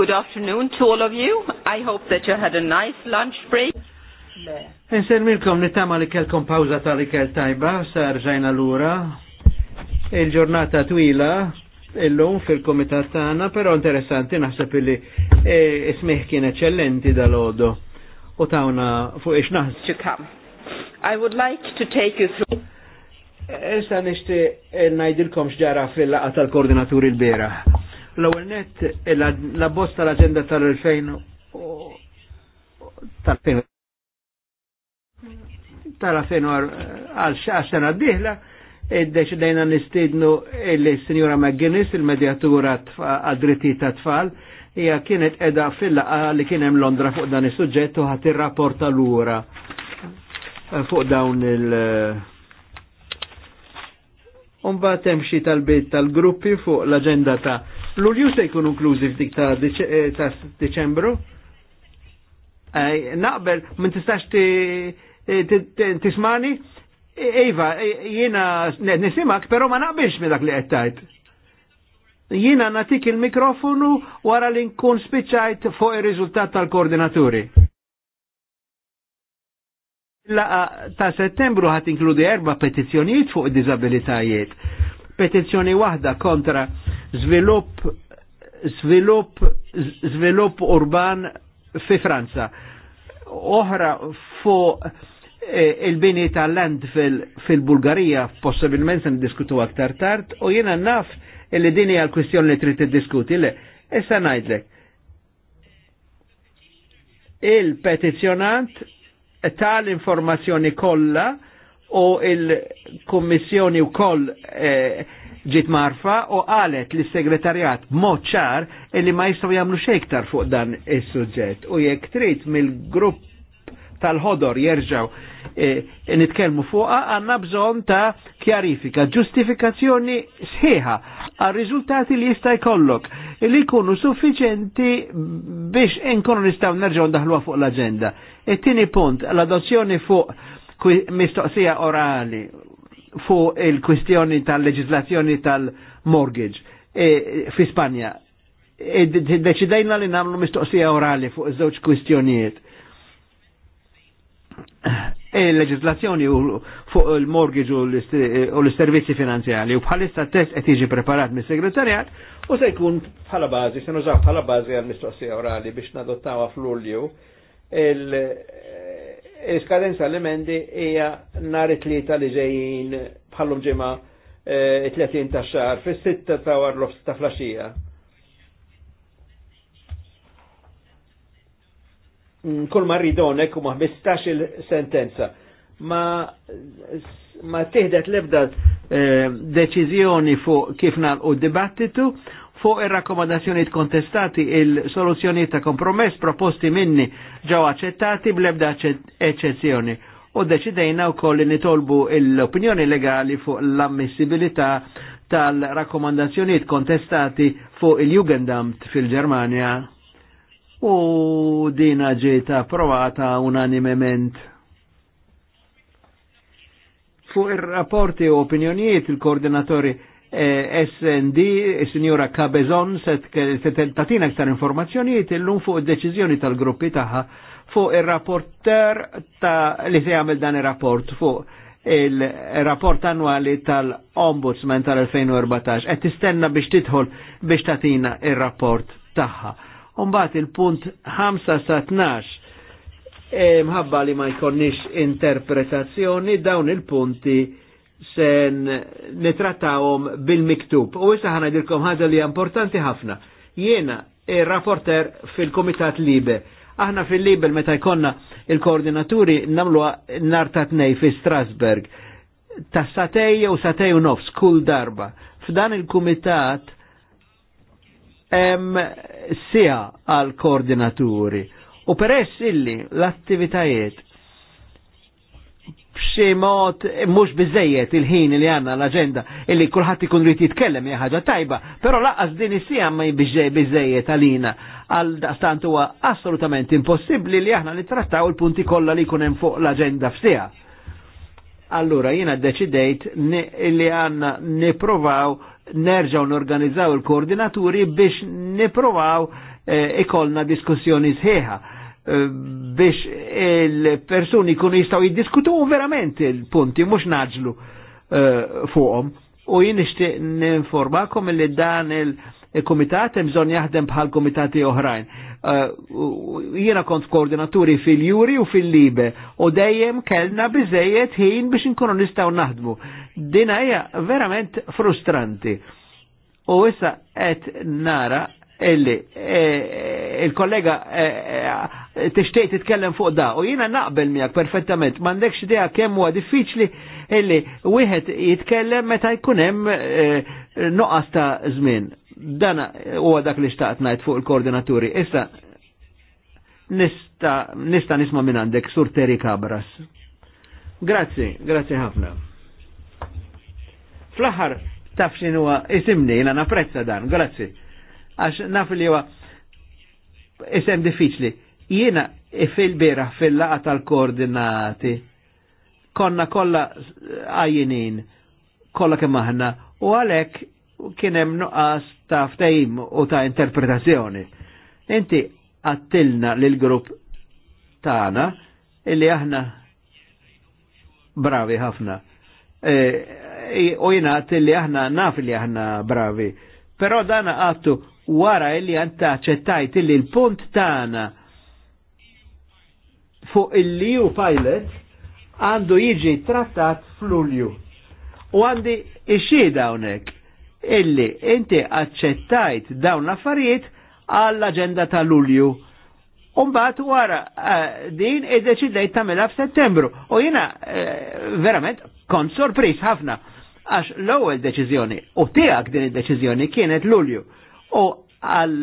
good afternoon to all of you. I hope that you had a nice lunch break. milkom nittama li kelkom pawza li ikel tajba, sar ġajna l-ura. Il-ġurnata twila, il-lum fil-komitat tagħna, però interessanti naħseb li e, ismih kien eccellenti dal ħodu u tawna fuq ix naħs. I would like to take you through. Issa nishti eh, najdilkom xġara fil-laqa tal-koordinaturi l-bera. L-ewwel net eh, la bosta l-aġenda tal-2000 tal-2000 tal-2000 għal sena d-dihla id-deċidejna e nistidnu il-Sinjora McGuinness, il-medjatura għad-dritti ta' tfal, hija kienet edha fil-laqa li kien hemm Londra fuq dan is-suġġett u ħadd irrapporta lura eh, fuq dawn il- Umba temxi tal-bit tal-gruppi fuq l-agenda ta' l-ulju se jkun inklużi f'dik ta' eh, Deċembru. Naqbel, minn tistax eh, tismani? Eh, iva, jiena nisimak, pero ma naqbilx minn dak li għettajt. Jiena natik il-mikrofonu wara li nkun spiċajt fuq il-rizultat tal-koordinaturi. Laqa ta' settembru ħat inkludi erba petizzjonijiet fuq disabilitajiet. Petizzjoni waħda kontra svilup, svilup, svilup urban fi Franza. Oħra fuq eh, il-bini tal-land fil-Bulgarija, fil possibilment se diskutu aktar tard, u jiena naf il-li dini għal-kwistjoni li trid diskuti le. Issa ngħidlek. il petizjonant tal-informazzjoni kollha u il-Kummissjoni wkoll eh, ġiet eh, marfa u qalet li segretarjat mod ċar li ma jistgħu jagħmlu xejn iktar fuq dan is-suġġett u jekk trid mill-grupp tal-ħodor jerġaw eh, e, nitkelmu fuqa, għanna bżon ta' kjarifika, ġustifikazzjoni sħiħa għal riżultati li jista' jkollok li jkunu suffiċenti biex inkunu nistgħu nerġgħu ndaħluha fuq l-aġenda. It-tieni e punt, l-adozzjoni fuq mistoqsija orali fuq il-kwistjoni tal-leġislazzjoni tal-mortgage e, fi Spanja. E, Deċidejna li namlu mistoqsija orali fuq iż-żewġ kwistjonijiet il-leġislazzjoni u fuq il-mortgage u l-servizzi finanzjali u bħalissa test qed jiġi preparat mis-segretarjat u se jkun bħala bażi, se nużaw bħala bażi għal mistoqsija orali biex nadottawa fl-Ulju. Il-skadenza l-emendi hija nhar it-tlieta li ġejjin bħallum ġimgħa 30 eh, ta' xahar fis-sitta ta' warlof ta' flaxija. Mm, kull ma rridonek u ma il-sentenza. Ma, ma teħdet lebda eh, deċizjoni fuq kif u dibattitu fuq ir-rakkomandazzjoni kontestati il-soluzzjoni ta' kompromess proposti minni ġew accettati blebda eccezzjoni. U deċidejna u koll nitolbu l-opinjoni legali fuq l-ammissibilità tal rakkomandazzjoni kontestati fuq il-Jugendamt fil-Germania u dina ġiet approvata unanimement. Fuq ir-rapporti u opinjonijiet il-koordinatori eh, SND, il signora Cabezon, se tatina iktar informazzjonijiet illum fuq id-deċiżjoni tal-gruppi tagħha fuq ir-rapporter ta' li se jagħmel dan ir-rapport fuq il-rapport annwali tal-Ombudsman tal-2014. Qed tistenna biex tidħol biex tatina il rapport tagħha. Umbat il-punt 5 sa 12 e, mħabba li ma jkonnix interpretazzjoni dawn il-punti sen nitrattawhom bil-miktub. U issa ħana dirkom ħaġa li importanti ħafna. Jiena ir-rapporter fil-Komitat Libe. Aħna fil-Libel meta jkonna il-koordinaturi namluha nartatnej fi Strasberg ta' satej u satej u nofs kull darba. F'dan il-kumitat sija għal koordinaturi u peress illi l-attivitajiet b'xi mod mhux biżejjed il-ħin li għandna l-aġenda illi kulħadd ikun rid jitkellem hija ħaġa tajba, però laqas din is-sija ma biżejjed għalina għal daqstant huwa assolutament impossibbli li aħna nittrattaw il-punti kollha li jkun hemm fuq l-aġenda f'sija. Allura jiena ddeċidejt li għandna niprovaw nerġaw norganizzaw il-koordinaturi biex niprovaw eh, ikolna diskussjoni sħiħa eh, biex il-persuni kunu jistaw jiddiskutu verament il-punti, mux naġlu eh, fuqom. U jien nixtieq ninformakom li dan il-komitat hemm bżonn jaħdem bħal komitati oħrajn. jiena kont koordinaturi fil-Juri u fil-Libe u dejjem kellna biżejjed ħin biex nkunu nistaw naħdmu. Dina hija verament frustranti. U issa qed nara illi e, e, il-kollega e, tixtieq titkellem fuq da u jiena naqbel miegħek perfettament m'għandekx idea kemm huwa diffiċli illi wieħed jitkellem meta jkun hemm noqas ta' żmien. Dan huwa dak li xtaqt ngħid fuq il-koordinaturi. Issa nista nisma' minn għandek sur Terry Cabras. Grazzi, grazzi ħafna fl-aħħar taf x'inhuwa isimni jina napprezza dan, grazzi. Għax naf li huwa isem diffiċli. Jiena fil-bira fil-laqa tal-koordinati konna kolla għajinin kolla kemm aħna u għalek kien hemm nuqqas ta' ftehim u ta' interpretazzjoni. Inti għattilna l grupp tagħna illi aħna bravi ħafna. E, u jinaħt li aħna naf li aħna bravi. Pero dana għattu wara illi għanta ċettajt illi l-punt tana fuq il-liu pilot għandu jiġi trattat fl-ulju. U għandi ixida dawnek illi inti accettajt dawn l-affarijiet għall-agenda tal-ulju. Umbat wara eh, din id deċidajt tamela f'Settembru. U jina eh, verament kont sorpris ħafna Għax l-ewwel deċiżjoni u tiegħek din id-deċiżjoni kienet Lulju. U għal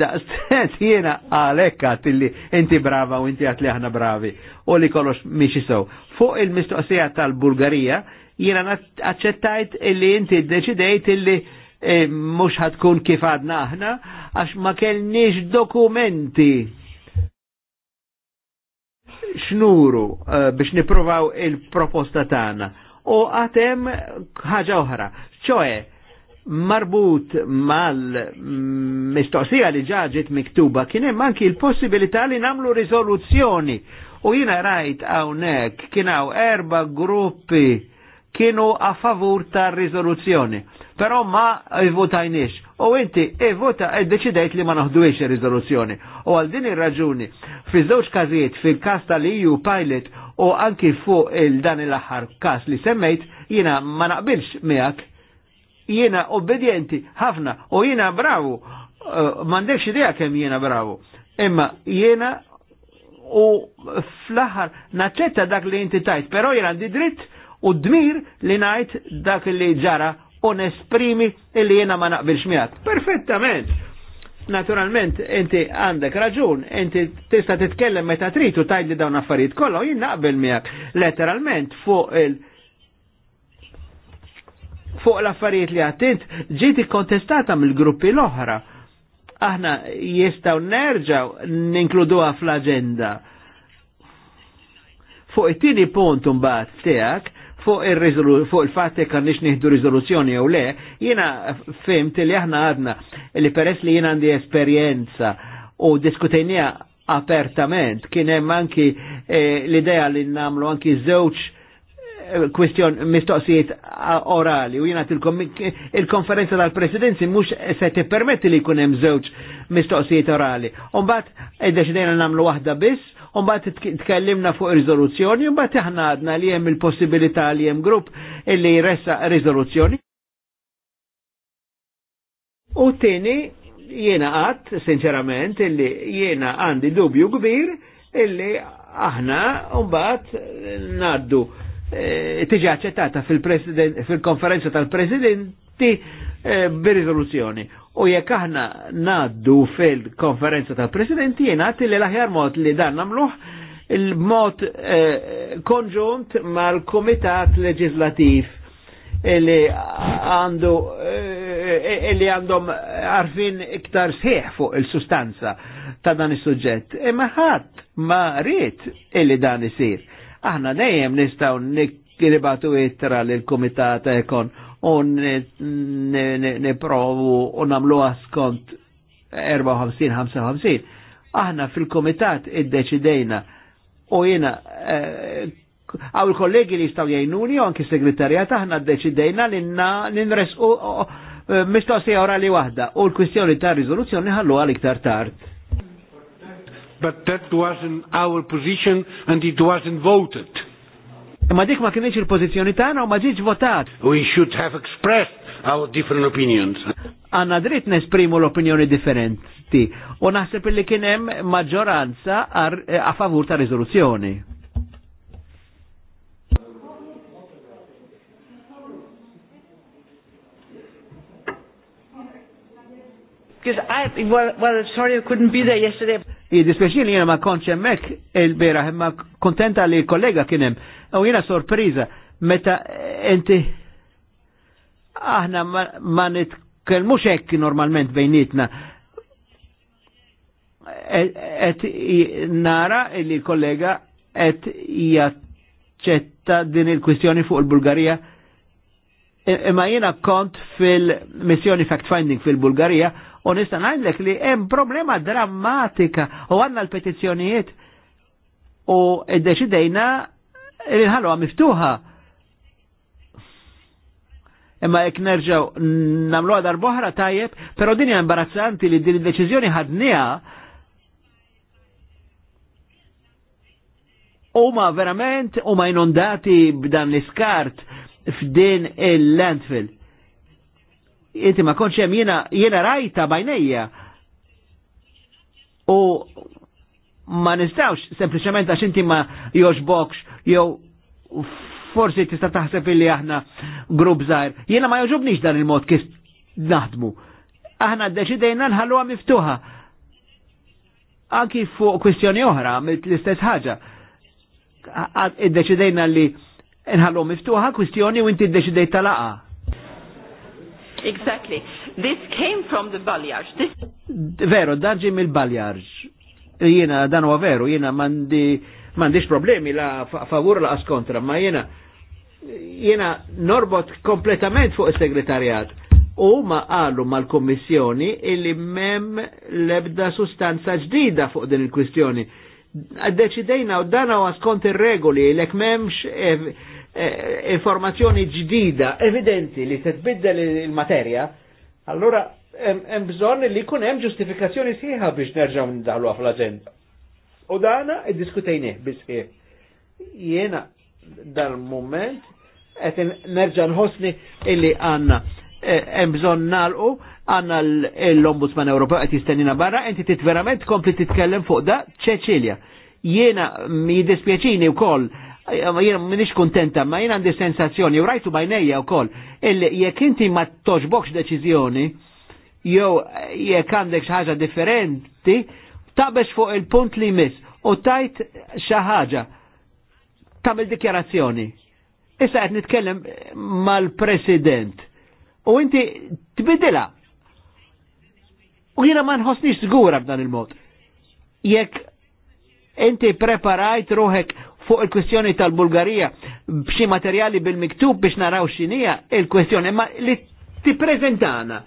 daqstet jena għalekka tilli inti brava u inti għat li aħna bravi u li kollox miexi sew. Fuq il-mistoqsija tal-Bulgarija jena għacċettajt illi inti deċidejt illi e, mux ħatkun kif għadna aħna għax ma kellniex dokumenti xnuru e, biex niprovaw il-proposta tagħna u għatem ħaġa oħra, ċoħe, marbut mal-mistoqsija li ġaġit miktuba kien hemm anki l-possibilità li namlu rizoluzzjoni. U jina rajt hawnhekk kien hawn erba' gruppi kienu a favur ta' rizoluzzjoni. Però ma votajniex. U inti e vota e deċidejt li ma naħduwiex rizoluzzjoni. U għal din ir-raġuni fi żewġ każijiet fil kasta tal ju pilot u anki fuq il-dan il-aħħar kas li semmejt jiena ma naqbilx miak, jiena obbedienti, ħafna u jiena bravu uh, m'għandekx idea kemm jiena bravu. Imma jiena u fl-aħħar naċetta dak li inti tajt, però jiena di dritt u dmir li ngħid dak li ġara u nesprimi li jiena ma naqbilx miak. Perfettament naturalment inti għandek raġun, inti tista' titkellem meta trid tajli dawn affarijiet kollha jien naqbel miegħek letteralment fuq il- fuq l-affarijiet li għattint ġiet ikkontestata mill-gruppi l-oħra. Aħna jistgħu nerġaw ninkluduha fl agenda Fuq it-tieni punt mbagħad tiegħek fuq il-fat kan nix nieħdu rizoluzzjoni jew le, jiena fimt li aħna għadna li peress li jina għandi esperjenza u diskutejnija apertament kien hemm anki eh, l-idea li namlu anki żewġ kwestjon mistoqsijiet orali u jena il-konferenza tal-presidenzi mux se te permetti li kunem zewċ mistoqsijiet orali. Umbat edda deċidejna namlu wahda biss, umbat tkellimna fuq rizoluzzjoni, umbat aħna għadna li jem il possibilita li jem grupp illi jressa rizoluzzjoni. U tini jena għat, sinċerament, illi jena għandi dubju kbir illi aħna umbat naddu Eh, tiġi accettata fil-konferenza tal-presidenti eh, bi rizoluzzjoni. U jekk aħna naddu fil-konferenza tal-presidenti jenati li l-aħjar mod li dan namluħ il-mod eh, konġunt mal-komitat leġislativ li għandu li għandhom għarfin iktar sħiħ fuq il-sustanza ta' dan is-suġġett. Imma ħadd ma rrit illi dan isir. Aħna dejjem nistgħu nikiribatu ittra l kumitat ekon u niprovu u namlu għaskont 54-55. Aħna fil-komitat id-deċidejna u jena eh, għaw il-kollegi li jistaw jajnuni u anki segretarjat aħna d-deċidejna l-inresqu nresqu mistoqsija li wahda u l-kwistjoni ta' rizoluzzjoni ħallu għal iktar tard but that wasn't our position and it wasn't voted. Ma dik ma kienieċ il-pozizjoni tagħna u ma ġiġ votat. We should have expressed our different opinions. Għanna dritt nesprimu l-opinjoni differenti u naħseb li kien hemm maġġoranza a favur ta' riżoluzzjoni. Because I, well, well, sorry I couldn't be there yesterday. I dispiaċi li jena ma konċ mek il-bera, ma kontenta li kollega kienem. U jena sorpriza, meta enti eh, aħna ma, ma nitkelmux hekk normalment bejnietna. E, et, et nara li kollega et jaċċetta din il-kwistjoni fuq il-Bulgarija e, imma jena kont fil-missjoni fact-finding fil-Bulgarija U nista' ngħidlek li hemm problema drammatika u għandna l-petizzjonijiet u ddeċidejna li nħalluha miftuħa. Imma jekk nerġgħu nagħmluha darb'oħra tajjeb, però din hija imbarazzanti li din id-deċiżjoni ħadniha huma verament huma inundati b'dan l-iskart f'din il-landfill inti ma konċem hemm jiena jiena rajta bajnejja. U ma nistawx sempliċement għax inti ma joġbokx jew forsi tista' taħseb illi aħna grupp zaħir. Jiena ma joġobniex dan il-mod kif naħdmu. Aħna ddeċidejna nħalluha miftuħa. Anki fuq kwistjoni oħra l istess ħaġa. Iddeċidejna li nħallu miftuħa kwistjoni u inti ddeċidejt talaqa. Exactly. This came from the Baljars. This... Vero, darġi mill-Baljars. Jiena dan huwa veru, jiena mandi m'għandix problemi la favur la askontra, ma jiena jiena norbot kompletament fuq is-segretarjat. U ma qalu mal-Kommissjoni illi mem lebda sustanza ġdida fuq din il-kwistjoni. Deċidejna u dana u skont ir-regoli lek memx Eh, informazzjoni ġdida, evidenti li se tbiddel il-materja, allora hemm bżonn li jkun hemm ġustifikazzjoni sieħa biex nerġgħu ndaħlu fl-aġenda. U dana iddiskutejnieh biss Jiena dal-moment qed nerġa' nħossni illi għandna eh, hemm bżonn nagħlqu għandna l-Ombudsman Ewropew qed jistennina barra, inti tit verament kompli titkellem fuq da ċeċilja. Jiena mi jiddispjaċini wkoll Jiena minix kontenta, ma jien għandi sensazzjoni, u rajtu bajnejja u koll, jek inti ma toġbokx deċizjoni, jew jek għandek xaħġa differenti, tabex fuq il-punt li mis, u tajt xaħġa, il dikjarazzjoni. Issa għed nitkellem mal-president, u inti tbidila. U jiena ma nħosni zgura b'dan il-mod. Jekk inti preparajt ruħek fuq il-kwestjoni tal-Bulgarija b'xi materjali bil-miktub biex naraw xinija il-kwestjoni, ma li ti prezentana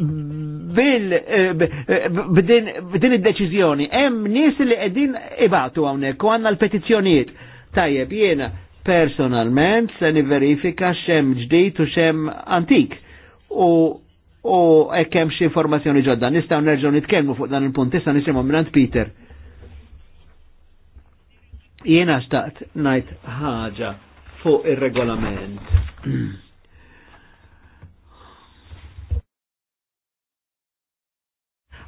eh, eh, b'din id-deċizjoni. Hemm nies li qegħdin ibatu hawnhekk u għandna l-petizzjonijiet. Tajjeb, jiena personalment se niverifika xem ġdijt u xem antik. U u hemm xi informazzjoni ġodda. nistgħu nerġgħu nitkellmu fuq dan il-punt, issa nisimgħu minant Peter. Jiena xtaqt najt ħaġa fuq ir-regolament.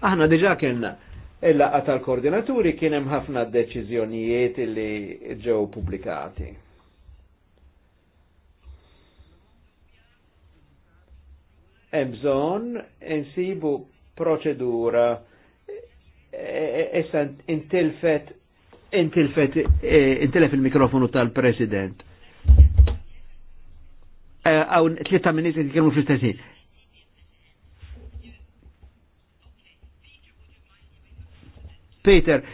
Aħna diġa kienna il-laqqa tal-koordinaturi kien hemm ħafna deċiżjonijiet li ġew pubblikati. Hemm bżonn insibu proċedura e, e, e, issa intilfet intilfet eh, intilef il-mikrofonu tal-President. Eh, Għawn tlieta minnis li kienu fl-istessin. Peter,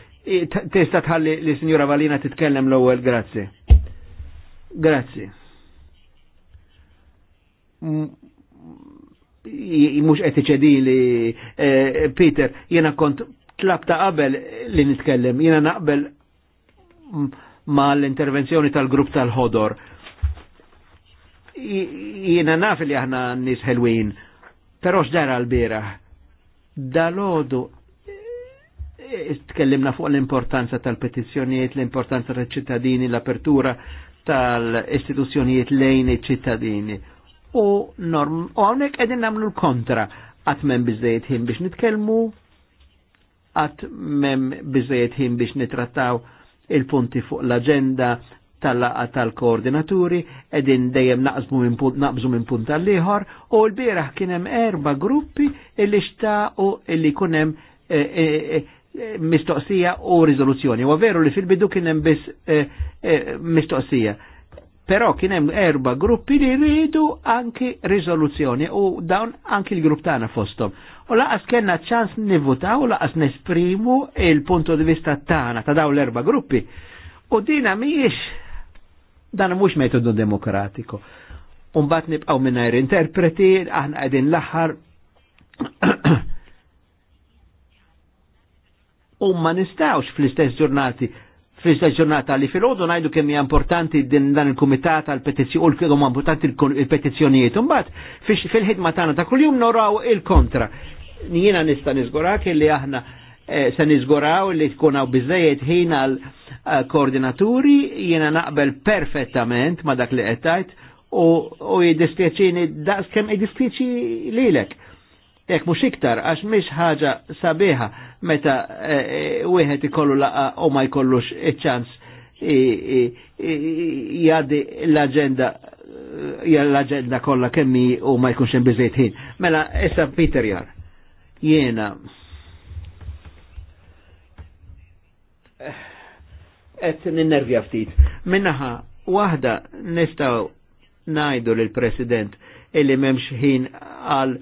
testa tħalli li signora Valina titkellem l-ewwel, grazzi. Grazzi. Mux etiċedi li eh, Peter, jena kont tlabta qabel li nitkellem, jena naqbel mal-intervenzjoni tal-grupp tal-ħodor. Jiena naf li aħna nis ħelwin, però x'dara l-bira. Dal-ħodu, eh, tkellimna fuq l-importanza tal-petizzjonijiet, l-importanza tal-ċittadini, l-apertura tal-istituzzjonijiet lejn iċ-ċittadini. U norm, u għonek edin namlu l-kontra, għatmen bizzejiet biex nitkelmu, għatmen bizzejiet biex nitrattaw il-punti fuq l-agenda tal-laqa tal-koordinaturi edin dejjem naqsmu minn punt naqbżu minn punt tal-ieħor u l-bieraħ kien hemm erba' gruppi illi xtaqu illi kun hemm e, eh, e, eh, e, eh, mistoqsija u riżoluzzjoni. Huwa veru li fil-bidu kien hemm biss mistoqsija. Però kien hemm erba' gruppi li rridu anki riżoluzzjoni u dawn anki l-grupp tagħna fosthom u laqas kena ċans nivutaw, u laqas nesprimu il-punto di vista tana ta' daw l-erba gruppi. U dina miex dan mux metodu demokratiku. Umbat nibqaw minnajr interpreti, aħna għedin l-axar. u ma nistawx fl-istess ġurnati fl-istess ġurnata li fil-ħodu najdu kemm hija importanti din dan il-kumitat għal petizzjoni u l importanti il-petizzjonijiet. Imbagħad fil-ħidma tagħna ta' kuljum noraw il-kontra jiena nista' niżgurak li aħna eh, se niżguraw li tkun hawn biżejjed ħin għal eh, koordinaturi jiena naqbel perfettament ma dak li qed tajt u jiddispjaċini daqs kemm li lilek. Jekk mhux iktar għax mhix ħaġa sabiħa meta eh, wieħed ikollu laqa u ma jkollux iċ-ċans l agenda l-agenda kolla kemmi u ma jkunx hemm ħin. Mela, issa Peter jar. Jiena et ninnervja ftit. Minnaħa, wahda nistaw najdu l-President illi memx ħin għal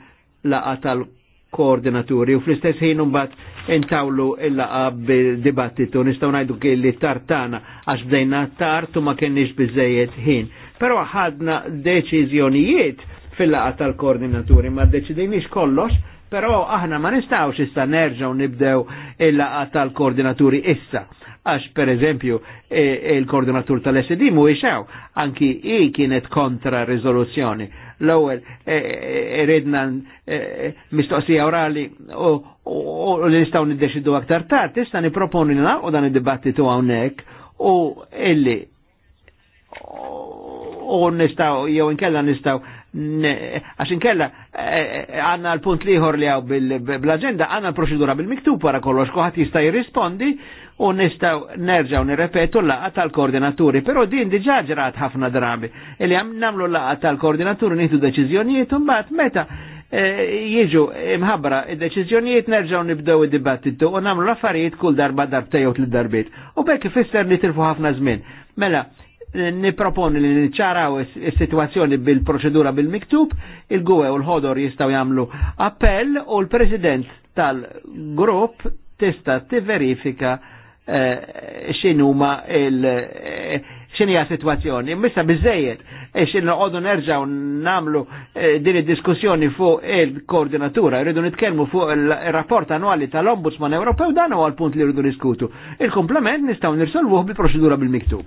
laqa tal-koordinaturi u fl-istess ħin umbat intawlu il-laqa bil-dibattitu nistaw najdu li tartana għax bdejna tart u ma kienniex bizzejiet ħin. Pero ħadna deċiżjonijiet fil-laqa tal-koordinaturi ma deċidejniex kollox Però aħna ma nistawx issa nerġaw nibdew il-laqa tal-koordinaturi issa. Għax per eżempju e, il-koordinatur tal-SD mu ixaw, anki i kienet kontra rizoluzzjoni. L-ewel e, e, ridna mistoqsija orali u li nistaw niddeċidu aktar tard, issa niproponi u dan id-dibattitu hawnhekk u illi u nistaw, jew inkella nistaw għaxin kella eh, eh, għanna l-punt liħor li għaw bil-agenda għanna l-proċedura bil-miktub wara kollox kuħat jista' jirrispondi u nistaw nerġaw nirrepetu laqqa tal-koordinaturi, pero din diġa ġrat ħafna drabi, illi għam namlu laqqa tal-koordinaturi nitu deċizjonijiet, mbagħad meta eh, jiġu imħabra id-deċizjonijiet nerġaw nibdew il dibattitu u namlu laffariet affarijiet kull darba darbtejot l-darbiet. U bekk ifisser li tilfu ħafna żmien. Mela, niproponi li nċaraw is-sitwazzjoni bil-proċedura bil-miktub, il-gwe u l-ħodor jistaw jamlu appell u l-president tal-grupp tista t-verifika eh, xinuma il- eh, xinija situazzjoni. Missa bizzejiet, e eh, xin għodu nerġaw namlu din il diskussjoni fuq il-koordinatura, rridu nitkelmu fuq il-rapport annuali tal-Ombudsman Ewropew dan u l-punt li rridu niskutu. Il-komplement nistgħu nirsolvuh bil-proċedura bil-miktub.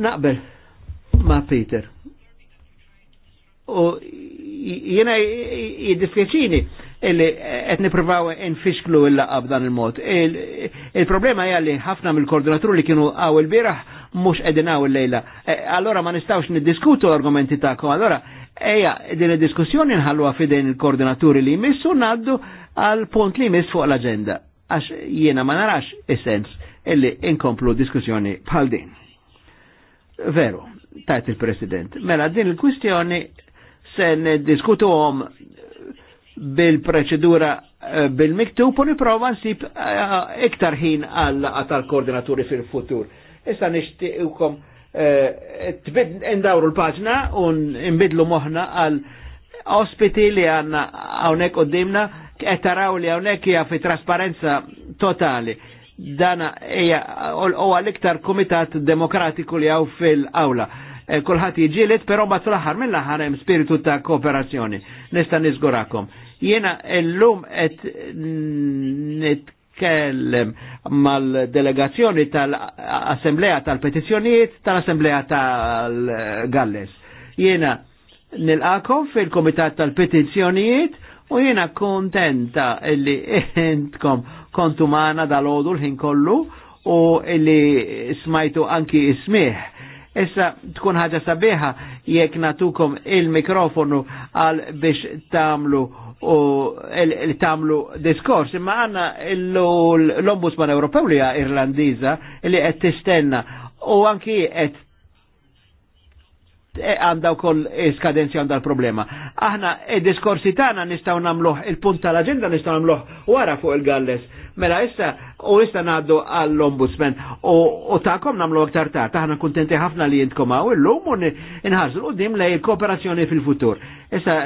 Naqbel ma' Peter. U jena jiddispjaċini illi qed nippruvaw infixklu il-laqab dan il-mod. Il-problema hija li ħafna mill-koordinaturi li kienu għaw il-bieraħ mhux edin għaw il-lejla. E, allora ma nistgħux niddiskutu l-argumenti tagħkom. Allora eja din il diskussjoni nħalluha fidejn il-koordinaturi li jmissu ngħaddu għal punt li jmiss fuq l-aġenda. Għax jena ma narax il sens illi inkomplu diskussjoni bħal din. Veru, tajt il-President. Mela din il-kwistjoni se diskutuhom bil-proċedura eh, bil-miktub u niprofa nsib eh, iktar ħin għal tal-koordinaturi fil-futur. Issa nixtiqkom eh, ndawru l-paġna u nbidlu moħna għal ospiti li għanna għonek u dimna, għetaraw li għonek hija fi trasparenza totali dana eja u għal-iktar komitat demokratiku li għaw fil-awla. Eh, kulħadd Kulħat jġilet, pero ma traħar mill-ħar hemm spiritu ta' kooperazzjoni. Nista' niżgurakom. Jena l-lum et nitkellem mal-delegazzjoni tal-Assemblea tal-Petizzjonijiet tal-Assemblea tal-Galles. Jena nilqakom fil-Komitat tal-Petizzjonijiet u jena kontenta illi intkom kontu maħna dal-ħodu l-ħin kollu u illi smajtu anki ismiħ. Issa tkun ħaġa sabiħa jekk natukom il-mikrofonu għal biex tamlu u tamlu diskors. Imma għanna l-Ombudsman Ewropew li Irlandiza li qed tistenna u anki għed Eh, għandaw kol koll skadenzja l-problema. Aħna, il-diskorsi e tana nistaw namluħ, il-punt tal-agenda nistaw namluħ wara fuq il-galles. Mela issa, u issa naddu għall-ombudsman u ta'kom namluħ aktar ta' taħna kontenti ħafna li jintkom għaw il-lum u nħarżu u dim lej kooperazzjoni fil-futur. Issa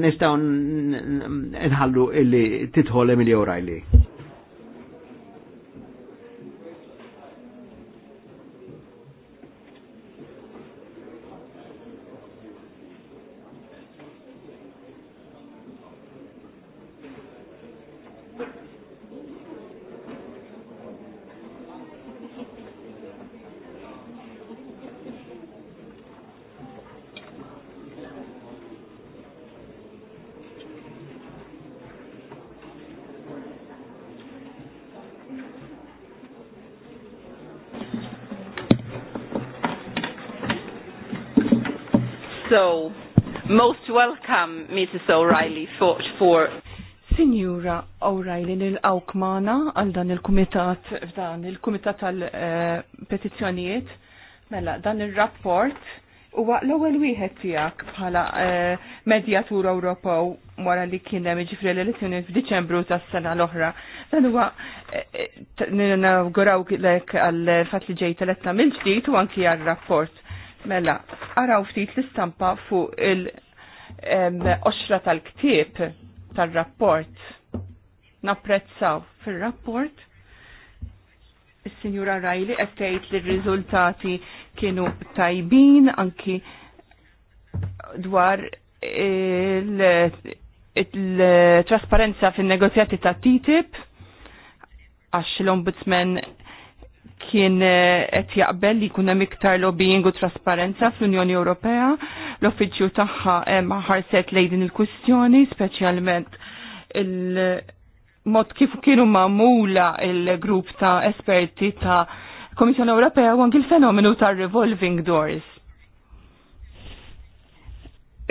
nistaw nħallu illi titħol Emilio Rajli. So, most welcome, Mrs. O'Reilly, for, for Signora O'Reilly, nil Awkmana maħna għal dan il-komitat, f'dan il-komitat tal eh, petizjoniet, mela, dan il-rapport, u l-ewwel wieħed tiegħek bħala eh, medjatur Ewropew wara li kien hemm ġifri l-elezzjoni f'Diċembru tas-sena l-oħra. Dan huwa eh, nagurawlek għall għal fatt li ġejt eletta mill-ġdid u anki għal rapport Mela, araw ftit l-istampa fuq il-oxra tal-ktieb tal-rapport. Napprezzaw fil-rapport il-Sinjura Rajli għattajt li r-rizultati kienu tajbin anki dwar il-trasparenza fil fin negozjati ta' TTIP għax l-Ombudsman kien eh, qed jaqbel li jkun hemm iktar lobbying u trasparenza fl-Unjoni Ewropea. L-offiċju tagħha hemm eh, ħarset lejn il-kwistjoni, speċjalment il-mod kif kienu mamula il-grupp ta' esperti ta' Komissjoni Ewropea u anki l-fenomenu ta' revolving doors.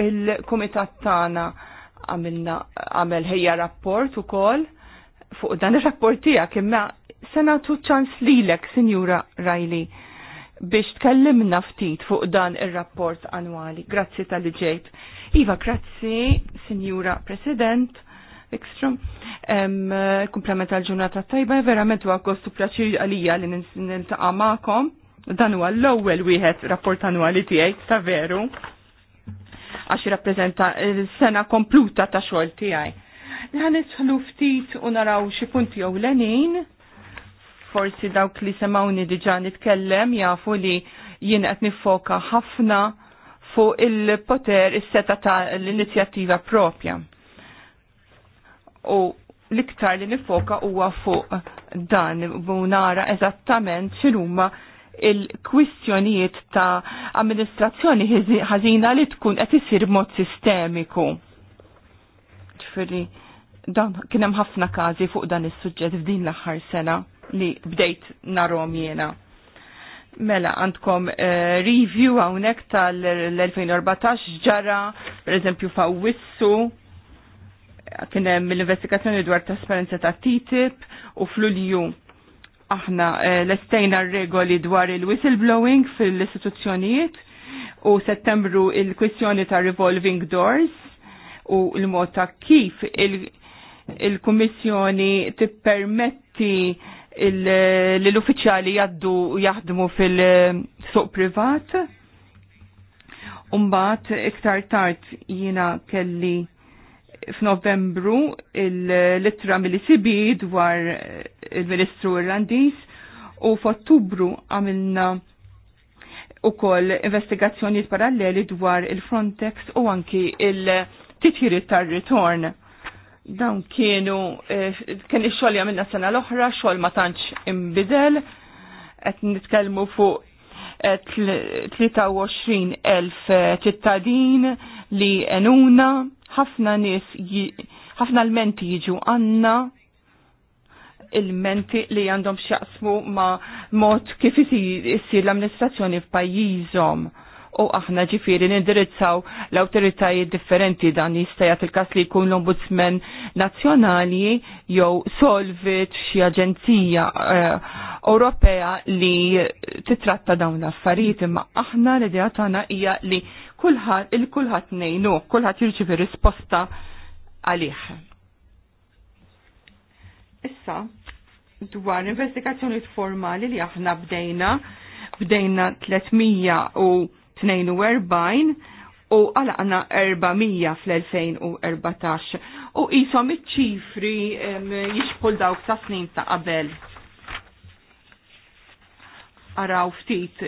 Il-Kumitat tagħna għamel ħejja rapport ukoll fuq dan ir-rapport tiegħek imma senatu ċans lilek, Sinjura Riley, biex tkellimna ftit fuq dan ir-rapport annwali. Grazzi tal-ġejt. Iva, grazzi, Sinjura President. Ekstrom. Komplement għal-ġurnata tajba, verament u għakostu plaċir għalija li nintaqa maqom. Dan huwa l-ewwel wieħed rapport annwali tiegħi ta' veru għax rappresenta l-sena kompluta ta' xogħol tiegħi. Ħanisħlu ftit u naraw xi punti l-enin, forsi dawk li semawni diġa nitkellem jafu li jien qed nifoka ħafna fuq il-poter is-seta ta' l-inizjattiva propja. U l-iktar li nifoka huwa fuq dan u nara eżattament x'inhuma il-kwistjonijiet ta' amministrazzjoni ħażina li tkun qed isir mod sistemiku. Ġifieri dan kien hemm ħafna każi fuq dan is-suġġett f'din l-aħħar sena li bdejt narom jena. Mela, għandkom uh, review għawnek tal-2014 ġara, per eżempju, Wissu, kienem l-investigazzjoni dwar trasparenza ta' TTIP u fl-ulju aħna uh, l-estejna regoli dwar il-whistleblowing fil-istituzzjonijiet u settembru il-kwistjoni ta' revolving doors u l-mod ta' kif il-Kummissjoni il tippermetti l-uffiċjali jaddu jaħdmu fil-suq privat. Umbat iktar tard jiena kelli f'Novembru l-ittra mill icb dwar il-Ministru Irlandiż u f'Ottubru għamilna u koll investigazzjoni paralleli dwar il-Frontex u anki il-titjiri tar-ritorn Dawn kienu, eh, kien ix-xogħol għamilna sena l-oħra, xogħol ma tantx imbidel, qed nitkellmu fuq 23,000 eh, eh, ċittadin li enuna, ħafna nies ħafna l-menti jiġu għanna, il-menti li għandhom xaqsmu ma mod kif isir l-amministrazzjoni f'pajjiżhom u aħna ġifiri nindirizzaw l-autoritajiet differenti dan jistajat il-kas li jkun l-ombudsman nazjonali jew solvit xi aġenzija eh, Ewropea li titratta dawn l-affarijiet imma aħna l-idea tagħna hija li kulħadd il-kulħadd ngħinu, kulħadd jirċievi risposta għalih. Issa, dwar investigazzjoni formali li aħna bdejna, bdejna 300 u 42 u għalaqna 400 fl-2014 u jisom iċ-ċifri jixpol dawk ta' snin ta' qabel. Araw ftit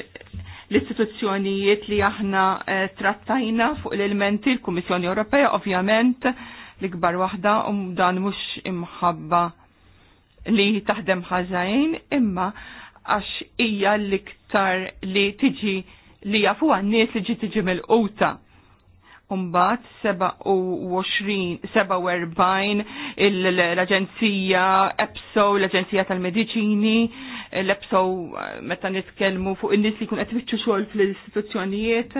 l-istituzzjonijiet li aħna eh, trattajna fuq l-elementi l-Kummissjoni Ewropea ovvjament l-ikbar waħda um dan mhux imħabba li taħdem ħażajn imma għax hija l-iktar li tiġi li jafu għannis li ġiti ġimil uta. Umbat 47 l-Aġenzija EPSO, l-Aġenzija tal-Mediċini, l-EPSO meta nitkellmu fuq in-nies li kun qed biċċu xogħol fl-istituzzjonijiet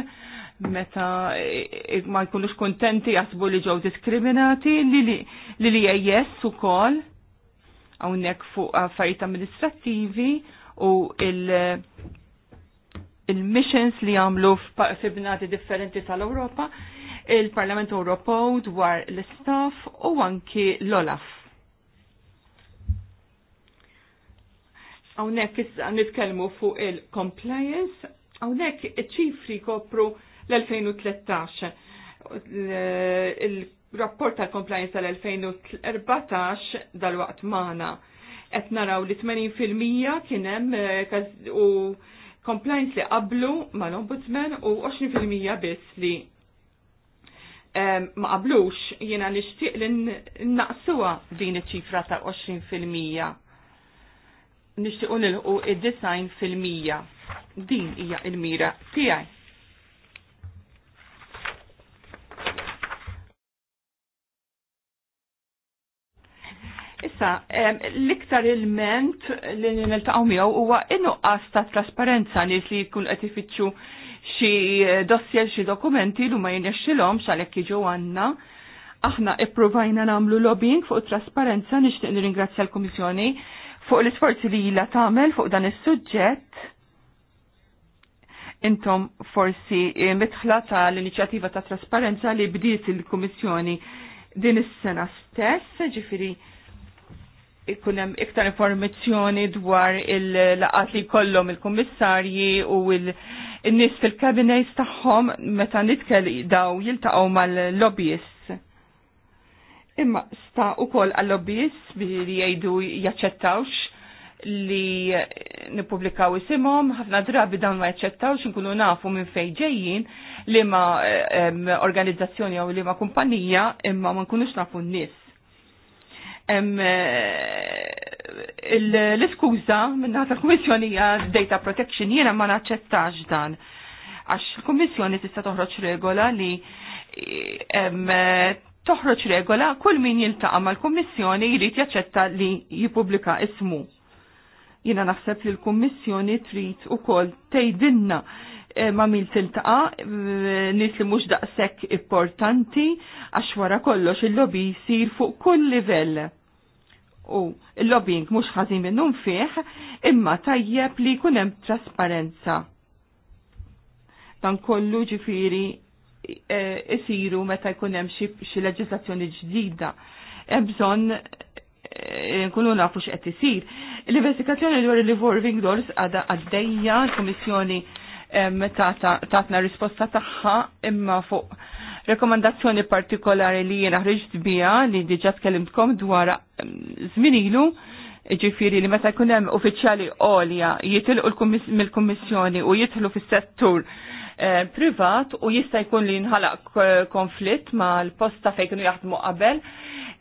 meta eh, ma jkunux kontenti jasbu li ġew diskriminati li li jess ukoll hawnhekk fuq affarijiet amministrattivi u il- il-missions li għamlu fibnati differenti tal-Europa, il-Parlament Ewropew dwar l-istaff u anki l-Olaf. Hawnhekk issa nitkellmu fuq il-compliance, hawnhekk iċ-ċifri kopru l-2013. Il-rapport tal-compliance tal-2014 dal-waqt magħna qed naraw li 80% kien hemm eh, u complaints li qablu mal-ombudsman u 20% biss li ma qablux jiena nixtieq li naqsuha din iċ-ċifra ta' 20%. Nixtiequ nilħu id-design fil-mija. Din hija l mira tiegħi. Issa, l-iktar il-ment li niltaqgħu miegħu huwa innuqqas ta' trasparenza nies li jkun qed ifittxu xi dossier xi dokumenti li ma jinexxilhomx x'alek jiġu għandna. Aħna ippruvajna nagħmlu lobbying fuq trasparenza nixtieq nirringrazzja l-Kummissjoni fuq l-isforzi li ilha tagħmel fuq dan is-suġġett. Intom forsi eh, mitħla ta' l-inizjattiva ta' trasparenza li bdiet il-Kummissjoni din is-sena stess, ġifiri ikunem iktar informazzjoni dwar il-laqat li kollom il-kommissarji u il-nis fil-kabinets taħħom meta nitkel daw jiltaqaw mal lobbyist Imma sta u koll għal-lobbyists li jgħidu jaċċettawx li nipublikaw isimhom, ħafna drabi dawn ma jaċċettawx inkunu nafu minn fejn ġejjin li ma eh, organizzazzjoni jew li ma kumpanija imma ma nkunux nafu n-nies. Eh, l-iskuża minna tal-Kummissjoni data protection jiena ma naċċettax dan. Għax il-Kummissjoni tista' toħroġ regola li toħroġ regola kull min jiltaqa' mal-Kummissjoni jrid jaċċetta li jippubblika ismu. Jiena naħseb li l-Kummissjoni trid ukoll tgħidilna eh, ma mil tiltaqa eh, nis li mhux daqshekk importanti għax wara kollox il-lobby jsir fuq kull livell u l-lobbying mhux ħażin minnhom fih, imma tajjeb li jkun hemm trasparenza. Dan kollu ġifieri e, isiru meta jkun hemm xi leġislazzjoni ġdida. Hemm e, nkunu e, nafu x'qed isir. L-investigazzjoni dwar il-revolving doors għadha għaddejja l-Kummissjoni e, ta, risposta tagħha imma fuq Rekomandazzjoni partikolari li jena ħriġt bija li diġa tkellimtkom dwar zminilu mm, ġifiri li meta jkun hemm uffiċjali għolja jitilqu mill-Kummissjoni u jitħlu fis-settur eh, privat u jista' jkun li nħalaq konflitt ma' l-posta fejn kienu jaħdmu qabel,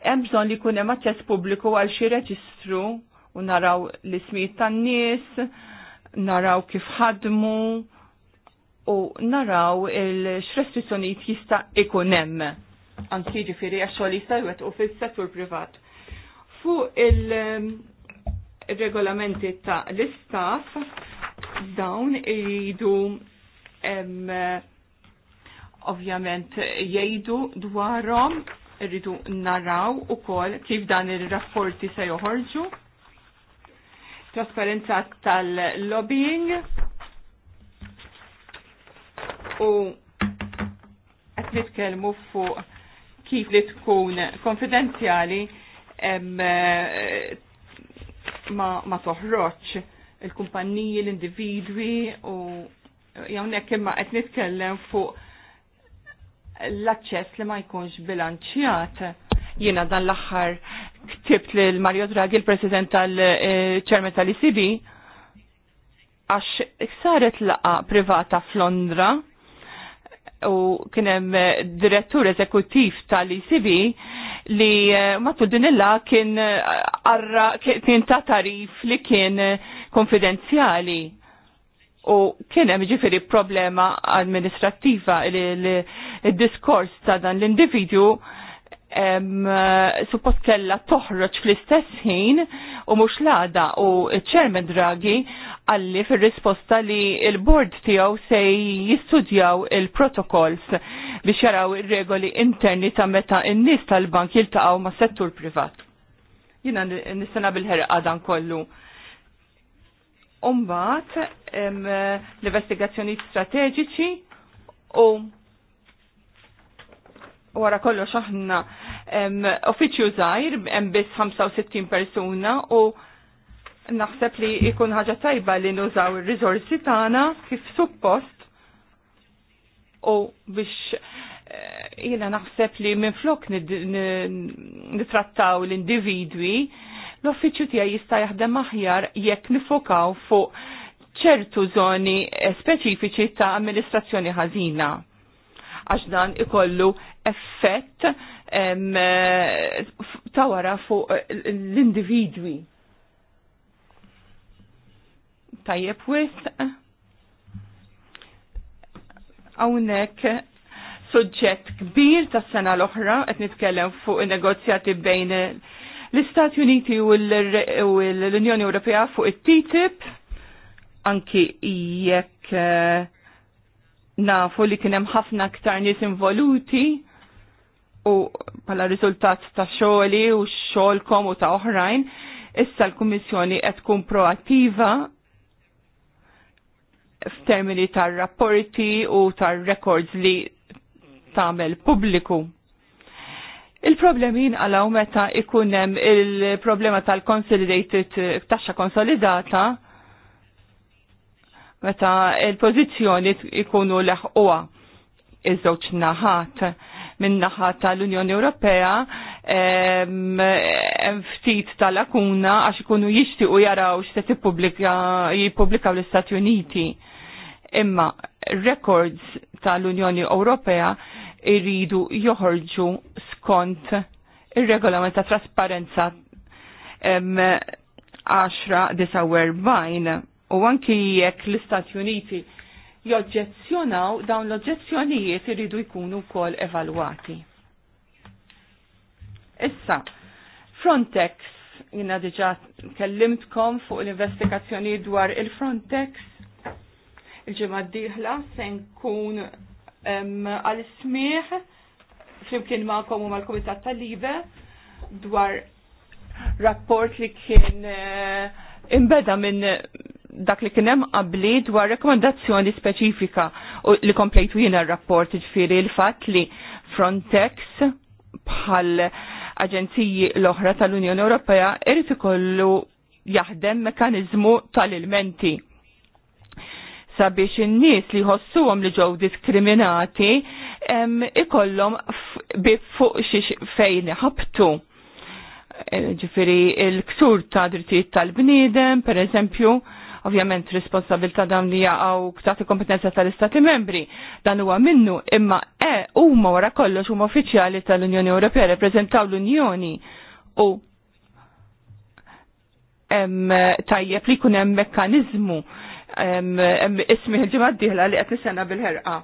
hemm bżonn li jkun hemm aċċess pubbliku għal xi reġistru u naraw l-ismijiet tan-nies, naraw kif ħadmu, u naraw il-xrestrizzjoniet jista' ikun hemm. Anki jiġifieri għax-xogħol jista' jwettqu fis-settur privat. Fuq il-regolamenti ta' l-istaff dawn iridu ovvjament jgħidu dwarhom rridu naraw ukoll kif dan ir-rapporti se joħorġu trasparenza tal-lobbying u qed nitkellmu fuq kif li tkun konfidenzjali eh, ma, ma toħroċ il-kumpanniji, l-individwi u jawnek imma qed nitkellem fuq l-aċċess li ma jkunx bilanċjat. Jiena dan l-aħħar ktibt li l-Mario Draghi, il-President tal-ċermen tal-ICB, għax saret laqa privata f'Londra u kienem eh, direttur eżekutif tal-ICB li eh, matul din illa kien eh, arra kien ta' tarif li kien konfidenzjali u kien hemm ġifieri problema amministrattiva il-diskors ta' dan l-individwu suppost kella toħroġ fl-istess ħin u mhux lada u ċermen Draghi għalli fil-risposta li il bord tiegħu se jistudjaw il-protokolls biex jaraw ir-regoli interni ta' meta n-nies tal-bank jiltaqgħu ma' settur privat. Jina nistana bil-ħerqa dan kollu. Umbat, l-investigazzjoni strateġiċi u um wara kollox aħna uffiċju żgħir hemm biss 65 persuna u naħseb li ikun ħaġa tajba li nużaw ir rizorsi tagħna kif suppost u biex eh, jena naħseb li minn flok nitrattaw l-individwi l-uffiċju tiegħi jista' jaħdem aħjar jekk nifokaw fuq ċertu zoni speċifiċi ta' amministrazzjoni ħażina għax dan ikollu effett tawara fuq l-individwi. Tajjeb wis hawnhekk suġġett kbir tas-sena l-oħra qed nitkellem fuq negozjati bejn l-Istati Uniti u l-Unjoni Ewropea fuq it-TTIP anki jekk eh, nafu li kienem ħafna ktar nies involuti u pala rizultat ta' xoli u xolkom u ta' oħrajn, issa l-Kummissjoni qed tkun proattiva f'termini tar-rapporti u tar-records li tagħmel pubbliku. Il-problemi għalaw meta ikunem il-problema tal-consolidated taxxa konsolidata meta il-pozizjoni ikunu leħqwa iż-żewġ naħat minn naħa tal-Unjoni Ewropea ftit tal-akuna għax ikunu jixtiequ jaraw x'se jippubblikaw l-Istati Uniti. Imma records tal-Unjoni Ewropea irridu joħorġu skont ir-regolament ta' trasparenza 10 49 u anki jekk l-Istati Uniti joġġezzjonaw dawn l-oġġezzjonijiet iridu jkunu kol evalwati. Issa, Frontex, jina diġa kellimtkom fuq l-investigazzjoni dwar il-Frontex, il-ġemma diħla sen kun għal-smieħ flimkien ma'kom u mal-Komitat tal-Libe dwar rapport li kien eh, imbeda minn dak li kienem qabli dwar rekomendazzjoni speċifika li komplejtu jiena r-rapport ġifiri l-fat li Frontex bħal aġenziji l-oħra tal-Unjoni Ewropea irrid ikollu jaħdem mekanizmu tal-ilmenti sabiex in-nies li jħossuhom li ġew diskriminati ikollhom fuq xi fejn ħabtu eh, Ġifieri il-ksur ta' drittijiet tal-bniedem, per eżempju, Ovvjament responsabilta dan li jaqgħu ktati kompetenza tal-Istati membri. Dan huwa minnu imma e huma wara kollox huma uffiċjali tal-Unjoni Ewropea repreżentaw l-Unjoni u tajjeb li jkun hemm mekkaniżmu ismi ġimgħa d-dieħla li qed nisena bil-ħerqa.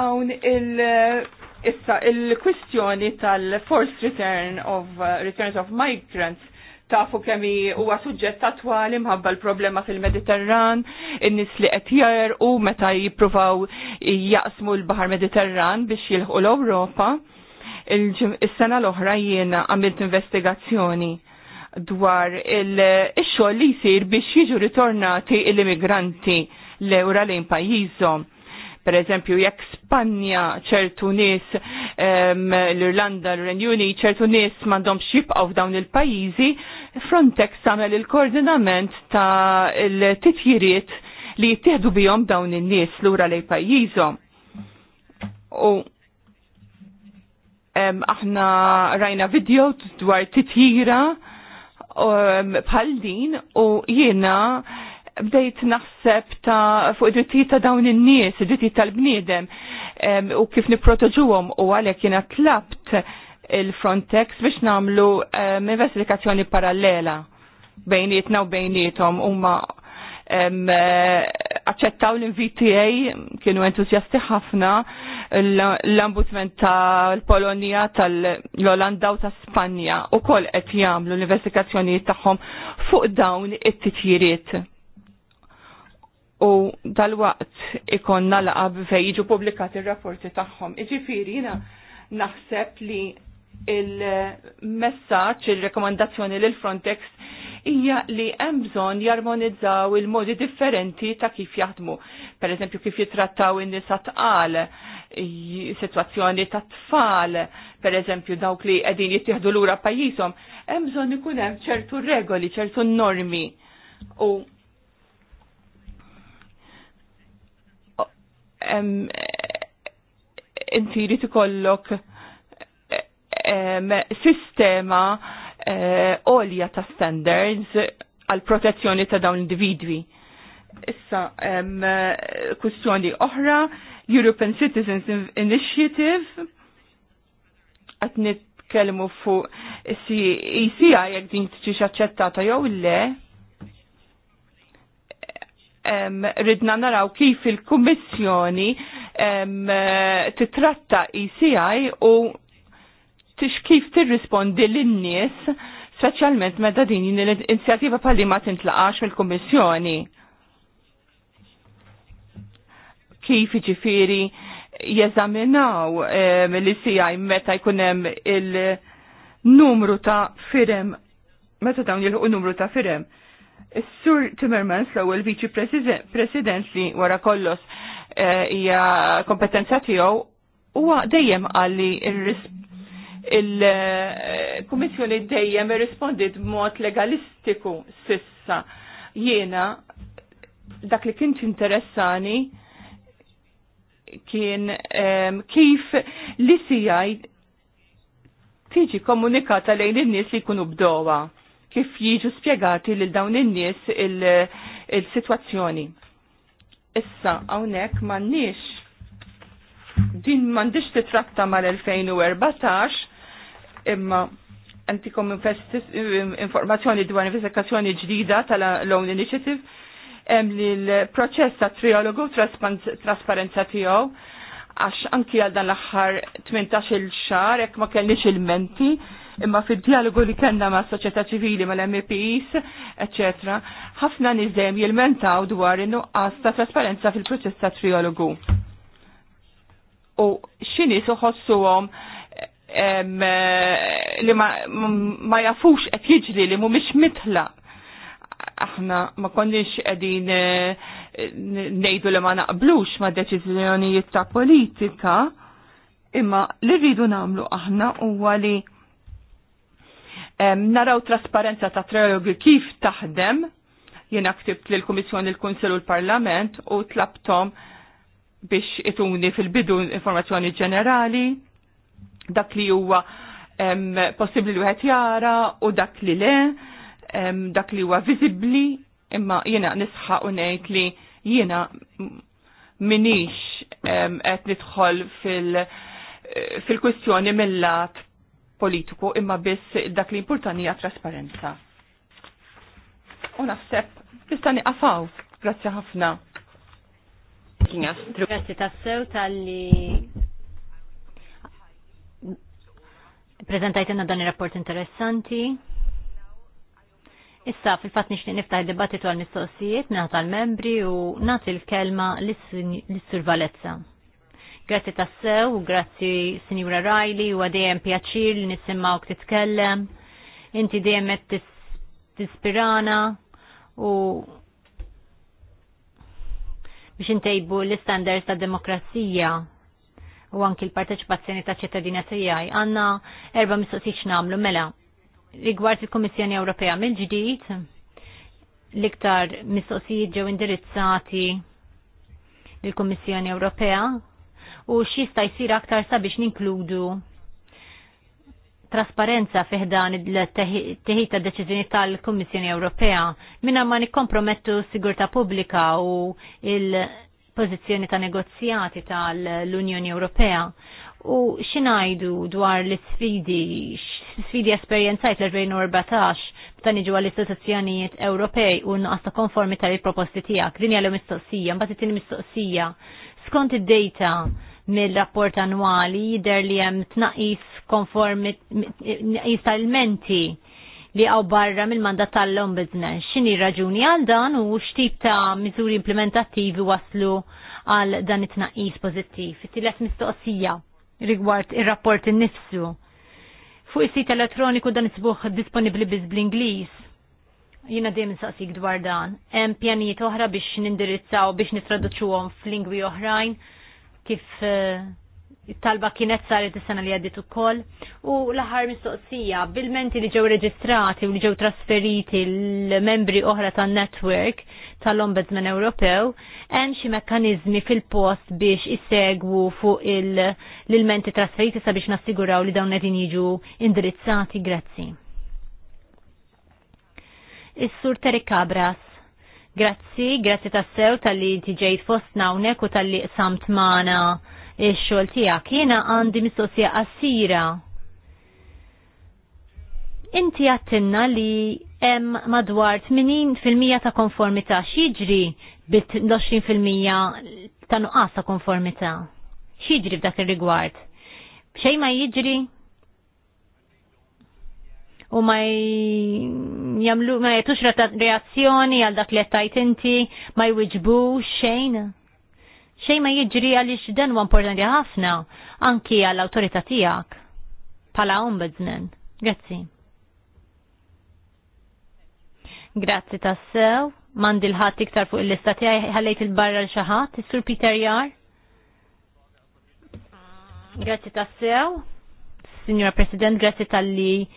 Hawn il- Issa, il-kwistjoni tal-forced return of uh, returns of migrants tafu kemi huwa suġġett attwali mħabba l-problema fil-Mediterran, in-nies li qed u meta jippruvaw jaqsmu l-Baħar Mediterran biex jilħqu l-Ewropa. Is-sena l-oħra jiena għamilt investigazzjoni dwar il-xogħol li jsir biex jiġu ritornati l-immigranti l-ewra lejn pajjiżhom Per eżempju, jekk Spanja ċertu nies l-Irlanda, l-Renju Unit, ċertu nies m'għandhomx jibqgħu f'dawn il-pajjiżi, Frontex tagħmel il-koordinament ta' l-titjiriet li jittieħdu bijom dawn in-nies lura li pajjiżhom. U aħna rajna video dwar titjira bħal din u jiena bdejt naħseb ta' fuq id-drittijiet ta' dawn in-nies, id dritt tal-bniedem u kif niprotoġuhom u għalhekk jiena tlabt il-Frontex biex nagħmlu investigazzjoni parallela bejnietna u bejnietom huma aċċettaw l-VTA kienu entuzjasti ħafna l ambutment tal-Polonija, tal-Olanda u tal-Spanja u kol qed jagħmlu l-investigazzjonijiet tagħhom fuq dawn it-titjiriet u dal-waqt ikonna laqab fej jiġu publikati il-rapporti tagħhom. Iġifieri jiena naħseb li il-messaġġ, il-rekomandazzjoni lil Frontex hija li hemm bżonn jarmonizzaw il-modi differenti ta' kif jaħdmu. Per eżempju kif jitrattaw in-nies tqal, sitwazzjoni ta' tfal, per eżempju dawk li qegħdin jittieħdu lura ura hemm bżonn ikun hemm ċertu regoli, ċertu normi. U inti li tikollok sistema eh, olja ta' standards għal protezzjoni ta' dawn individwi. Issa, kwistjoni oħra, European Citizens Initiative, għat nitkellmu fuq si e jek din tiġi aċċettata jew le, ridna naraw kif il-Kummissjoni titratta ECI u tix kif tirrispondi l-nies, speċjalment meta din l inizjativa palli ma tintlaqax mill-Kummissjoni. Kif ġifiri jeżaminaw l-ICI meta jkunem il- numru ta' firem, meta dawn jilħu numru ta' firem. Sur Timmermans l il viċi president li wara kollox eh, hija kompetenza tiegħu huwa dejjem għalli il-Kummissjoni dejjem irrispondiet b'mod legalistiku sissa. Jiena dak li kien interessani kien ehm, kif li sijaj tiġi komunikata lejn in-nies li jkunu bdowa kif jiġu spiegati lil dawn in-nies il-sitwazzjoni. Issa hawnhekk m'għandniex din m'għandix titratta mal-2014 imma antikom informazzjoni dwar investigazzjoni ġdida tal-Loan Initiative hemm li l-proċess ta' trialogu trasparenza tiegħu għax anki għal dan l-aħħar 18 il xar jekk ma kellniex il-menti imma fid-dialogu li kellna ma' soċjetà ċivili mal-MEPs, eccetera, ħafna nizem jilmentaw dwar innu nuqqas ta' trasparenza fil-proċess ta' triologu. U suħossu għom li ma jafux qed jiġri li mhumiex mitla aħna ma konniex qegħdin eh, ngħidu li ma naqblux ma' deċiżjonijiet ta' politika imma li rridu nagħmlu aħna huwa li Naraw trasparenza ta' trilogi kif taħdem, jena ktibt l-Komissjoni l-Kunsel u l-Parlament u tlabtom biex ituni fil-bidu informazzjoni ġenerali, dak li huwa possibli li wieħed jara u dak li le, dak li huwa vizibli, imma jiena nisħaq u ngħid li jiena minix qed nidħol fil- fil-kwistjoni mill-lat politiku imma biss dak li importanija trasparenza. U naħseb tista' niqafaw. Grazzi ħafna. Grazzi tassew tal-li prezentajtina dan il-rapport interessanti. Issa, fil-fat nix niftaħ il-dibattitu għal-mistoqsijiet, naħta l-membri u nati l-kelma l-survalezza. Grazzi tassew, grazzi Sinjura Riley, u għadijem pjaċir li nisimawk titkellem. Inti dejjem qed tispirana u biex intejbu l-istandards ta' demokrazija u anki l-parteċipazzjoni ta' ċittadina tiegħi. Għandna erba' mistoqsijiet nagħmlu mela rigward il-Kummissjoni Ewropea mill-ġdid l-iktar mistoqsijiet ġew indirizzati lill-Kummissjoni Ewropea u x'jista' jsir aktar sabiex ninkludu trasparenza fiħdan il-teħid ta' deċiżjoni tal-Kummissjoni Ewropea minna ma nikkompromettu sigurta pubblika u il-pożizzjoni ta' negozjati tal-Unjoni Ewropea. U xinajdu dwar l-sfidi, sfidi esperienzajt l-2014 b'tani iġu l istituzzjonijiet Ewropej u nuqqas ta' konformi tal proposti tijak. Din hija l-mistoqsija, mbagħad it mistoqsija. Skont id-data mill-rapport annwali jider li hemm tnaqis konformi tnaqis tal-menti li għaw barra mill-mandat tal-ombudsman. X'inhi raġuni għal dan u x'tip ta' miżuri implementattivi waslu għal dan it-tnaqis pożittiv. Tilet mistoqsija rigward ir-rapport innifsu. Fuq is-sit elettroniku dan isbuħ disponibbli biz bl-Ingliż. Jiena dejjem saqsik dwar dan. Hemm pjanijiet oħra biex nindirizzaw biex nitraduċuhom f'lingwi oħrajn kif eh, talba kienet saret is-sena li għaddit ukoll u l-aħħar mistoqsija bil-menti li ġew reġistrati u li ġew trasferiti l-membri oħra tan-network tal-Ombudsman Ewropew hemm xi mekkaniżmi fil-post biex isegwu fuq l-menti trasferiti sabiex nassiguraw li dawn qegħdin jiġu indirizzati grazzi. Is-Sur Terry Cabras Grazzi, grazzi tassew tal-li tiġejt fost nawnek u tal-li samt mana il-xol tijak. Jena għandi mistoqsija qassira. Inti għattinna li hemm madwar 80% ta' konformità x'jiġri bit-20% ta' nuqqas ta' konformità. X'jiġri f'dak ir-rigward? Xejn ma jiġri u ma jamlu ma jtux reazzjoni għal dak li għattajt inti, ma jwiġbu xejn. Xejn ma jiġri għaliex dan huwa importanti ħafna anki għall autorità tiegħek bħala ombudsman. Grazzi. Grazzi tassew. Mandi l-ħat iktar fuq il-lista tiegħi ħallejt il-barra l xaħat, is-Sur Peter Jar. Grazzi tassew. Signora President, grazzi tal-li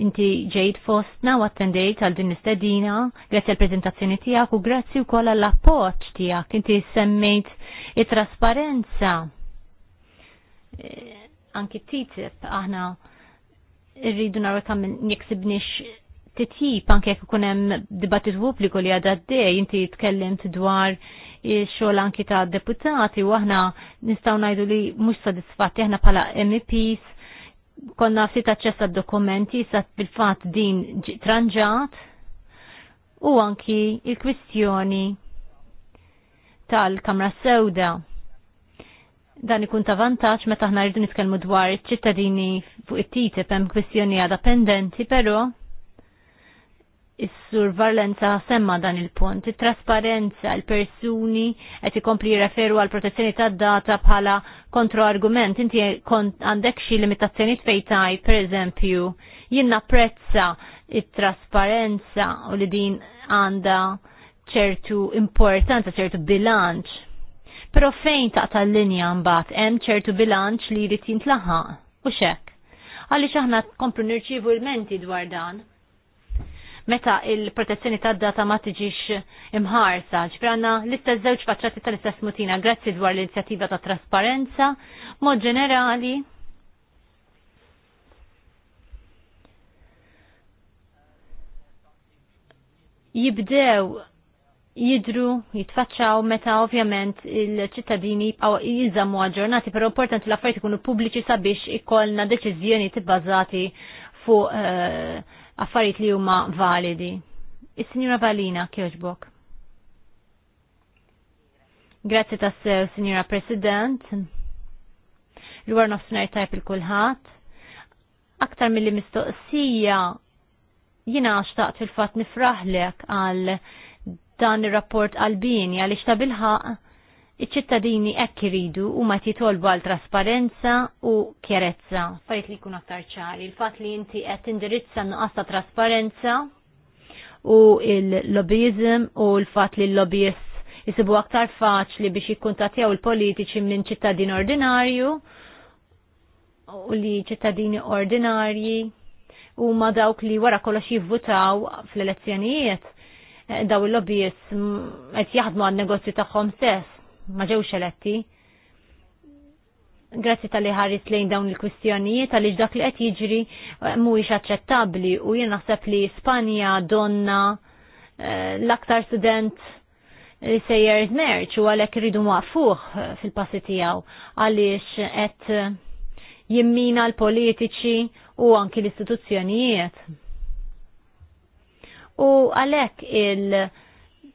inti ġejt fostna u attendejt għal din istedina, grazzi għal prezentazzjoni tijak u grazzi u koll għall appoċ tijak, inti semmejt il-trasparenza. E, anki TTIP, aħna rridu naraw kam jeksibnix titjib, anki jek kunem dibattit pubbliku li għadha d-dej, inti tkellimt dwar xogħol anki ta' deputati u aħna nistgħu ngħidu li mhux sodisfatti aħna bħala MEPs konna ftit aċċess għad-dokumenti sa fil-fatt din tranġat u anki il-kwistjoni tal-Kamra Sewda. Dan ikun ta' vantaġġ meta aħna rridu nitkellmu dwar iċ-ċittadini fuq it titep hemm kwistjoni għadha pendenti, però Is-sur Valenza semma dan il-punt, it-trasparenza, il-persuni qed ikompli jirreferu għal protezzjoni tad-data bħala kontroargument. Inti għandek xi limitazzjoni fejtaj, pereżempju, jien napprezza it-trasparenza u li din għandha ċertu importanza, ċertu bilanċ. Però fejn ta' tal-linja mbagħad hemm ċertu bilanċ li jrid jintlaħaq u xek. Għaliex aħna komplu nirċievu l-menti dwar dan meta il-protezzjoni tad data ma tiġix imħarsa. Ġbranna l-istess żewġ faċċati tal-istess mutina, grazzi dwar l-inizjattiva ta' trasparenza, mod ġenerali. Jibdew jidru, jitfaċċaw meta ovvjament il-ċittadini għaw jizzamu għagġornati, pero importanti l-affarijiet ikunu pubbliċi sabiex ikollna deċiżjoni tibbażati fuq uh, affarijiet li huma validi. Is-Sinjura Valina Kirchbok. Grazzi tassew, Sinjura President. Dwar nofsinhar tajp il-kulħadd. Aktar mill-li mistoqsija jina xtaqt fil-fat nifraħlek għal dan ir-rapport għalbini għal ixtabilħaq iċ-ċittadini hekk iridu u ma titolbu għal trasparenza u kjerezza. Fajt li jkun aktar ċari, il-fatt li inti qed tindirizza nuqqas ta' trasparenza u il-lobbyizm u l-fatt li l-lobbyist jisibu aktar faċli biex jikkuntatjaw il-politiċi minn ċittadin ordinarju u li ċittadini ordinarji u ma dawk li wara kollox jivvutaw fl-elezzjonijiet eh, daw il-lobbyist mm, qed jaħdmu għan negozju tagħhom stess ma ġewx eletti. Grazzi tal-li ħarit lejn dawn il-kwistjonijiet tal-li dak li qed jiġri eh, mhuwiex aċċettabbli u jien naħseb li Spanja donna eh, l-aktar student sejjer merċ u għalhekk iridu maqfuħ eh, fil-passi tiegħu għaliex qed jimmina l-politiċi u anki l-istituzzjonijiet. U għalhekk il-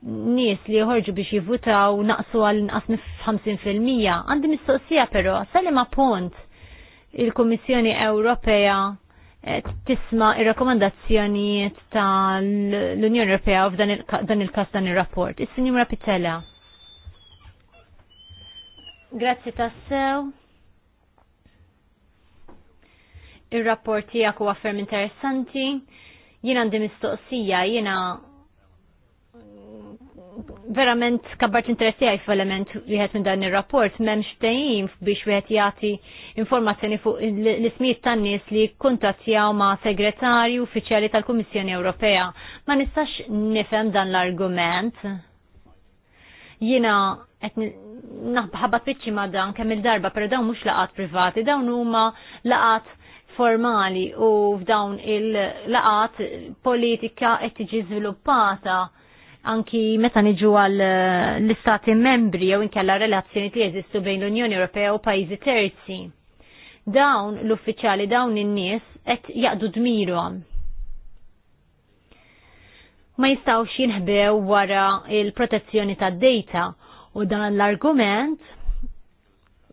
nies li jħorġu biex jivutaw naqsu għal naqas 50%. Għandi mistoqsija però, ma punt il komissjoni Ewropea eh, tisma il-rakomandazzjonijiet tal-Unjoni Ewropea f'dan il-kas dan il-rapport. Is-Sinjura Pitella. Grazzi tassew. Il-rapport tijak u għaffer interessanti. Jien għandi mistoqsija, jiena verament kabbart interessi għaj f-element wieħed minn dan ir-rapport m'hemmx tejjim biex wieħed jagħti informazzjoni fuq l-ismijiet tan-nies li kuntattjaw ma' segretarju uffiċjali tal-Kummissjoni Ewropea. Ma nistax nifhem dan l-argument. Jiena qed naħbaħbat ma' dan kemm il-darba, però dawn mhux laqat privati, dawn huma laqat formali u f'dawn il-laqat politika qed tiġi żviluppata anki meta niġu għal eh, l-istati membri jew inkella relazzjoni li jeżistu bejn l-Unjoni Ewropea u pajjiżi terzi. Dawn l-uffiċjali dawn in-nies qed jaqdu dmirhom. Ma jistawx jinħbew wara il-protezzjoni tad-data u dan l-argument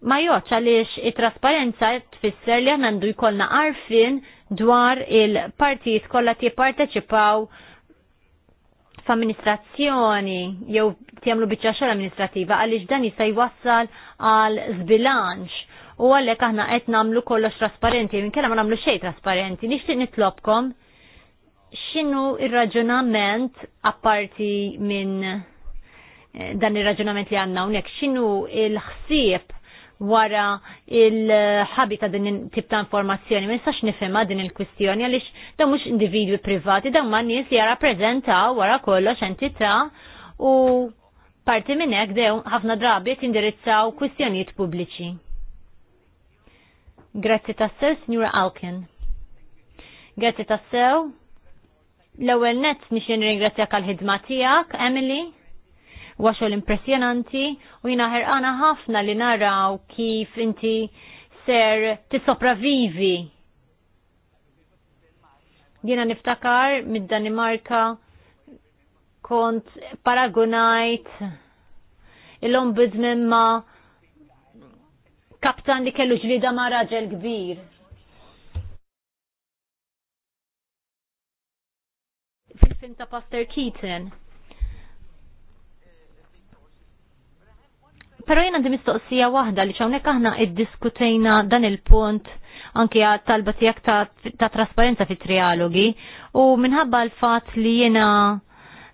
ma joċ għaliex it-trasparenza tfisser li għandu jkollna arfin dwar il-partijiet kollha tipparteċipaw f'amministrazzjoni jew tjamlu biċċa xogħol amministrativa għaliex dan jista' jwassal għal zbilanċ u għalhekk aħna qed nagħmlu kollox trasparenti minn minkella ma nagħmlu xejn trasparenti. Nixtieq nitlobkom x'inhu ir-raġunament apparti minn eh, dan ir-raġunament li għandna hawnhekk x'inhu l-ħsieb wara il-ħabi ta' din tip ta' informazzjoni. Ma nistax nifema din il-kwistjoni għaliex dawn mhux individwi privati, dawn ma' nies li jarrappreżentaw wara kollox entità u parti minn hekk dew ħafna drabi tindirizzaw kwistjonijiet pubbliċi. Grazzi tassew, Signora Alkin. Grazzi tas-sew. L-ewwel nett nixin ringrazzjak għall ħidma tiegħek, Emily waxol impressjonanti u jina ħerqana ħafna li naraw kif inti ser tisopravivi. Jina niftakar mid-Danimarka kont paragonajt il-ombudsman ma kaptan li kellu ġlida ma raġel kbir. Fil-fin ta' Pastor Keaton. Pero jena di mistoqsija wahda li ċawnek aħna id-diskutejna dan il-punt anki għad talba tijak ta', ta trasparenza fit trialogi u minħabba l-fat li jena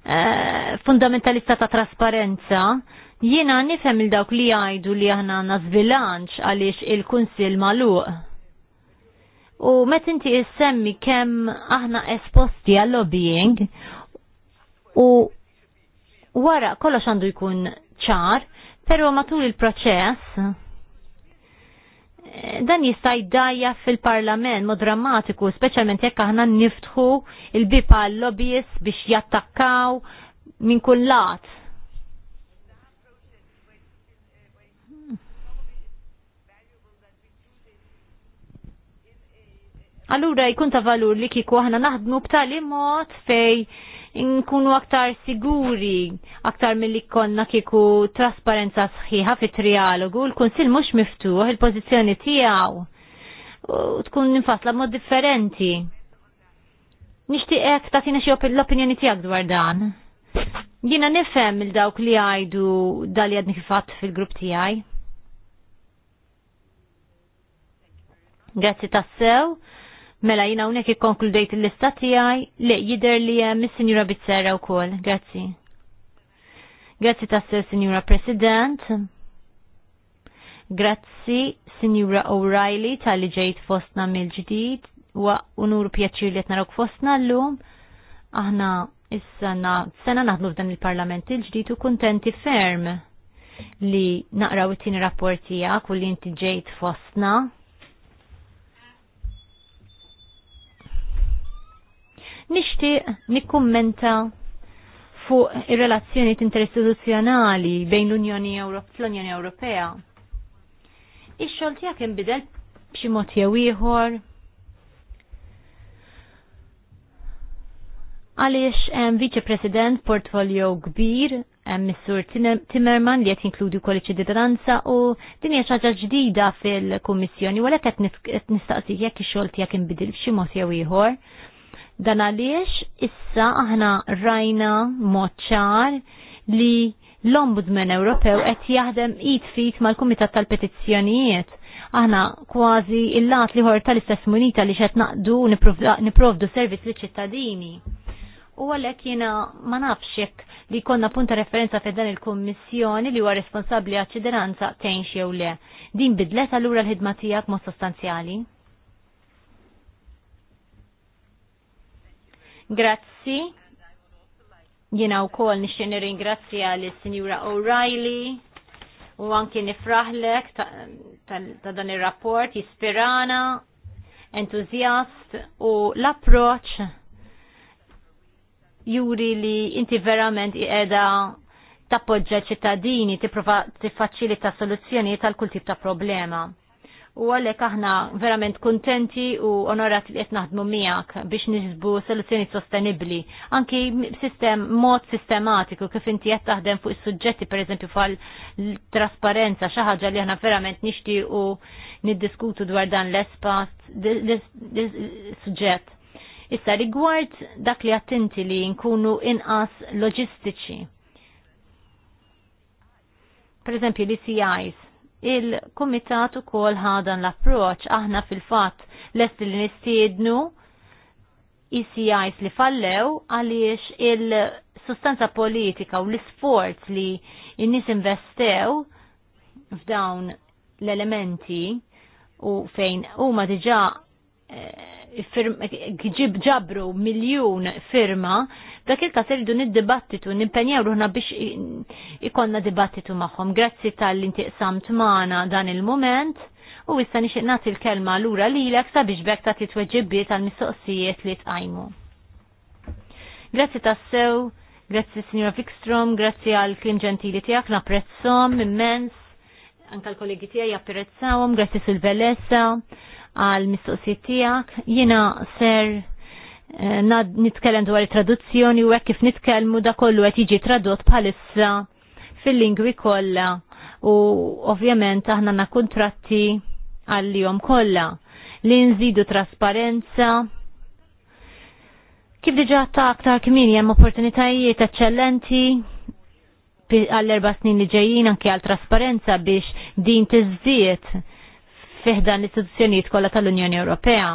eh, fundamentalista ta' trasparenza jena nifem il-dawk li għajdu li aħna nazbilanċ għaliex il-kunsil maluq. U met inti issemmi kem aħna esposti għal lobbying u wara kollox għandu jkun ċar Pero matul il-proċess, eh, dan jista' jdajja fil-parlament mod drammatiku, speċjalment jekk aħna niftħu il-bipa l-lobbies biex jattakkaw minn kull lat. Allura jkun ta' valur li kieku aħna naħdmu b'tali mod fej nkunu aktar siguri, aktar mill-li konna kiku trasparenza sħiħa fit trialogu l-Kunsil mux miftuħ il-pozizjoni tijaw u tkun ninfasla mod differenti. ek ta' tina xie l-opinjoni tijak dwar dan. Jina nifem il-dawk li għajdu dal għadni kifat fil-grupp tijaj. Grazzi tassew. Mela jina unek ikkonkludejt l-lista tijaj li jider li jem il-Sinjura Bizzera u kol. Grazzi. Grazzi tassew, Sinjura President. Grazzi, Sinjura O'Reilly, ta' li ġejt fostna mill-ġdid. Wa unur pjaċir li jtnarok fostna l-lum. Aħna is-sena sena naħdlu f'dan il-parlament il-ġdid u kontenti ferm li naqraw it-tini rapportija kulli inti ġejt fostna Nixtieq nikkummenta fuq ir-relazzjoni interistituzzjonali bejn l-Unjoni fl-Unjoni Ewropea. Ix-xogħol tiegħek inbidel b'xi mod jew ieħor. Għaliex hemm viċe president portfolio kbir hemm Missur Timmerman li qed jinkludi wkoll iċ-ċittadinanza u din hija ħaġa ġdida fil-Kummissjoni wara qed nistaqsik jekk ix-xogħol tiegħek inbidel b'xi mod jew ieħor Dan għaliex issa aħna rajna moċċar li l-Ombudsman Ewropew qed jaħdem id fit mal-Kumitat tal-Petizzjonijiet aħna kważi il-lat ħor tal-istess munita li xed naqdu niprovdu servizz li ċittadini. U għalek jena ma nafxek li konna punta referenza fe dan il-kommissjoni li huwa responsabli għal ċittadinanza tenx jew le. Din bidlet allura l-ħidma tiegħek mod sostanzjali? Grazzi. Jina u kol nirringrazzja ringrazzja li Signora O'Reilly u anki nifraħlek ta, dan il-rapport jispirana, entuzjast u l-approċ juri li inti verament iqeda tappoġġa ċittadini, tipprova tiffaċilita soluzzjoni tal-kull tip ta' problema u għalek aħna verament kontenti u onorat li qed naħdmu miegħek biex niġbu soluzzjoni sostenibbli. Anki sistem mod sistematiku kif inti qed taħdem fuq is-suġġetti pereżempju fal trasparenza xi ħaġa li aħna verament nixtiequ niddiskutu dwar dan l-espas suġġett. Issa rigward dak li attenti li nkunu inqas loġistiċi. Per eżempju, l-CIs, il-komitat u kol ħadan l-approċ aħna fil-fat lest li nistiednu ECIs li fallew għaliex il-sustanza politika u l-sforz li n-nis investew f'dawn l-elementi u fejn huma diġa eh, ġabru miljun firma Dak il-kas irridu nid-dibattitu, nimpenjaw ruħna biex ikonna dibattitu magħhom. Grazzi tal-intiqsam tmana dan il-moment u issa nixtieq nagħti l-kelma lura lilek sabiex bekk tagħti tweġibiet tal-mistoqsijiet li tqajmu. Grazzi tassew, grazzi Signora Fikstrom, grazzi għal klim ġentili tiegħek, napprezzhom immens, anka l-kollegi tiegħi japprezzawhom, grazzi sul-velessa għal mistoqsijiet tiegħek. Jiena ser Eh, nitkellem dwar traduzzjoni u hekk kif nitkellmu da kollu qed jiġi tradott bħalissa fil-lingwi kollha u ovvjament aħna na kontratti għal-jom kollha li nżidu trasparenza kif diġa ta' aktar kmini jem opportunitajiet eċċellenti għall-erba' snin li ġejjin anke għal trasparenza biex din tiżdied fiħdan l-istituzzjonijiet kollha tal-Unjoni Ewropea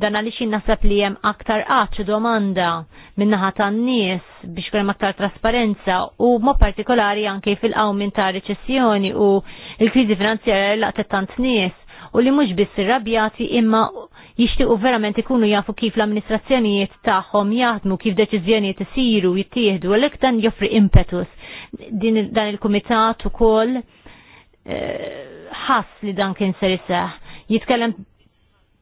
Dan għaliex naħseb li hemm aktar qatt domanda minnaħa tan-nies biex kunem aktar trasparenza u mo partikolari anke fil-qawmin ta' reċessjoni u il-kriżi finanzjarja li laqtet tant nies u li mhux biss irrabjati imma jixtiequ verament ikunu jafu kif l-amministrazzjonijiet tagħhom jaħdmu kif deċiżjonijiet isiru jittieħdu għalhekk dan joffri impetus. Din dan il-kumitat ukoll eh, ħass li dan kien ser Jitkellem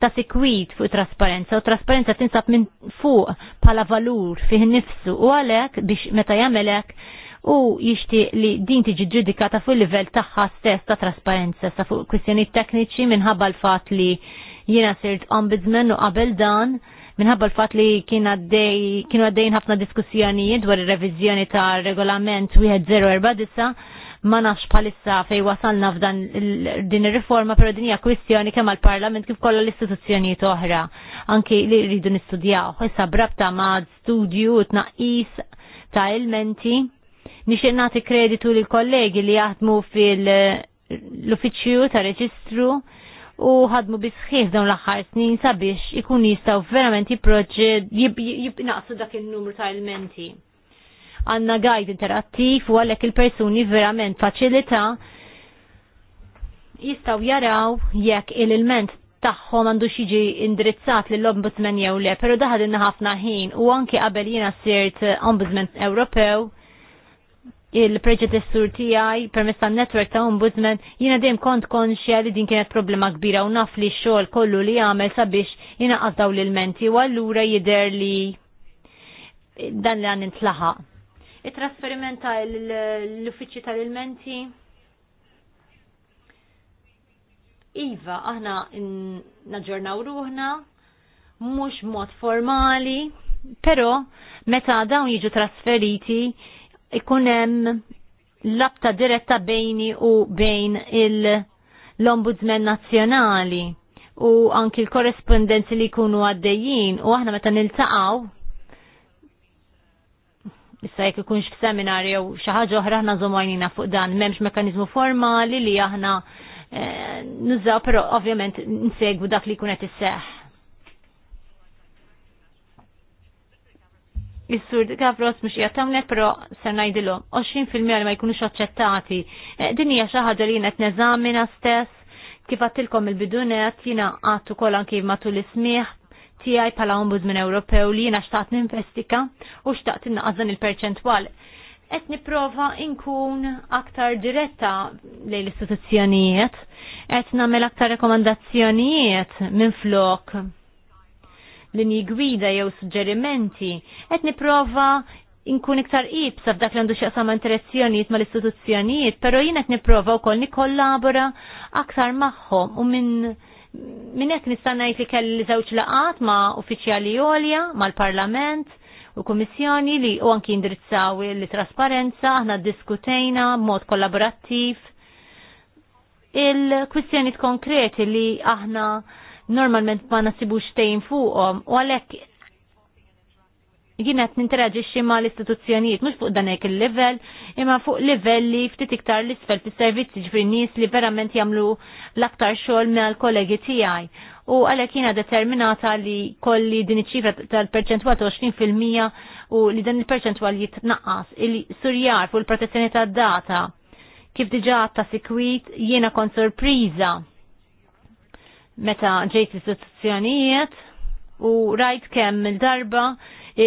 ta' sikwit fuq trasparenza u trasparenza tinsab minn fuq pala valur fih nifsu u għalek biex meta jamelek u jixti li din tiġi ġudikata fuq livell tagħha stess ta' trasparenza sa' fuq kwistjoni tekniċi minħabba l-fat li jiena sirt ombudsman u qabel dan minħabba l-fat li kienu għaddejn ħafna diskussjonijiet dwar ir-reviżjoni ta' regolament 1049 ma nafx bħalissa fej wasalna f'dan din ir-riforma però din hija kwistjoni kemm għall-Parlament kif kollha l-istituzzjonijiet oħra anki li rridu nistudjaw. Issa brabta ma' studju u tnaqqis ta' elementi nixtieq nagħti kreditu lil kollegi li jaħdmu fil l-uffiċċju ta' reġistru u ħadmu sħiħ dawn l-axħar snin sabiex ikun jistaw verament jiproġed jibnaqsu dak il-numru ta' elementi għanna guide interattiv u għalek il-persuni verament faċilita jistaw jaraw jekk il-ilment taħħom għandu xiġi indirizzat l-Ombudsman jew le, pero daħadinna ħafna ħin u anki qabel jiena sirt eh, Ombudsman Ewropew il-preġedessur tiegħi permezz tan-netwerk ta' Ombudsman jiena dejjem kont konxja li din kienet problema kbira u naf li x-xogħol kollu li għamel sabiex jina daw l-ilmenti u allura jidher li dan li għan intlaħaq it-trasferiment l uffiċi tal-ilmenti. Iva, aħna naġġornaw ruħna, mhux mod formali, però meta dawn jiġu trasferiti ikun hemm labta diretta bejni u bejn l-Ombudsman Nazzjonali u anki l-korrespondenzi li jkunu għaddejjin u aħna meta niltaqgħu issa jekk ikunx f'seminar jew xi ħaġa oħra aħna żomajnina fuq dan m'hemmx mekkaniżmu formali li aħna eh, nużaw però ovvjament nsegwu dak li jkun qed isseħħ. Is-sur Gavros mhux qiegħed tagħmlet però se ngħidilhom 20% li ma jkunux aċċettati. Eh, din hija xi ħaġa li jien qed neżamina stess kif għattilkom il-bidunet jina għattu kol anki matul ismiħ tiegħi bħala Ombudsman Ewropew li jiena xtaqt ninvestika u xtaqt innaqżan il-perċentwal. Qed nipprova inkun aktar diretta lejn l-istituzzjonijiet, qed nagħmel aktar rekomandazzjonijiet minn flok linji gwida jew suġġerimenti, qed nipprova inkun iktar qib sa f'dak li għandu xaqsam interazzjonijiet mal istituzzjonijiet, pero jien qed nipprova wkoll nikkollabora aktar magħhom u minn Minnek nistannajt li kelli żewġ laqat ma' uffiċjali ma mal-parlament, u kummissjoni li u anki indirizzaw il-trasparenza, aħna diskutejna mod kollaborattiv il-kwistjoniet konkreti li aħna normalment ma nasibux tejn fuqhom u għalhekk jienet ninteraġixxi ma l-istituzzjonijiet, mux fuq danek il-level, imma fuq livelli ftit iktar l-isfel fi servizzi ġifri nis li verament jamlu l-aktar xogħol mal kollegi tiegħi. U għalhekk jiena determinata li kolli din iċ-ċifra tal-perċentwal ta' 20% u li dan il-perċentwal jitnaqqas il-surjar fuq il-protezzjoni tad-data. Kif diġà ta' sikwit jiena kont sorpriza meta ġejt l-istituzzjonijiet u rajt kemm il-darba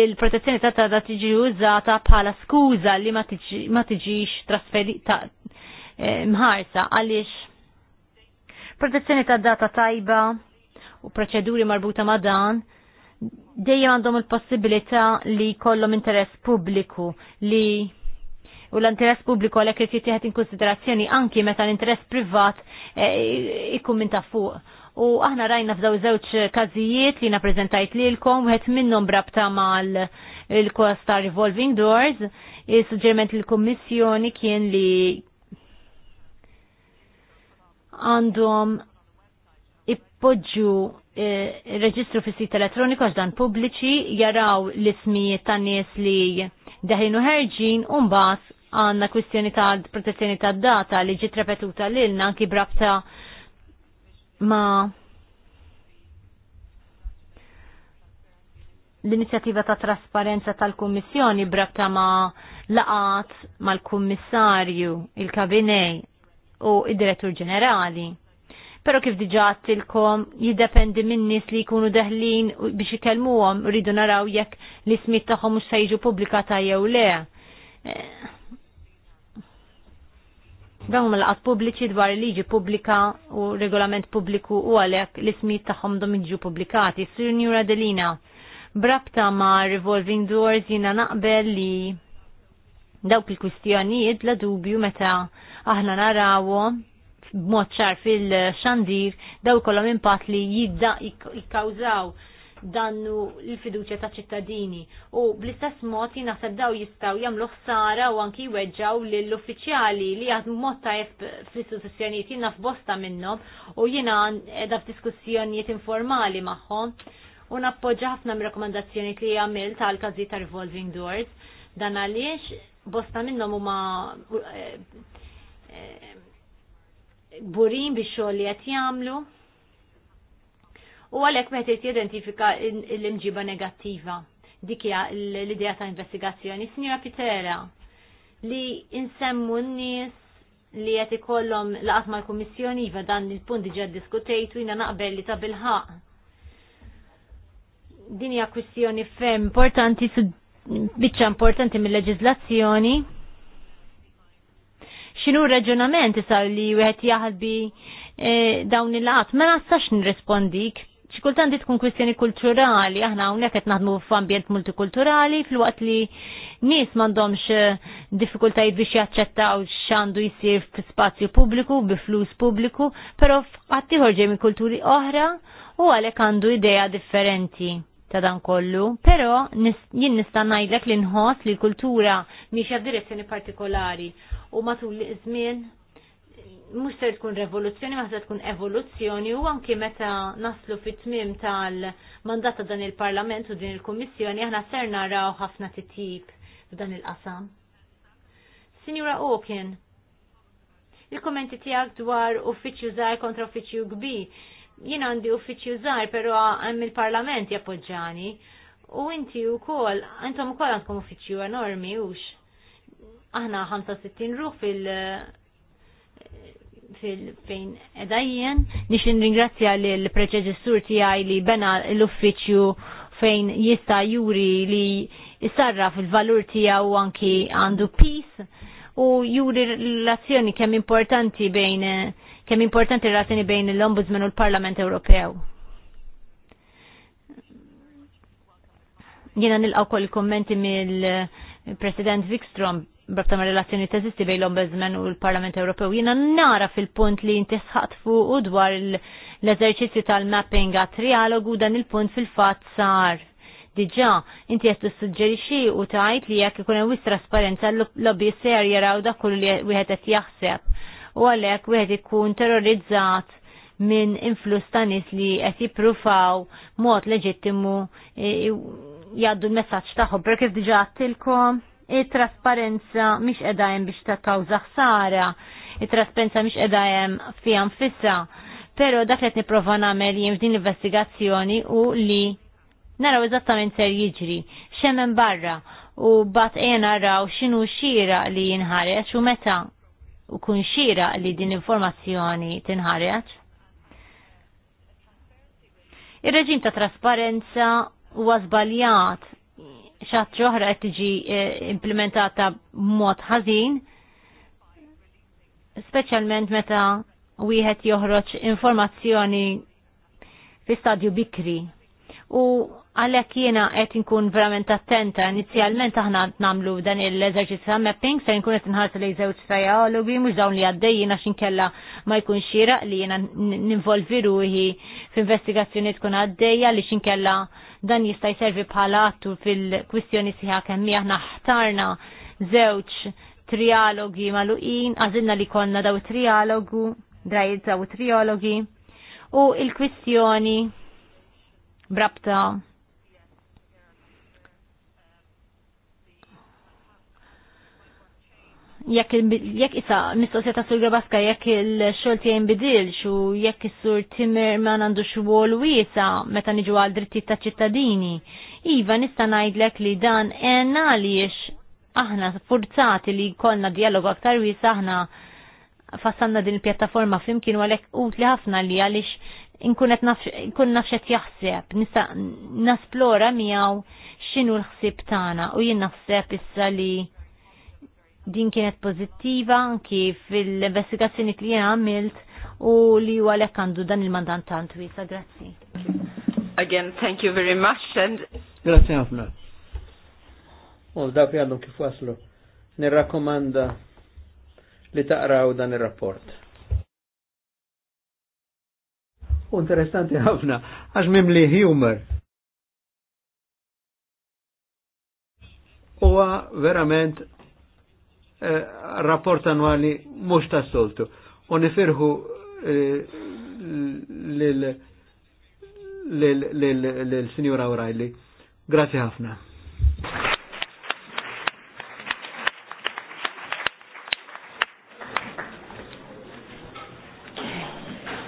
il-protezzjoni ta' ta' tiġi użata bħala skuża li ma tiġix trasferita eh, mħarsa għaliex protezzjoni ta' data tajba u proċeduri marbuta ma' dan dejjem għandhom il-possibilità li kollom interess pubbliku li u l-interess pubbliku għalhekk irid jittieħed in konsiderazzjoni anki meta l-interess privat eh, ikun minn ta' fuq U aħna rajna f'daw żewġ każijiet li nappreżentajt lilkom wieħed minnhom brabta mal il-Costa Revolving Doors, il suġġeriment il-Kommissjoni kien li għandhom ippoġġu eh, reġistru fis sit elettroniku għax dan pubbliċi jaraw l-ismijiet tan nies li daħinu ħerġin u mbagħad għandna kwistjoni ta' protezzjoni tad data li ġiet repetuta lilna anki brabta ma l-inizjattiva ta' trasparenza tal-Kummissjoni brabta ma laqat mal-Kummissarju, il-Kabinej u id-Direttur Ġenerali. Pero kif diġat tilkom jiddependi minn nis li jkunu deħlin biex jikelmuhom rridu naraw jekk l-ismit tagħhom mhux se jiġu pubblikata jew le. Eh, Dawn l-qat pubbliċi dwar il-liġi pubblika u regolament pubbliku u għalek l-ismijiet tagħhom dom pubblikati. Sir Njura Delina, brabta ma' revolving doors jina naqbel li dawk il-kwistjonijiet la dubju meta aħna narawo b'mod ċar fil-xandir daw kollhom impatt li jidda jikkawżaw dannu l-fiduċja ta' ċittadini u bl-istess mod jinaħseb daw jistaw jagħmlu ħsara u anki jweġġaw lill-uffiċjali li għad mod tajjeb fl-istituzzjonijiet jiena f'bosta minnhom u jiena qeda f'diskussjonijiet informali magħhom u nappoġġa ħafna mir rakkomandazzjonijiet li jagħmel tal-każi ta' revolving doors dan għaliex bosta minnhom huma eh, eh, burin biex xogħol li qed jagħmlu u għalhekk meħtiet jidentifika l-imġiba negattiva. Dik hija l-idea ta' investigazzjoni. Signora Pitera, li insemmu n-nies li qed ikollhom laqat mal-Kummissjoni iva dan il-punt diġa diskutejt u jiena naqbel li ta' bilħaq. Din hija kwistjoni ferm importanti biċċa importanti mill-leġiżlazzjoni xinu raġunament isar li wieħed jaħalbi eh, dawn il-qat, ma nastax nirrespondik xikultant di tkun kwistjoni kulturali, aħna hawnhekk qed naħdmu f'ambjent multikulturali filwaqt li nies m'għandhomx eh, diffikultajiet biex jaċċettaw x'għandu jsir f'spazju pubbliku, bi flus pubbliku, però qatt ieħorġej minn kulturi oħra u għalhekk għandu idea differenti ta' dan kollu, però jien nista' ngħidlek li nħoss li l-kultura mhix direzzjoni partikolari u matul iż-żmien mux ser tkun revoluzzjoni, ma tkun evoluzzjoni u anki meta naslu fit-tmim tal-mandat ta' dan il-parlament u din il-kommissjoni aħna ser naraw ħafna titjib f'dan il-qasam. Signora Oken, il-kommenti tijak dwar uffiċju zaħi kontra uffiċju gbi. Jien għandi uffiċju zaħi, pero għem il-parlament jappoġġani. U inti u kol, intom u kol għandkom uffiċju enormi ux. Aħna 65 ruħ fil- fil-fejn edajjen. Nix ringrazzja li l-preċeġessur tijaj li bena l-uffiċju fejn jista juri li jisarra fil-valur tijaw anki għandu peace u juri relazzjoni kemm importanti bejn kemm importanti relazzjoni bejn l-Ombudsman u l-Parlament Ewropew. Jiena nilqaw kol kommenti mill President Wikstrom brabta ma' relazzjoni teżisti bejn l-Ombudsman u l-Parlament Ewropew. Jiena nara fil-punt li inti fuq u dwar l-eżerċizzju tal-mapping għat trialogu dan il-punt fil fat sar. Diġà, inti qed tissuġġerixxi u tajt li jekk ikun hemm trasparenza l-lobby ser jaraw da kull li wieħed qed jaħseb u għalhekk wieħed ikun terrorizzat minn influss ta' nies li qed jippruvaw mod leġittimu e, e, jgħaddu l-messaġġ tagħhom. Per kif diġà għattilkom? it-trasparenza mhix edajem biex ta' kawza ħsara, it-trasparenza mish edajem fijan fissa, nfissa. Però dak li qed nipprova nagħmel jien f'din l-investigazzjoni u li naraw eżattament ser jiġri, xemmen barra u bat e naraw x'inhu xira li jinħareġ u meta u kun xira li din informazzjoni tinħareġ. Ir-reġim ta' trasparenza huwa żbaljat ċattri oħra qed tiġi eh, implementata b'mod ħażin, speċjalment meta wieħed joħroġ informazzjoni fi stadju bikri. U għalhekk jiena qed inkun verament attenta inizjalment aħna namlu dan l-eżerċizzju ta' mapping se nkun qed nħarsu lejn żewġ trialogi mhux dawn li għaddej jena xinkella ma jkun xira li jiena ninvolvi ruħi f'investigazzjoni tkun għaddejja li xinkella dan jista' jservi bħala attu fil-kwistjoni siħa kemm aħna ħtarna żewġ trialogi maluqin, għażilna li konna daw trialogu, drajiet daw trialogi u il-kwistjoni brabta jekk isa mistoqsija ta' Sur baska jekk il-xogħol tiegħi nbidilx u jekk is-Sur Timmerman għandu wol wiesa meta niġu għal drittijiet ta' ċittadini. Iva nista' ngħidlek li dan għenna għaliex aħna forzati li jkollna dialogu aktar wies aħna fassanna din il-pjattaforma kienu għalhekk utli ħafna li għaliex inkunet kun nafxet jaħseb, nista' nasplora miegħu x'inhu l ħsieb tagħna u jien naħseb issa li din kienet pozittiva anki fil-investigazzjoni li jena għamilt u li u għalek għandu dan il-mandant tant wisa, grazzi. Again, thank you very much and... Grazzi ħafna. U dak jgħallu kif waslu. Nirrakkomanda li taqraw dan il-rapport. U interessanti ħafna, għax mimli humor. Huwa verament Eh, rapport annuali mhux ta' soltu. U nifirħu eh, lil-Sinjura O'Reilly. Grazie ħafna.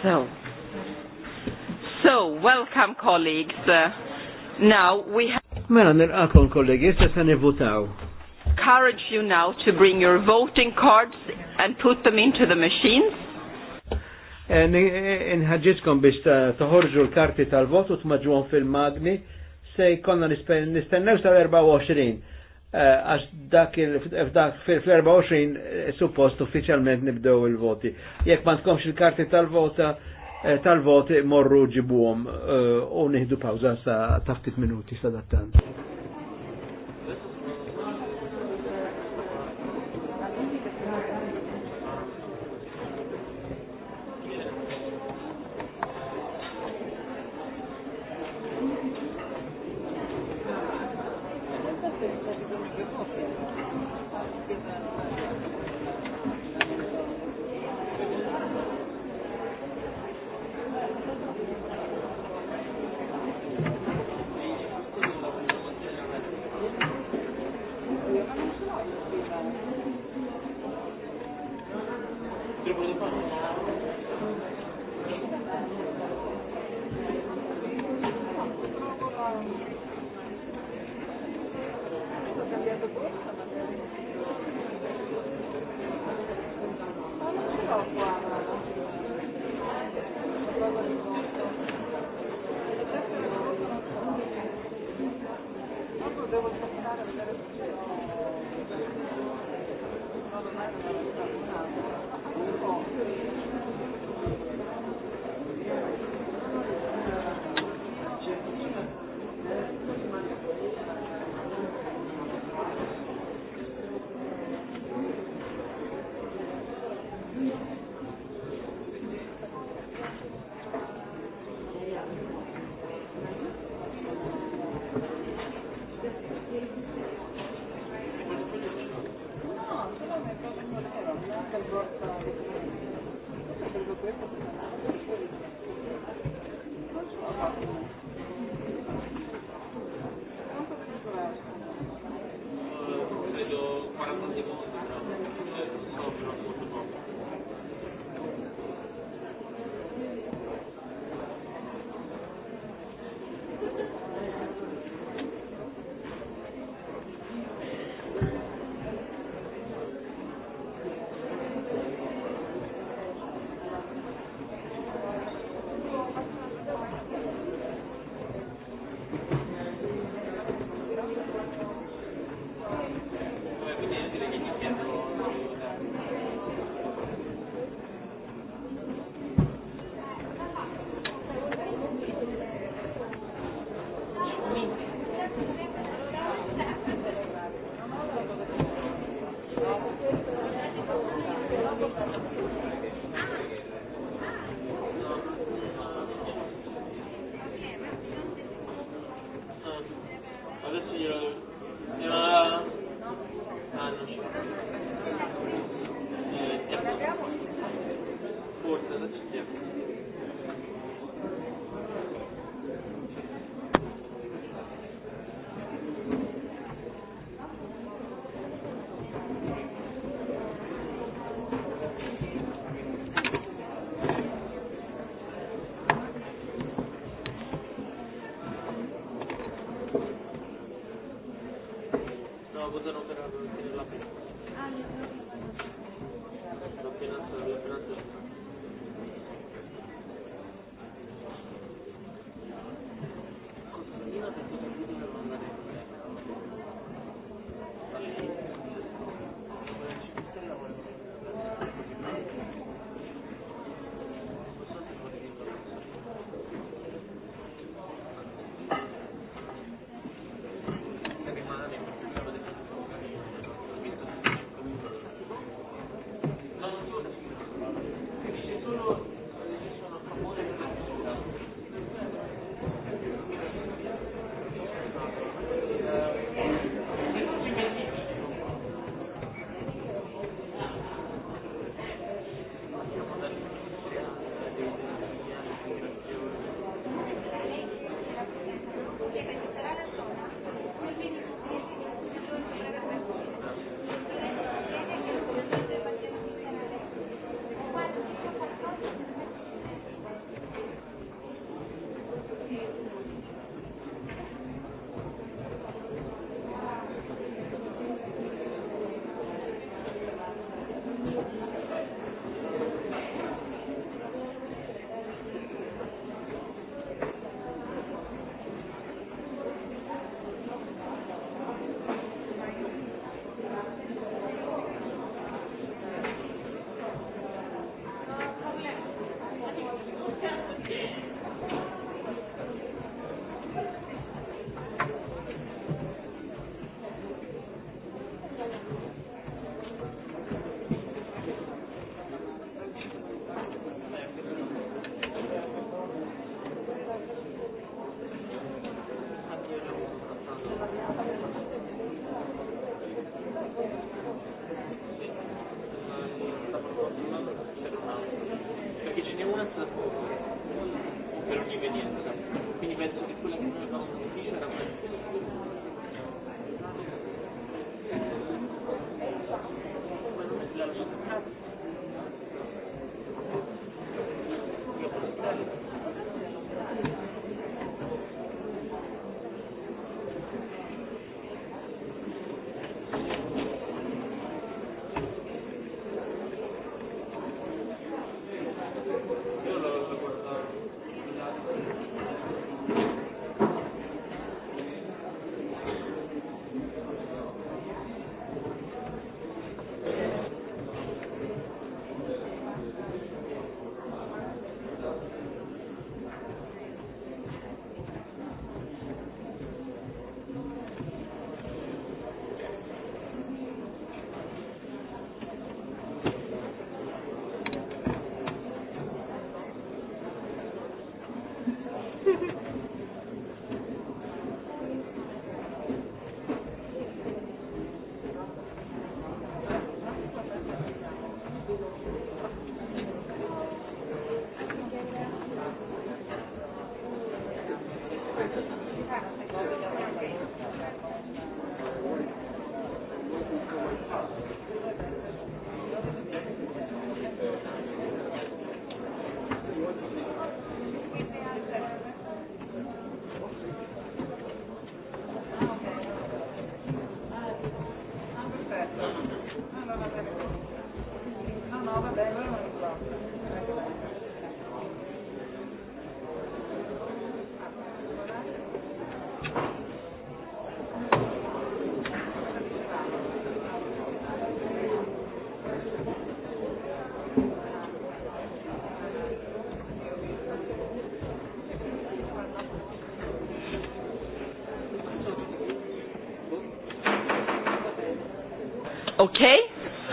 So, so welcome colleagues. Uh, now we have. Mela nirqakon kollegi, issa se nivutaw encourage you now to bring your voting cards and put them into the machines. Eh, eh, Nħagġiskom biex toħorġu l-karti tal votu t-maġuħon fil-magni se jkollna nistennew sal-24 eh, għax dak fil-24 suppost uffiċjalment nibdew il-voti. Jekk ma tkomx il-karti tal-vota tal-voti morru ġibuhom u nieħdu pawża sa' taftit minuti sa' dattant.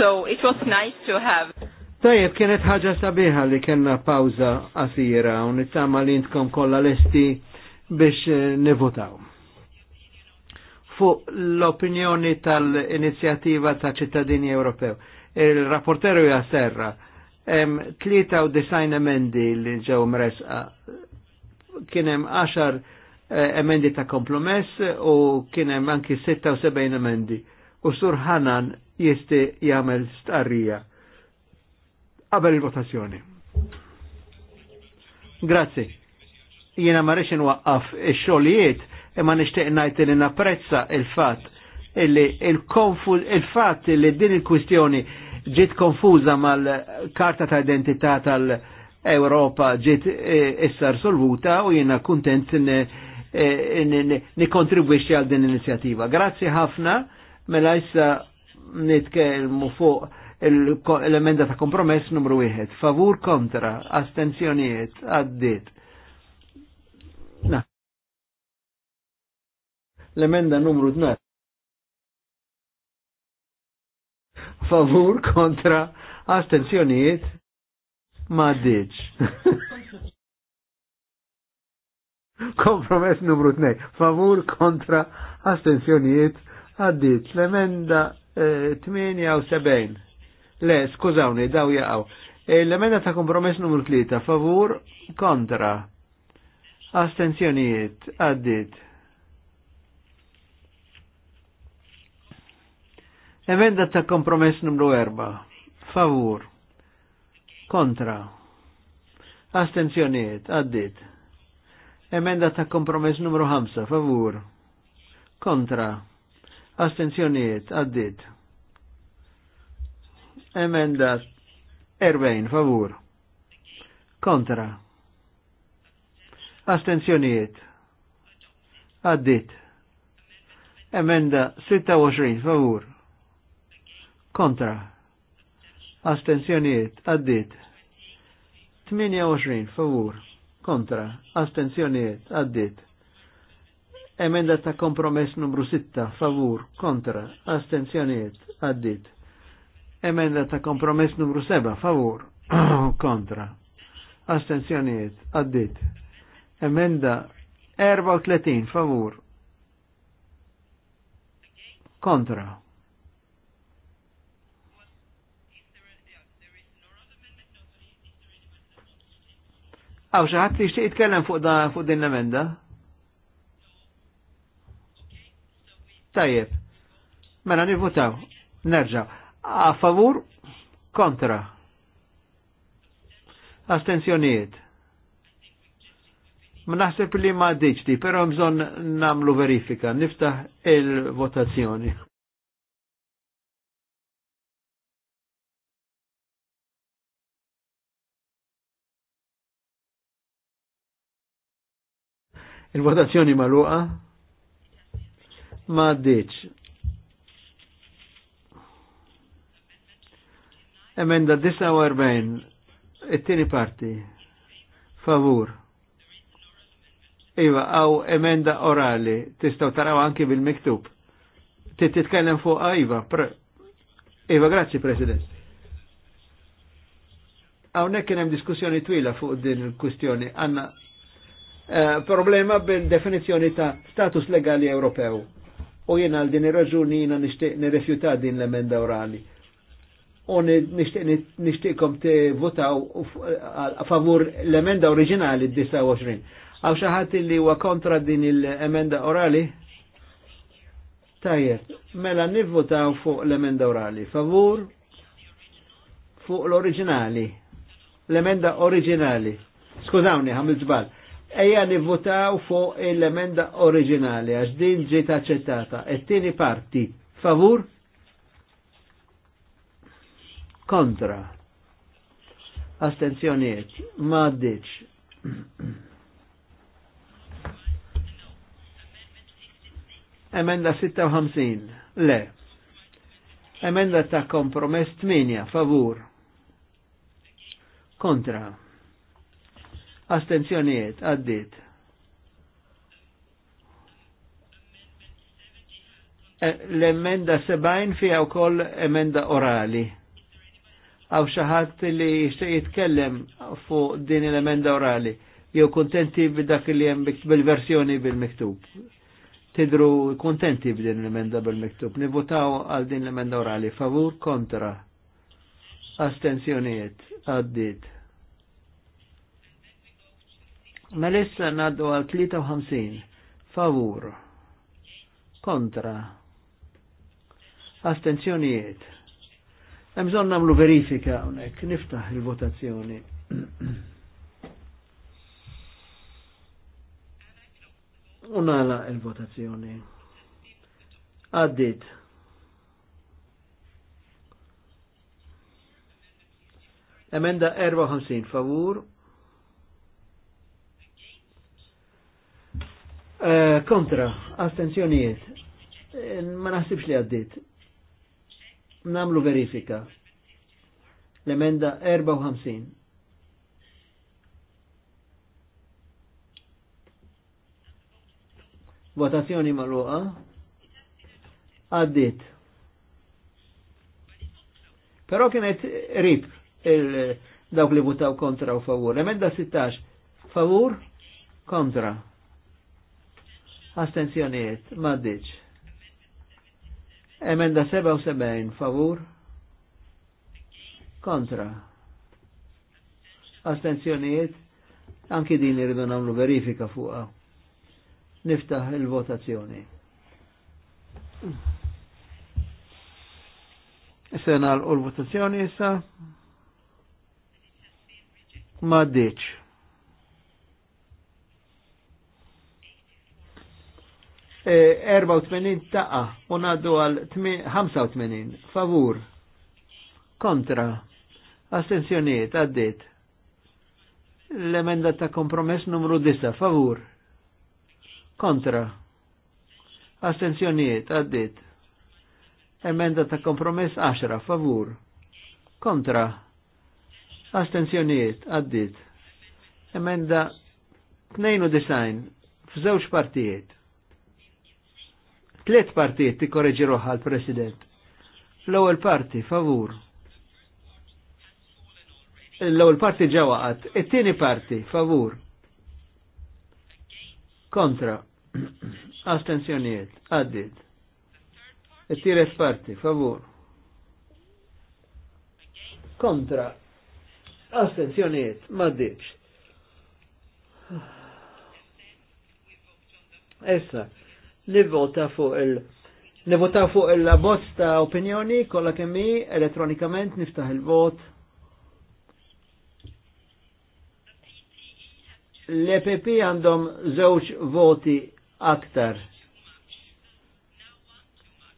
So it was nice to have. Tajjeb, kienet ħaġa sabiħa li kena pawza qasira u nittama li intkom kolla lesti biex eh, nivotaw. Fuq l-opinjoni tal-inizjativa ta' ċittadini Ewropew. Il-rapporteru jaserra, em, 93 emendi li ġew mresqa, kienem 10 eh, emendi ta' kompromess u kienem anki 76 emendi. U Sur Hanan jiste jagħmel starrija qabel il-votazzjoni. Grazzi. Jiena ma rridx nwaqqaf ix-xogħlijiet imma nixtieq ngħid li napprezza il-fatt illi il-fatt li din il-kwistjoni ġiet konfuża mal-karta ta' identità tal-Europa ġiet e, issa solvuta u jiena kuntent nikontribwixxi e, għal din l-inizjattiva. Grazzi ħafna mela issa nitkellmu fuq l-emenda ta' kompromess numru wieħed. Favur kontra, astenzjonijiet, għaddit. L-emenda numru 2. Favur kontra, astenzjonijiet, ma għaddit. Kompromess numru 2. Favur kontra, astenzjonijiet, għaddit. L-emenda 78. Eh, Le, skużawni, daw jaqaw. Eh, l-emenda ta' kompromess numru 3, favur, kontra. Astenzjonijiet, għaddit. Emenda ta' kompromess numru 4, favur, kontra. Astenzjonijiet, għaddit. Emenda ta' kompromess numru 5, favur, kontra astenzjoniet għaddit. Emenda 40 favur. Kontra. Astenzjoniet. Għaddit. Emenda 26 favur. Kontra. Astenzjoniet. Għaddit. 28 favur. Kontra. Astenzjoniet. Għaddit. Emenda ta' kompromess numru 6, favur, kontra, astenzjoniet, addit. Emenda ta' kompromess numru 7, favur, kontra, astenzjoniet, addit. Emenda 34, favur, kontra. Għaw xaħat li xtiqt kellem fuq din l-emenda? Tajjeb. Mela nivvutaw. Nerġa. A favur, kontra. Astenzjonijiet. Mnaħseb li ma diċti, pero mżon namlu verifika. Niftaħ il-votazzjoni. Il-votazzjoni maluqa? ma għaddiċ. Emenda 49, it-tieni parti, favur. Iva, għaw emenda orali, tistaw taraw anki bil-miktub. Titkellem fuq ah, Iva, Iva, grazzi, President. Għawnek kienem diskussjoni twila fuq din il-kustjoni. Għanna eh, problema bil-definizjoni ta' status legali Ewropew U jena għal din ir-raġuni jena nishtiq nirrefjuta din l-emenda orali. U nishtiqkom te votaw a favur l-emenda oriġinali 29. Għaw xaħat li huwa kontra din l-emenda orali? Tajjeb, mela nivvotaw fuq l-emenda orali. Favur fuq l-oriġinali. L-emenda oriġinali. Skużawni, għamil ġbal Eja nivvotaw fuq l-emenda oriġinali, għax din ġiet aċċettata. Et-tieni parti, favur? Kontra. Astenzjoniet, ma ddiċ. Emenda 56, le. Emenda ta' kompromess 8, favur. Kontra astenzjonijiet għaddit. E, l-emenda 70 fija u koll emenda orali. Għaw xaħat li xe jitkellem fuq din l-emenda orali. Jew kontenti b'dak li jem bil-versjoni bil-miktub. Tidru kontenti b'din l-emenda bil-miktub. Nivutaw għal din l-emenda orali. Favur kontra. Astenzjonijiet għaddit. Melissa naddu għal 53. Favur. Kontra. Astenzjonijiet. Emżon namlu verifika unek. Niftaħ il-votazzjoni. Unala il-votazzjoni. Addit. Emenda 54 favur Eh, kontra, astenzjonijiet, eh, ma naħsibx li għaddit. Namlu verifika. L-emenda 54. Votazzjoni maluqa. Għaddit. Pero kienet rib il-dawk li votaw kontra u favur. L-emenda 16. Favur, kontra Astenzjoniet, maddiċ. Emenda 77, favur. Kontra. Astenzjoniet, anki din irridu namlu verifika fuqa. Niftaħ il-votazzjoni. Sena l-votazzjoni issa. Maddiċ. 84 eh, taqa u naddu għal 85 favur kontra astensjoniet għaddit l-emenda ta' kompromess numru 10 favur kontra astensjoniet għaddit emenda ta' kompromess 10 favur kontra astensjoniet għaddit emenda 92 f'żewġ partijiet Tliet partijiet tikkoreġi roħal president L-ewwel parti favur. L-ewwel parti ġewwa qatt, it-tieni parti favur. Kontra. Astenzjonijiet, għaddit. It-tielet parti favur. Kontra. Astenzjonijiet, ma ddiċ. Essa, nivvota fuq il- Nivotaw fuq il-abbozz ta' opinjoni kolla kemmi elektronikament elettronikament niftaħ il-vot. L-EPP għandhom żewġ voti aktar.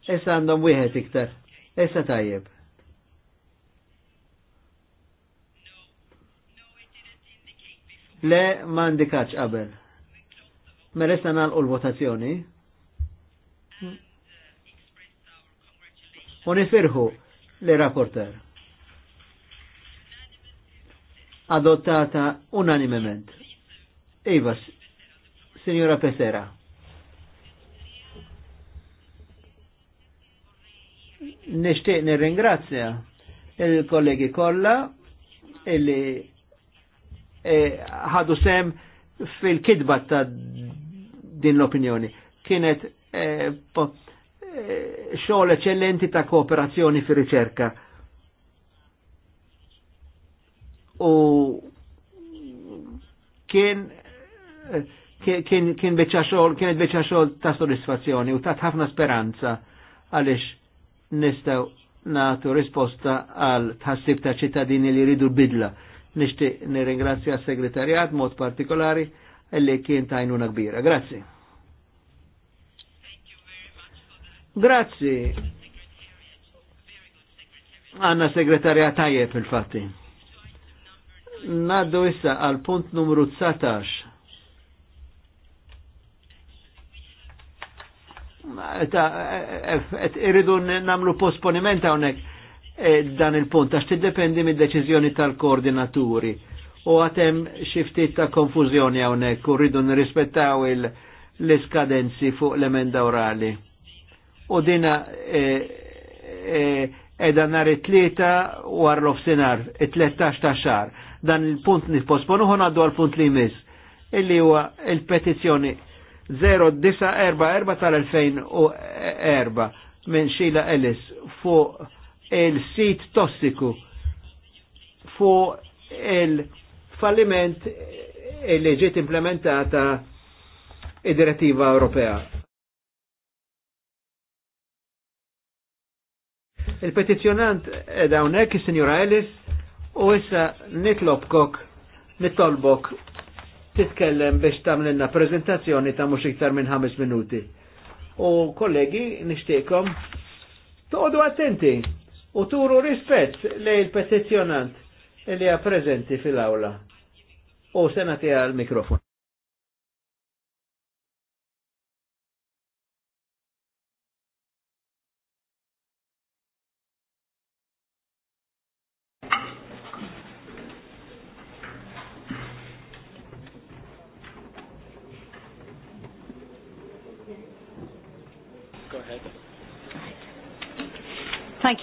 Issa għandhom wieħed iktar. Issa tajjeb. Le ma ndikax qabel. Mela issa l-votazzjoni. U nifirħu li rapporter. Adottata unanimement. Iva, signora Pesera. Nishtiq nirringrazzja il-kollegi kolla illi e, ħadu e, sem fil-kidba ta' din l-opinjoni. Kienet e, Eh, xogħol eċċellenti ta' kooperazzjoni fir riċerka U kien eh, kien kien beċa xogħol kienet beċa xogħol ta' soddisfazzjoni u ta' ħafna speranza għaliex nistgħu natu risposta għal tħassib ta' ċittadini li ridu bidla. Nixtieq nirringrazzja s-segretarjat mod partikolari li kien tajnuna kbira. Grazzi. Grazzi. Għanna segretarja tajjeb il-fatti. Naddu issa għal punt numru 19. Iridu eh, eh, eh, irridu namlu posponiment hawnhekk dan il-punt għax tiddependi mid-deċiżjoni tal-koordinaturi u għatem xiftit ta' konfuzjoni għonek u rridu nirrispettaw l-iskadenzi fuq l-emenda orali u dina e, e, edha nar it-tlieta u arlof sinar, it-13 ta' xar. Dan il-punt nipposponu ħon għaddu għal-punt li jmiss, illi huwa il-petizjoni 0944 tal-2004 minn Sheila Ellis fuq il-sit tossiku Fu il-falliment il ġiet implementata id-direttiva Ewropea. Il-petizjonant edha unek, il-Sinjura Ellis, u issa nitlobkok, nitolbok, titkellem biex tamlinna prezentazzjoni ta' mux iktar minn 5 minuti. U kollegi, nishtiqkom, toqdu attenti u turu rispett li il-petizjonant li għa prezenti fil-awla. U senati għal mikrofon.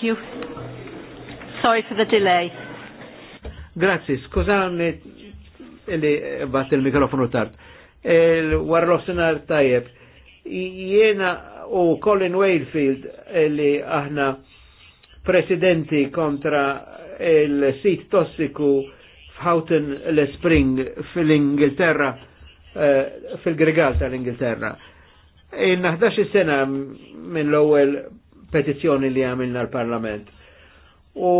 you. Sorry for the delay. Grazzi, skużani li bat il-mikrofonu tard. Il-war l-ossinar tajjeb. Jena u Colin Wakefield li aħna presidenti kontra il-sit tossiku f'Houghton le spring fil-Ingilterra, eh, fil-Grigal tal-Ingilterra. Inna 11 sena minn l-ewwel petizzjoni li għamilna l-Parlament. U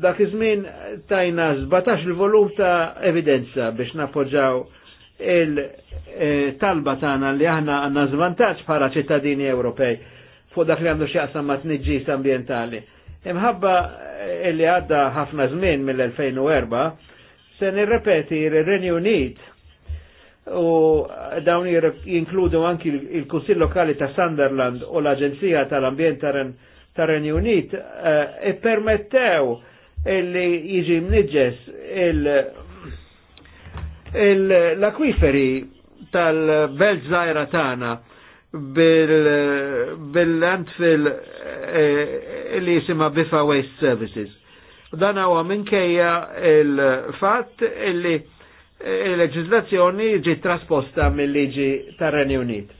dak iż-żmien tajna 17 il-volum ta' evidenza biex nappoġġaw il-talba tagħna li aħna għandna żvantaġġ bħala ċittadini Ewropej fuq dak li għandu x'jaqsam ma' tniġġis ambjentali. Imħabba li għadda ħafna żmien mill-2004 se nirrepeti r-Renju Unit u dawn jinkludu anki il-Kunsill Lokali ta' Sunderland u l-Aġenzija tal-Ambjent ta' Renju Unit e eh, permettew li jiġi mniġġes l-akwiferi tal-Belt Zajra tana bil-landfill eh, li jisima Bifa Waste Services. Dan huwa minkejja il-fatt illi il-leġizlazzjoni ġi trasposta mill-liġi tar-Renju Unit.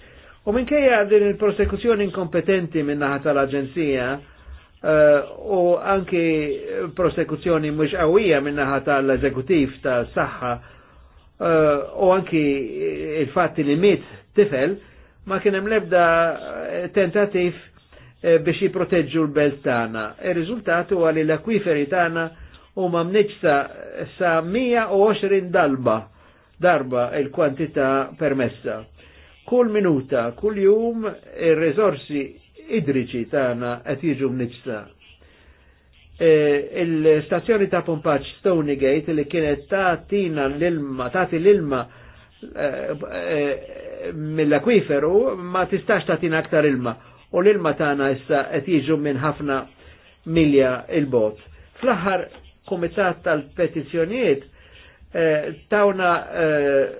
U minkejja din il-prosekuzzjoni inkompetenti minnaħa tal-Aġenzija eh, u anki prosekuzzjoni mhux qawwija minnaħa tal eżekutif tas-Saħħa eh, u anki il-fatti li mit tifel ma kien hemm lebda eh, tentativ biex jiproteġġu l-belt tagħna. il riżultat huwa li l-akwiferi tagħna u ma mniċsa sa 120 dalba darba il-kwantità permessa. Kull minuta, kull jum il-rezorsi idriċi tagħna qed jiġu mniċsa. E, Il-stazzjoni ta' pompaċ Gate li kienet tatina l-ilma, tagħti l-ilma e, e, mill-akwiferu ma tistax tina aktar ilma u l-ilma tagħna issa qed jiġu minn ħafna milja il-bot. Fl-aħħar kumitat tal petizjoniet eh, tawna eh,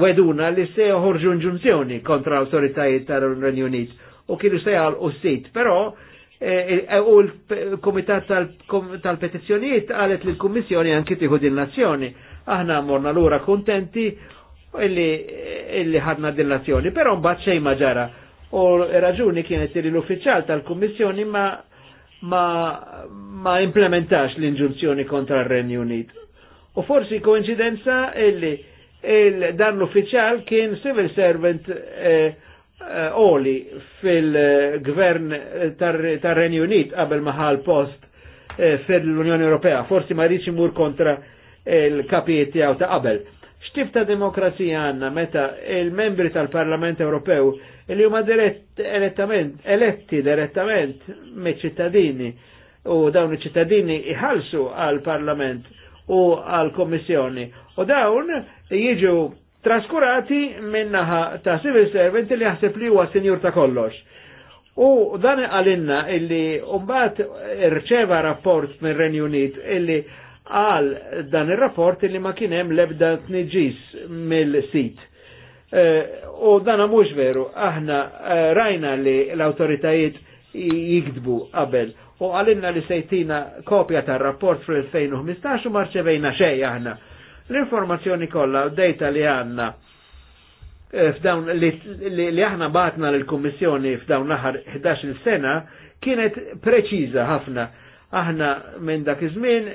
weduna li se uħorġu nġunzjoni kontra autoritajiet tal-Renju Unit u kienu se u sit, però eh, u l-Komitat tal-Petizzjonijiet għalet li l-Kummissjoni anki tieħu din nazzjoni. Aħna morna lura kontenti illi ħadna din nazzjoni, però mbagħad maġara. U raġuni kienet li l-uffiċjal tal-Kummissjoni ma ma, ma implementax l-inġunzjoni kontra r-Renju Unit. U forsi koincidenza illi il dan l-uffiċjal kien civil servant eh, eh, oli fil-gvern tar-Renju Unit qabel maħal post eh, fil-Unjoni Ewropea. Forsi ma rridx imur kontra il-kapijiet tiegħu ta' qabel. X'tip ta' demokrazija għandna meta il-membri tal-Parlament Ewropew li huma direttament eletti direttament me ċittadini u dawn iċ-ċittadini iħalsu għal-Parlament u għal komissjoni u dawn jiġu traskurati minnaħa ta' civil servant li jaħseb li huwa sinjur ta' kollox. U dan għalinna illi umbat rċeva rapport minn Renju Unit illi għal dan il-rapport li ma kienem lebda tniġis mill-sit. Eh, u dan mux veru, aħna eh, rajna li l-autoritajiet jikdbu qabel u għalinna li sejtina kopja tar rapport fl-2015 u marċevejna xej aħna. L-informazzjoni kollha u data li għanna eh, f'dawn li aħna batna l-Kummissjoni f'dawn l-aħħar 11 sena kienet preċiża ħafna. Aħna minn dak iż-żmien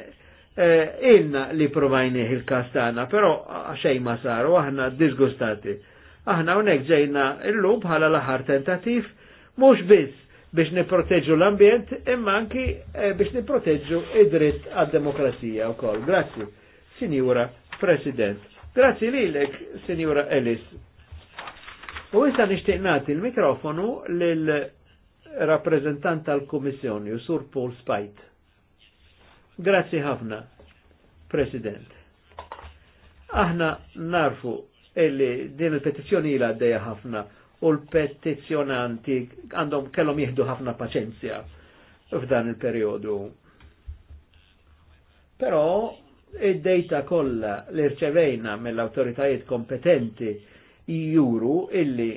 Eh, inna li provajni il kastana tagħna, però ma saru aħna disgustati. Aħna unek ġejna llum bħala l-aħħar mux mhux biss biex niproteġu l-ambjent imma anki eh, biex niproteġu id-dritt għad-demokrazija wkoll. Grazzi, Signora President. Grazzi lilek, Sinjura Ellis. U issa nixtieq nagħti l-mikrofonu lil rappreżentant tal-Kummissjoni, Sur Paul Spite. Grazzi ħafna, President. Aħna narfu illi din il-petizzjoni ila għaddeja ħafna u l-petizzjonanti għandhom kellhom jieħdu ħafna paċenzja f'dan il periodu Però id-dejta kollha li rċevejna mill-awtoritajiet kompetenti juru illi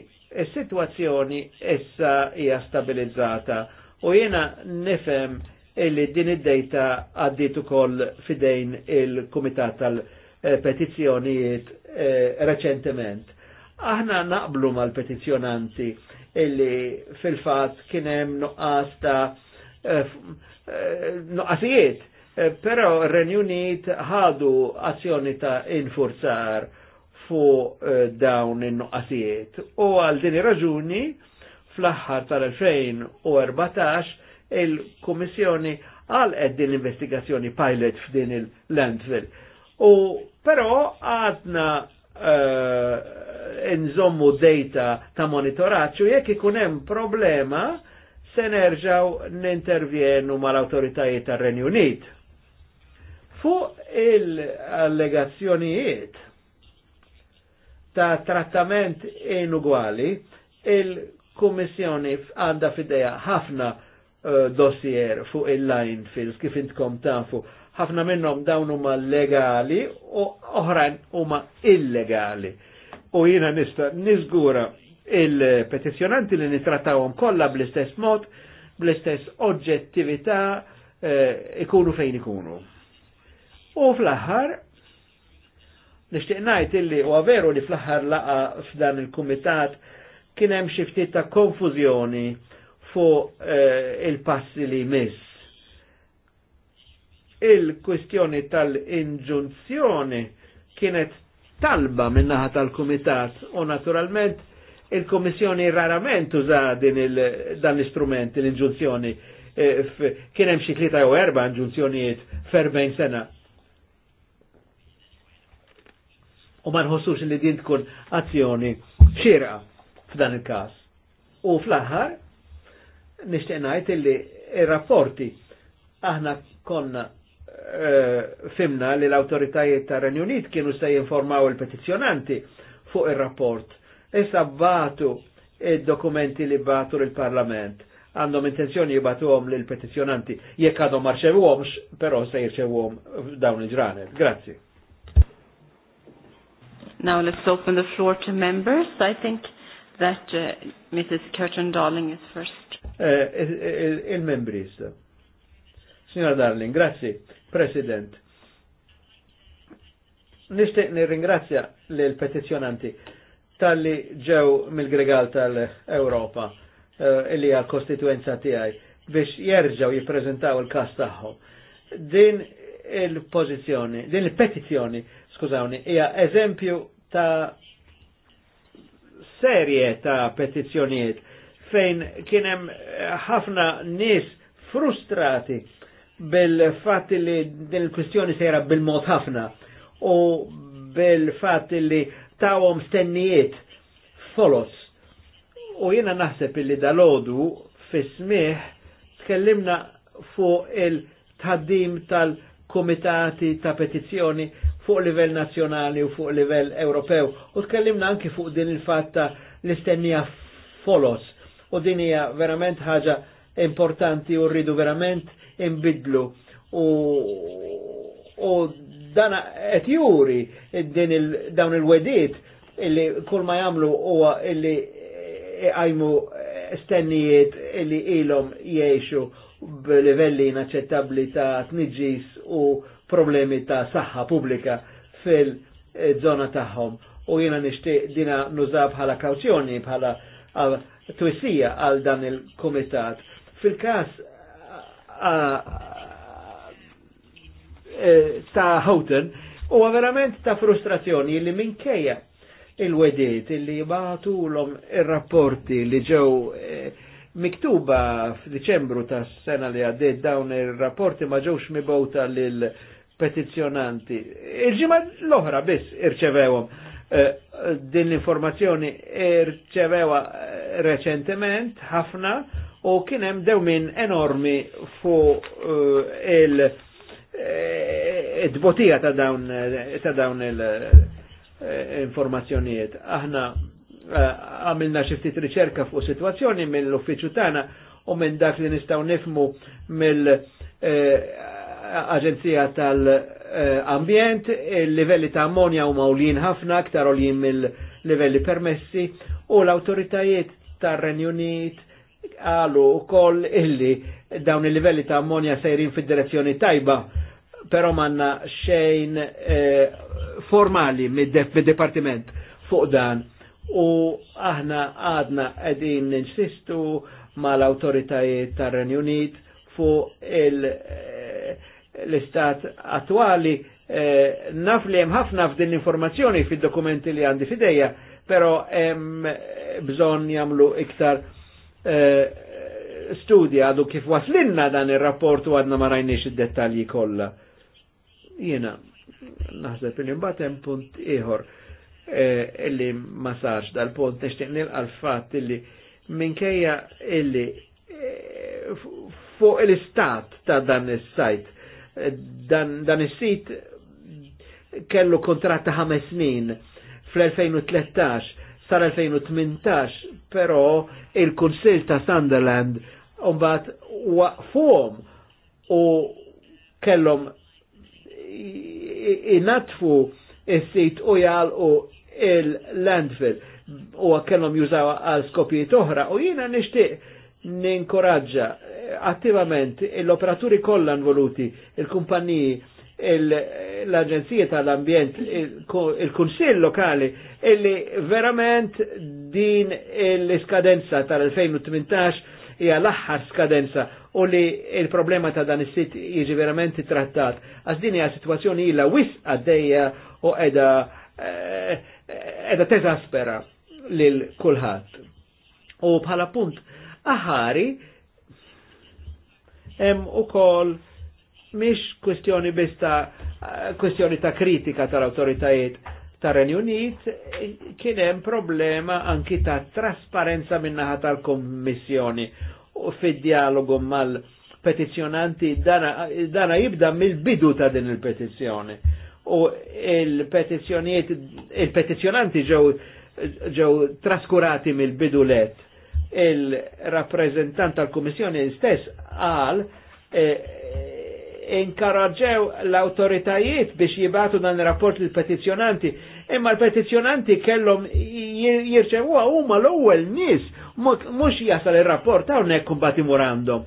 is-sitwazzjoni issa hija stabilizzata u jiena nifhem illi din id-dejta għaddit ukoll fidejn il-Kumitat tal-Petizzjonijiet eh, reċentement. Aħna naqblu mal-petizzjonanti illi fil-fat kienem nuqqas ta' eh, eh, nuqqasijiet, pero Renjunit ħadu azzjoni ta' infurzar fu dawn in-nuqqasijiet. U għal din raġuni fl-aħħar tal-2014 il-Komissjoni għal din investigazzjoni pilot f'din il-landfill. U però għadna uh, nżommu data ta' monitoraċċju jekk ikun hemm problema se nerġaw nintervjenu mal-autoritajiet tar-Renju Unit. Fuq il-allegazzjonijiet ta' trattament inugwali, il-Kummissjoni għanda fideja ħafna Eh, dossier fuq il-line fils kif intkom tafu. Ħafna minnhom dawn huma legali u oħrajn huma illegali. U jiena nista' niżgura il-petizjonanti li nitrattawhom kollha bl-istess mod, bl-istess oġġettività eh, ikunu fejn ikunu. U fl-aħħar nixtieq ngħid illi huwa veru li fl-aħħar laqa f'dan il-kumitat kien hemm xi ftit ta' konfużjoni fuq eh, il-passi li jmiss. il kwistjoni tal-inġunzjoni kienet talba minnaħa tal-Kumitat u naturalment il-Komissjoni rarament uża dan l-istrument, l-inġunzjoni. Eh, kien hemm xi tlieta jew erba' inġunzjonijiet ferbejn sena. U ma nħossux li din tkun azzjoni xira f'dan il-każ. U fl-aħħar nishtiqnajt ngħid illi ir-rapporti aħna konna eh, fimna li l-autoritajiet ta' Renjunit kienu se jinformaw il-petizjonanti fuq ir-rapport. Issa batu id-dokumenti li batu l-Parlament. Għandhom intenzjoni jibatuhom l petizjonanti jekk għadhom ma rċevuhomx, però se għom dawn il-ġranet. Grazie. Now let's open the floor to members. I think that uh, Mrs. Curtin Darling is first. Eh, il membris Signora Darling, grazie, President. Niste nirringrazzja l-petizjonanti tal-li ġew mil gregal tal-Europa eh, illi għal kostituenza tiegħi biex jerġaw jippreżentaw il-kas tagħhom. Din il-pożizzjoni, din il-petizzjoni, skużawni, hija eżempju ta' serje ta' petizzjonijiet fejn kienem eh, ħafna nis frustrati bil-fat li din il-kwistjoni sejra bil-mod ħafna u bil-fat li tawom stennijiet folos. U jena naħseb li dalodu fismiħ tkellimna fuq il-taddim tal-komitati ta' petizjoni fuq livell nazjonali u fuq livell Ewropew. U tkellimna anki fuq din il-fatta l-istennija folos u din hija verament ħaġa importanti u rridu verament imbidlu u, u dana qed juri din il, dawn il-wedit illi kull ma jagħmlu huwa illi għajmu stennijiet illi ilhom jgħixu b'livelli inaċċettabbli ta' tniġis u problemi ta' saħħa pubblika fil-żona tagħhom. U jiena nixtieq dina nuża bħala kawzjoni, bħala twissija għal dan il-komitat. Fil-kas e, ta' Houghton, u verament ta' frustrazzjoni li minkejja il-wedit li batu l-om il-rapporti li ġew e, miktuba f'Diċembru ta' sena li għaddit dawn il-rapporti ma ġewx mibota l petizjonanti. Il-ġimma l-oħra biss irċevewhom Eh, din l-informazzjoni irċevewa eh, reċentement ħafna u kien hemm dewmin enormi fuq eh, il- id-botija ta' dawn ta' dawn il-informazzjonijiet. Aħna għamilna xi ftit riċerka fuq situazzjoni mill-uffiċċju tagħna u minn dak li nistgħu nifmu mill-Aġenzija tal- Eh, ambjent, il-livelli ta' ammonja u mawlin ħafna, aktar u mill-livelli permessi, u l-autoritajiet tar Renjunit għalu u koll illi dawn il-livelli ta' ammonja sejrin fid-direzzjoni tajba, pero manna xejn eh, formali mid-departiment fuq dan u aħna għadna għedin ninsistu mal-autoritajiet tar Renjunit fuq il- eh, l-istat attuali eh, naf li hemm ħafna f'din l-informazzjoni fid-dokumenti li għandi fidejja, pero hemm eh, bżonn jagħmlu iktar eh, studja għadu kif waslinna dan ir-rapport u għadna ma rajniex id-dettalji kollha. Jiena naħseb li mbatem hemm punt ieħor eh, illi ma dal-punt nishtiq nil l-fatt illi minkejja illi eh, fuq l-istat ta' dan is-sajt dan, dan is-sit kellu kontrat ta' ħames snin fl-2013 sar 2018 però il-Kunsil ta' Sunderland umbat waqfuhom u kellhom inatfu is-sit u jalqu il-landfill u kellhom jużaw għal skopijiet oħra u jiena nixtieq ninkoraġġa attivament l-operaturi kollha involuti, il-kumpaniji, l-Aġenzija tal-Ambjent, il-Kunsill Lokali, illi verament din l-iskadenza tal-2018 hija l-aħħar skadenza u li il-problema ta' dan is-sit jiġi verament trattat. Għax din hija sitwazzjoni ilha wis għaddejja u qiegħda qiegħda eh, teżaspera lil kulħadd. U bħala punt aħari hemm ukoll mhix kwestjoni biss ta' kwestjoni ta' kritika tal-awtoritajiet tar-Renju Unit kien hemm problema anki ta' trasparenza minnaħa tal-Kommissjoni u fid-dialogu mal-petizjonanti dana, jibda mill-bidu ta' din il-petizjoni. U il-petizjoniet, il-petizjonanti ġew ġew traskurati mill-bidu let il-rappresentant tal-Kummissjoni stess qal eh, eh, inkaraġew l-autoritajiet biex jibatu dan rapport l-petizjonanti, imma l-petizjonanti kellhom jirċevuha huma l-ewwel nies mhux jasal ir-rapport hawnhekk kumbati murandom.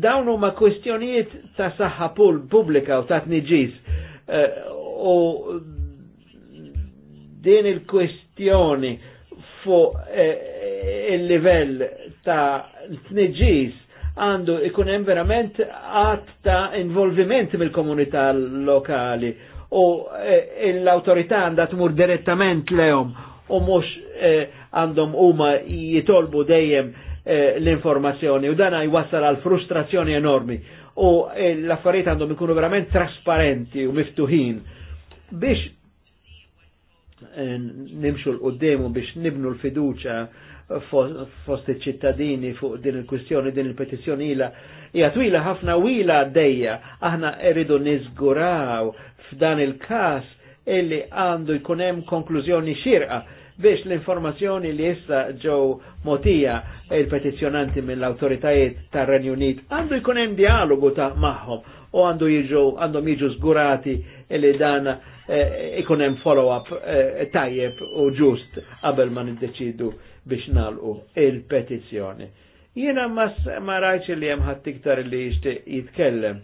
Dawn huma kwistjonijiet ta' saħħa pubblika u ta' tniġis. Eh, u din il-kwestjoni fuq il-livell ta' tneġis għandu ikun hemm verament għat ta' involviment mill-komunità lokali u e, l-autorità għandha tmur direttament lehom u mhux eh, għandhom e, huma jitolbu dejjem e, l-informazzjoni u dan jwassal għal frustrazzjoni enormi u l-affarijiet għandhom ikunu verament trasparenti u miftuħin biex nimxu l-qoddemu biex nibnu l-fiduċa fost iċ-ċittadini fuq din il-kwistjoni, din il petizjoni ila, Ija twila ħafna wila dejja, aħna eridu nizguraw f'dan il-każ illi għandu jkun hemm konklużjoni xirqa biex l-informazzjoni li issa ġew motija il-petizjonanti mill-autoritajiet tar renju Unit għandu jkun hemm dialogu ta' magħhom u għandu jiġu għandhom jiġu żgurati illi dan eh, ikun hemm follow-up eh, tajjeb u ġust qabel ma niddeċidu biex nalqu il-petizzjoni. Jiena ma rajċ li hemm ħadd iktar li jixtieq jitkellem.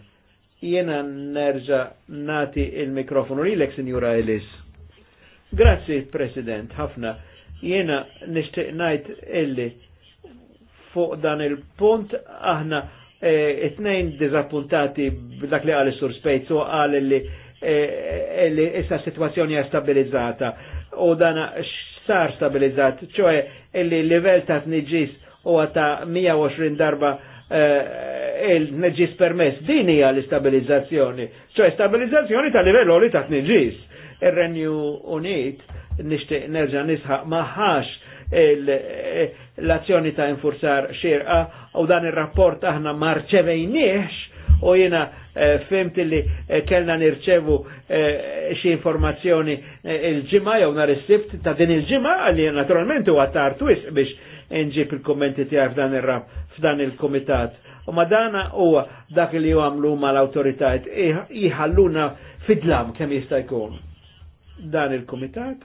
Jiena nerġa' nati il-mikrofonu lilek, Sinjura Elis. Grazzi, President, ħafna. Jiena nixtieq ngħid illi fuq dan il-punt aħna eh, it-tnejn diżappuntati b'dak li qal is-Sur Spejt, u qal li e, e, issa situazzjoni stabilizzata u dana sar stabilizzat, ċoħe illi livell ta' tniġis u ta' 120 darba eh, il-nġis permess, din hija l-istabilizzazzjoni, ċoħe stabilizzazzjoni ta' livell li ta' t-nġis. il renju Unit nishtiq nerġa' nisħaq maħħax eh, l-azzjoni ta' infursar xirqa u dan ir-rapport aħna marċevejniex u jena eh, fimt li eh, kellna nirċevu eh, xie informazzjoni il-ġimma jew nar is-sibt ta' din il-ġimma għalli naturalment huwa tard wisq biex nġib il-kommenti tiegħek f'dan ir-rab f'dan il-komitat. U madana huwa dak li għamlu l autoritajt jħalluna fidlam kemm jista' jkun. Dan il-komitat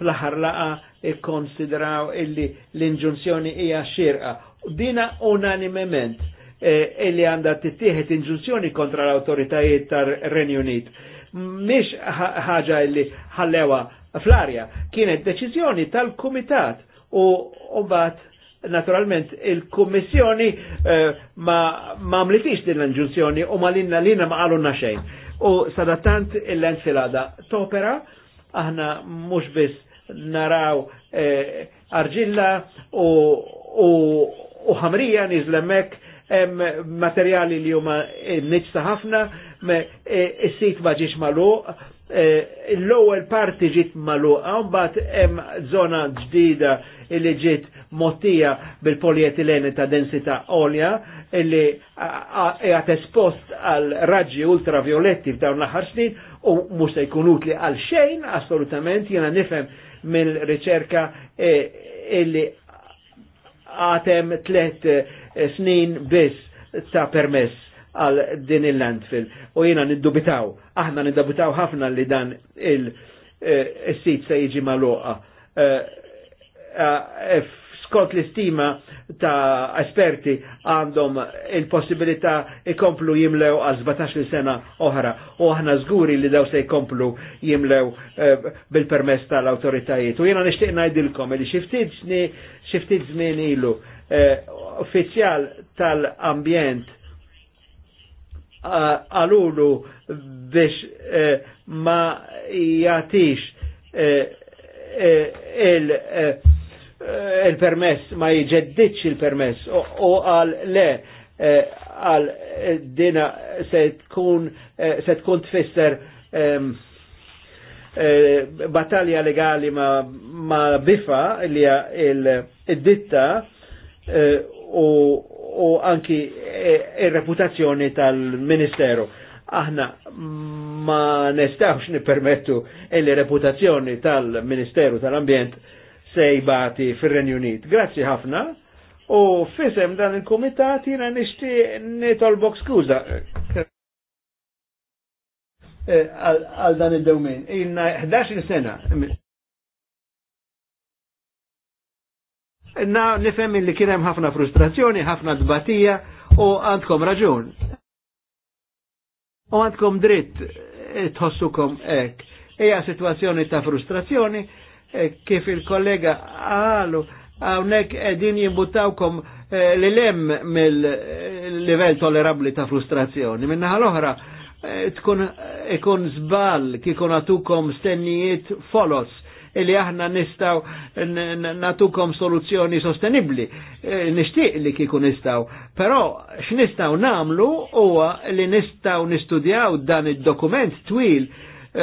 fl-aħħar laqa ikkonsidraw illi l-inġunzjoni hija xirqa. Dina unanimement Eh, illi għandha tittieħed inġunzjoni kontra l-autoritajiet tar-Renju Unit. Mhix ħaġa li ħallewa fl-arja, kienet deċiżjoni tal-Kumitat u mbagħad naturalment il-Kummissjoni eh, ma għamlitix din l-inġunzjoni u ma linna linna ma għalunna xejn. U sadattant il lenzilada topera, aħna mhux biss naraw eh, arġilla u ħamrija nizlemek materjali li huma eh, nitsa ħafna, eh, is-sit ma ġiex magħluq, eh, l-ewwel parti ġiet maluqa, mbagħad hemm żona ġdida li ġiet mottija bil-polietilene ta' densità olja li għat espost għal raġġi ultravioletti f'dawn l-aħħar snin u mhux se jkun utli għal xejn assolutament jiena nifhem mill-riċerka illi għatem tlet Eh, snin biss ta' permess għal din il-landfill. U jina niddubitaw, aħna niddubitaw ħafna li dan il-sit eh, se jiġi maluqa. Eh, skont l-istima ta' esperti għandhom il-possibilità ikomplu jimlew għal 17 sena oħra u aħna żguri li daw se jkomplu jimlew bil-permess tal-autoritajiet. U jena nishtiq najdilkom li xiftit żmien ilu Eh, uffiċjal tal-ambjent eh, għalulu biex eh, ma jatix il-permess, ma jġeddiċ il-permess u għal le għal dina se tkun se tkun tfisser ehm, battalja legali ma, bifa li il-ditta u eh, anki il eh, e reputazzjoni tal-Ministeru. Aħna ma nistawx nipermettu il-reputazzjoni e tal-Ministeru tal-Ambjent sejbati fir-Renju Unit. Grazzi ħafna u fisem dan il-komitat jina nishti nitolbok skuza. Eh, għal dan il dewmin Jina 11 sena Na, nifem li kienem ħafna frustrazzjoni, ħafna dbatija u għandkom raġun. U għandkom dritt eh, tħossukom ek. Eja situazzjoni ta' frustrazzjoni eh, kif il-kollega għalu għawnek edin jimbutawkom eh, li lem mill-level tollerabli ta' frustrazzjoni. Minna l-oħra tkun ikun zbal kikun għatukom stennijiet folos li aħna nistaw natukom soluzzjoni sostenibli. E, nishtiq li kiku nistaw, pero x'nistaw namlu huwa li nistaw nistudjaw dan id-dokument twil e,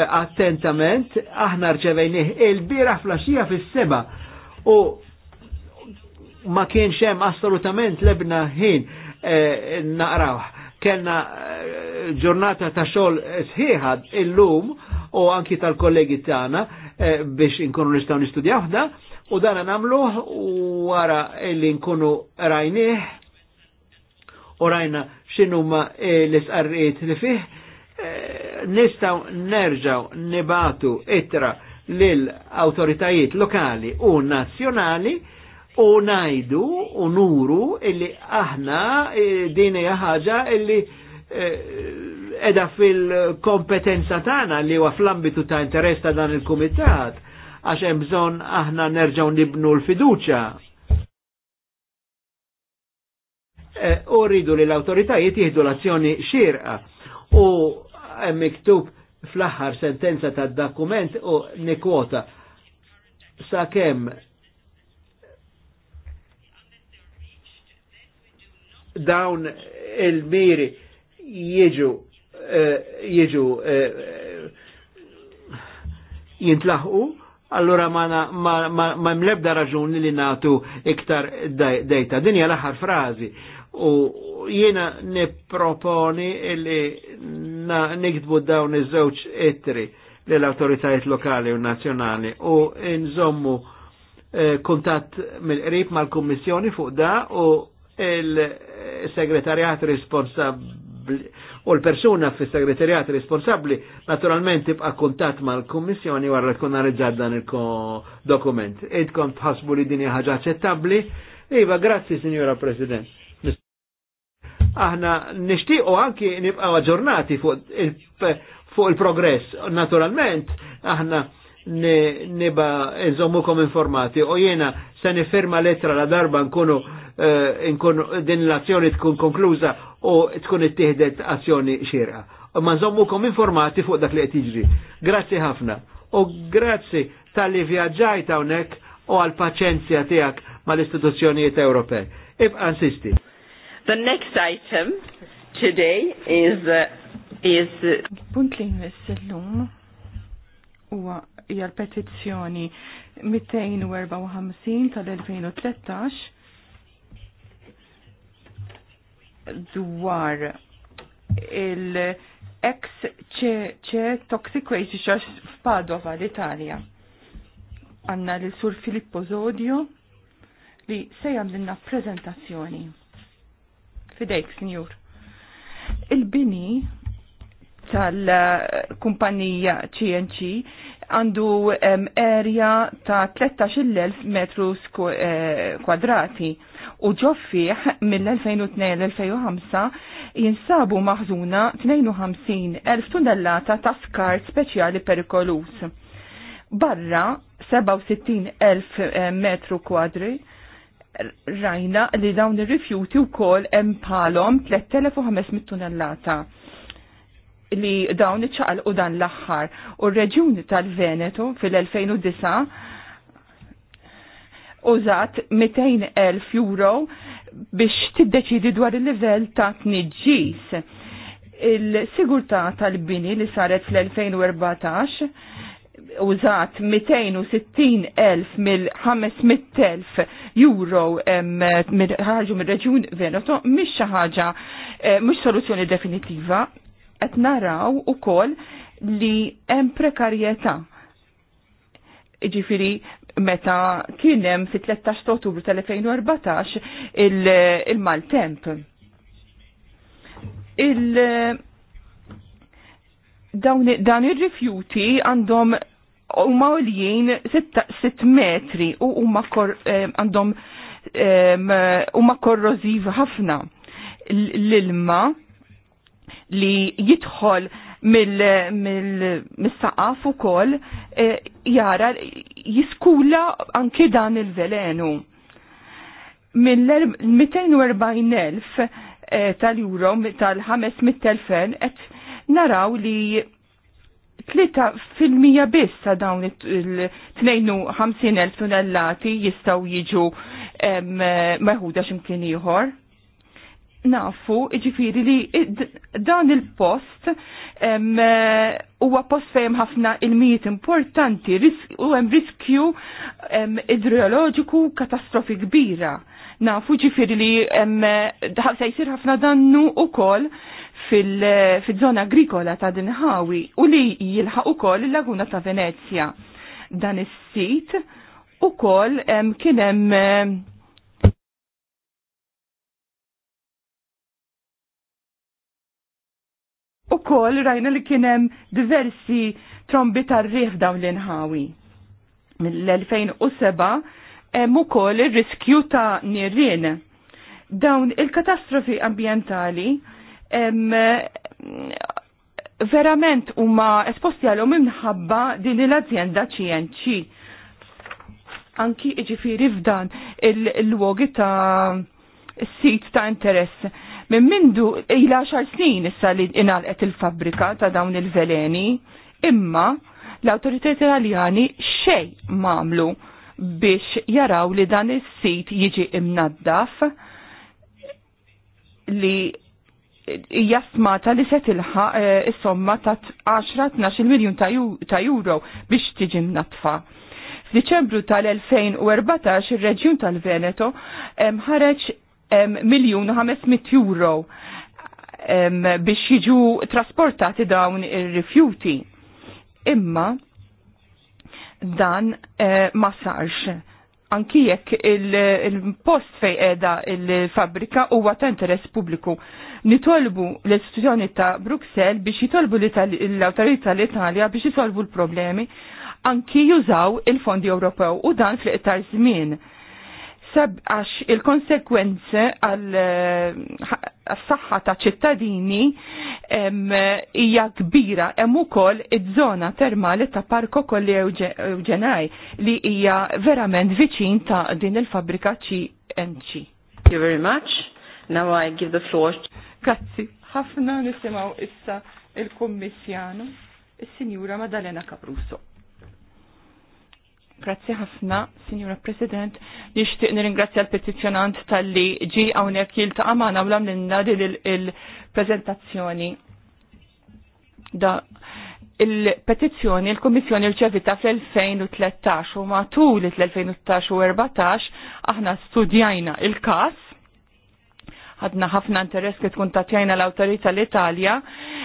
attentament, aħna rċevejnih il-bira flasġija fis-seba u ma kienx hemm assolutament lebna ħin eh, naqrawh. Kenna e, ġurnata ta' xogħol sħiħad illum u anki tal-kollegi tagħna Eh, biex inkunu nistaw nistudja waħda u namluħ u għara illi nkunu rajnieh u rajna xinu ma eh, l-isqarriet li fih eh, nistaw nerġaw nibatu itra l-autoritajiet lokali u nazjonali u najdu u nuru illi aħna dini hija ħaġa illi Eh, edha fil-kompetenza tagħna li huwa fl-ambitu ta' interess ta' dan il-kumitat għax hemm bżonn aħna nerġgħu nibnu l-fiduċja. Eh, u rridu li l-awtoritajiet jieħdu l-azzjoni xirqa u miktub fl-aħħar sentenza tad-dokument u nikwota sakemm dawn il-miri jieġu eh, jieġu eh, jintlaħu, allora ma mlebda raġuni li natu iktar dejta. Dinja l-aħħar frazi. U jiena niproponi li nikdbu dawn iż-żewġ ittri l-autoritajiet lokali u nazjonali u nżommu eh, kuntat mill-qrib mal-Kummissjoni fuq da u il-segretarjat responsabbli u l-persuna fis segretariat responsabli naturalment tibqa' kuntatt mal-Kummissjoni wara tkun analizzat dan il-dokument. Idkom tħasbu li din ħagġa aċċettabbli? Iva, grazzi, Signora President. Aħna u anki nibqa' aġġornati fuq il-progress. Naturalment, aħna niba nżommukom informati u jena se nifirma lettra la darba eh, nkunu din l-azzjoni tkun konkluża u tkun ittieħdet azzjoni xirqa. Ma nżommukom informati fuq dak li qed jiġri. Grazzi ħafna. U grazzi tal-li vjaġġajt hawnhekk u għal paċenzja tiegħek mal-istituzzjonijiet Ewropej. Ibqa' insisti. The next item today is uh, is uh, punt li nwessellum huwa hija l-petizzjoni 254 tal-2013 dwar il-ex ċe toxic waste f'Padova l-Italja. Għanna l-sur Filippo Zodio li sejam l prezentazzjoni. Fidejk, signor. Il-bini tal-kumpanija CNC għandu area ta' 13.000 metru kwadrati eh, u ġoffiħ mill-2002-2005 jinsabu maħżuna 52.000 tunnellata ta' skart speċjali perikolus. Barra 67.000 eh, metru kwadri rajna li dawn ir-rifjuti wkoll hemm palhom 3500 tunnellata li dawn iċċaqal u dan l-axħar. U r-reġjuni tal-Veneto fil-2009 użat 200.000 euro biex tiddeċidi dwar il-livell ta' tniġġis. Il-sigurtà tal-bini li saret fl-2014 użat 260.000 mill-500.000 euro ħarġu mill-reġjun Veneto mhix xi ħaġa eh, mhux soluzzjoni definitiva, qed naraw ukoll li hemm prekarjetà. Ġifiri, meta kienem fi 13 ottubru tal-2014 il-maltemp. Il, il dan ir-rifjuti għandhom huma għoljien 6 metri u huma eh, għandhom eh, huma korrożiv ħafna. L-ilma li jidħol mill-saqaf mil, ukoll e, jara jiskula anki dan il-velenu. Mill-240.000 e, tal-euro, tal-500.000 qed naraw li 3% biss ta' dawn il-52.000 tunellati jistaw jiġu meħuda ximkien ieħor nafu ġifiri li dan il-post eh, huwa post fejn ħafna il-mijiet importanti u hemm riskju idroloġiku katastrofi kbira. Nafu ġifiri li eh, se jsir ħafna dannu ukoll fil-żona eh, agrikola ta' Dinħawi u li jilħaq ukoll il-Laguna ta' Venezia. Dan is-sit ukoll kien hemm U kol rajna li kienem diversi trombi tar daw dawn l-inħawi. Mill-2007 hemm ukoll ir-riskju ta' nirrien. Dawn il-katastrofi ambientali em, verament huma esposti għalhom imħabba din l-azienda CNC. Anki iġifiri f'dan il-luogi ta' sit ta' interess Minn mindu ila xar snin issa li inalqet il-fabrika ta' dawn il-veleni, imma l autorità italjani xej mamlu biex jaraw li dan is-sit jiġi imnaddaf li jasmata li se tilħa eh, is-somma ta' 10-12 miljun ta' euro biex tiġi mnatfa. F'Diċembru tal-2014 ir-Reġjun tal-Veneto eh, ħareġ miljun u 500 euro biex jiġu trasportati dawn ir-rifjuti. Imma dan eh, ma sarx. Anki jekk il-post il fej edha il-fabrika huwa ta' interess pubbliku. Nitolbu l istituzjoni ta' Bruxelles biex jitolbu l autorita l-Italja biex jisolvu l-problemi anki jużaw il-fondi Ewropew u dan fl-iqtar żmien għax il-konsekwenze għal eh, saħħa ta' ċittadini hija kbira hemm ukoll iż-żona termali ta' Parko Kolli Eugenaj li hija verament viċin ta' din il-fabrika CNC. Thank you very much. Now I give the floor. Grazzi. Ħafna nisimgħu issa il-Kummissjanu, is-Sinjura Madalena Capruso. Grazzi ħafna, Signora President. Nixtieq nirringrazzja l-petizjonant tal-li ġi hawnhekk jiltaqa' magħna u l-għamlilna din il-preżentazzjoni. Da il-petizzjoni l komissjoni rċevita fl-2013 u matul il-2013 u 14 aħna studjajna il-kas ħadna ħafna interess li tkun tatjajna l awtorità l-Italja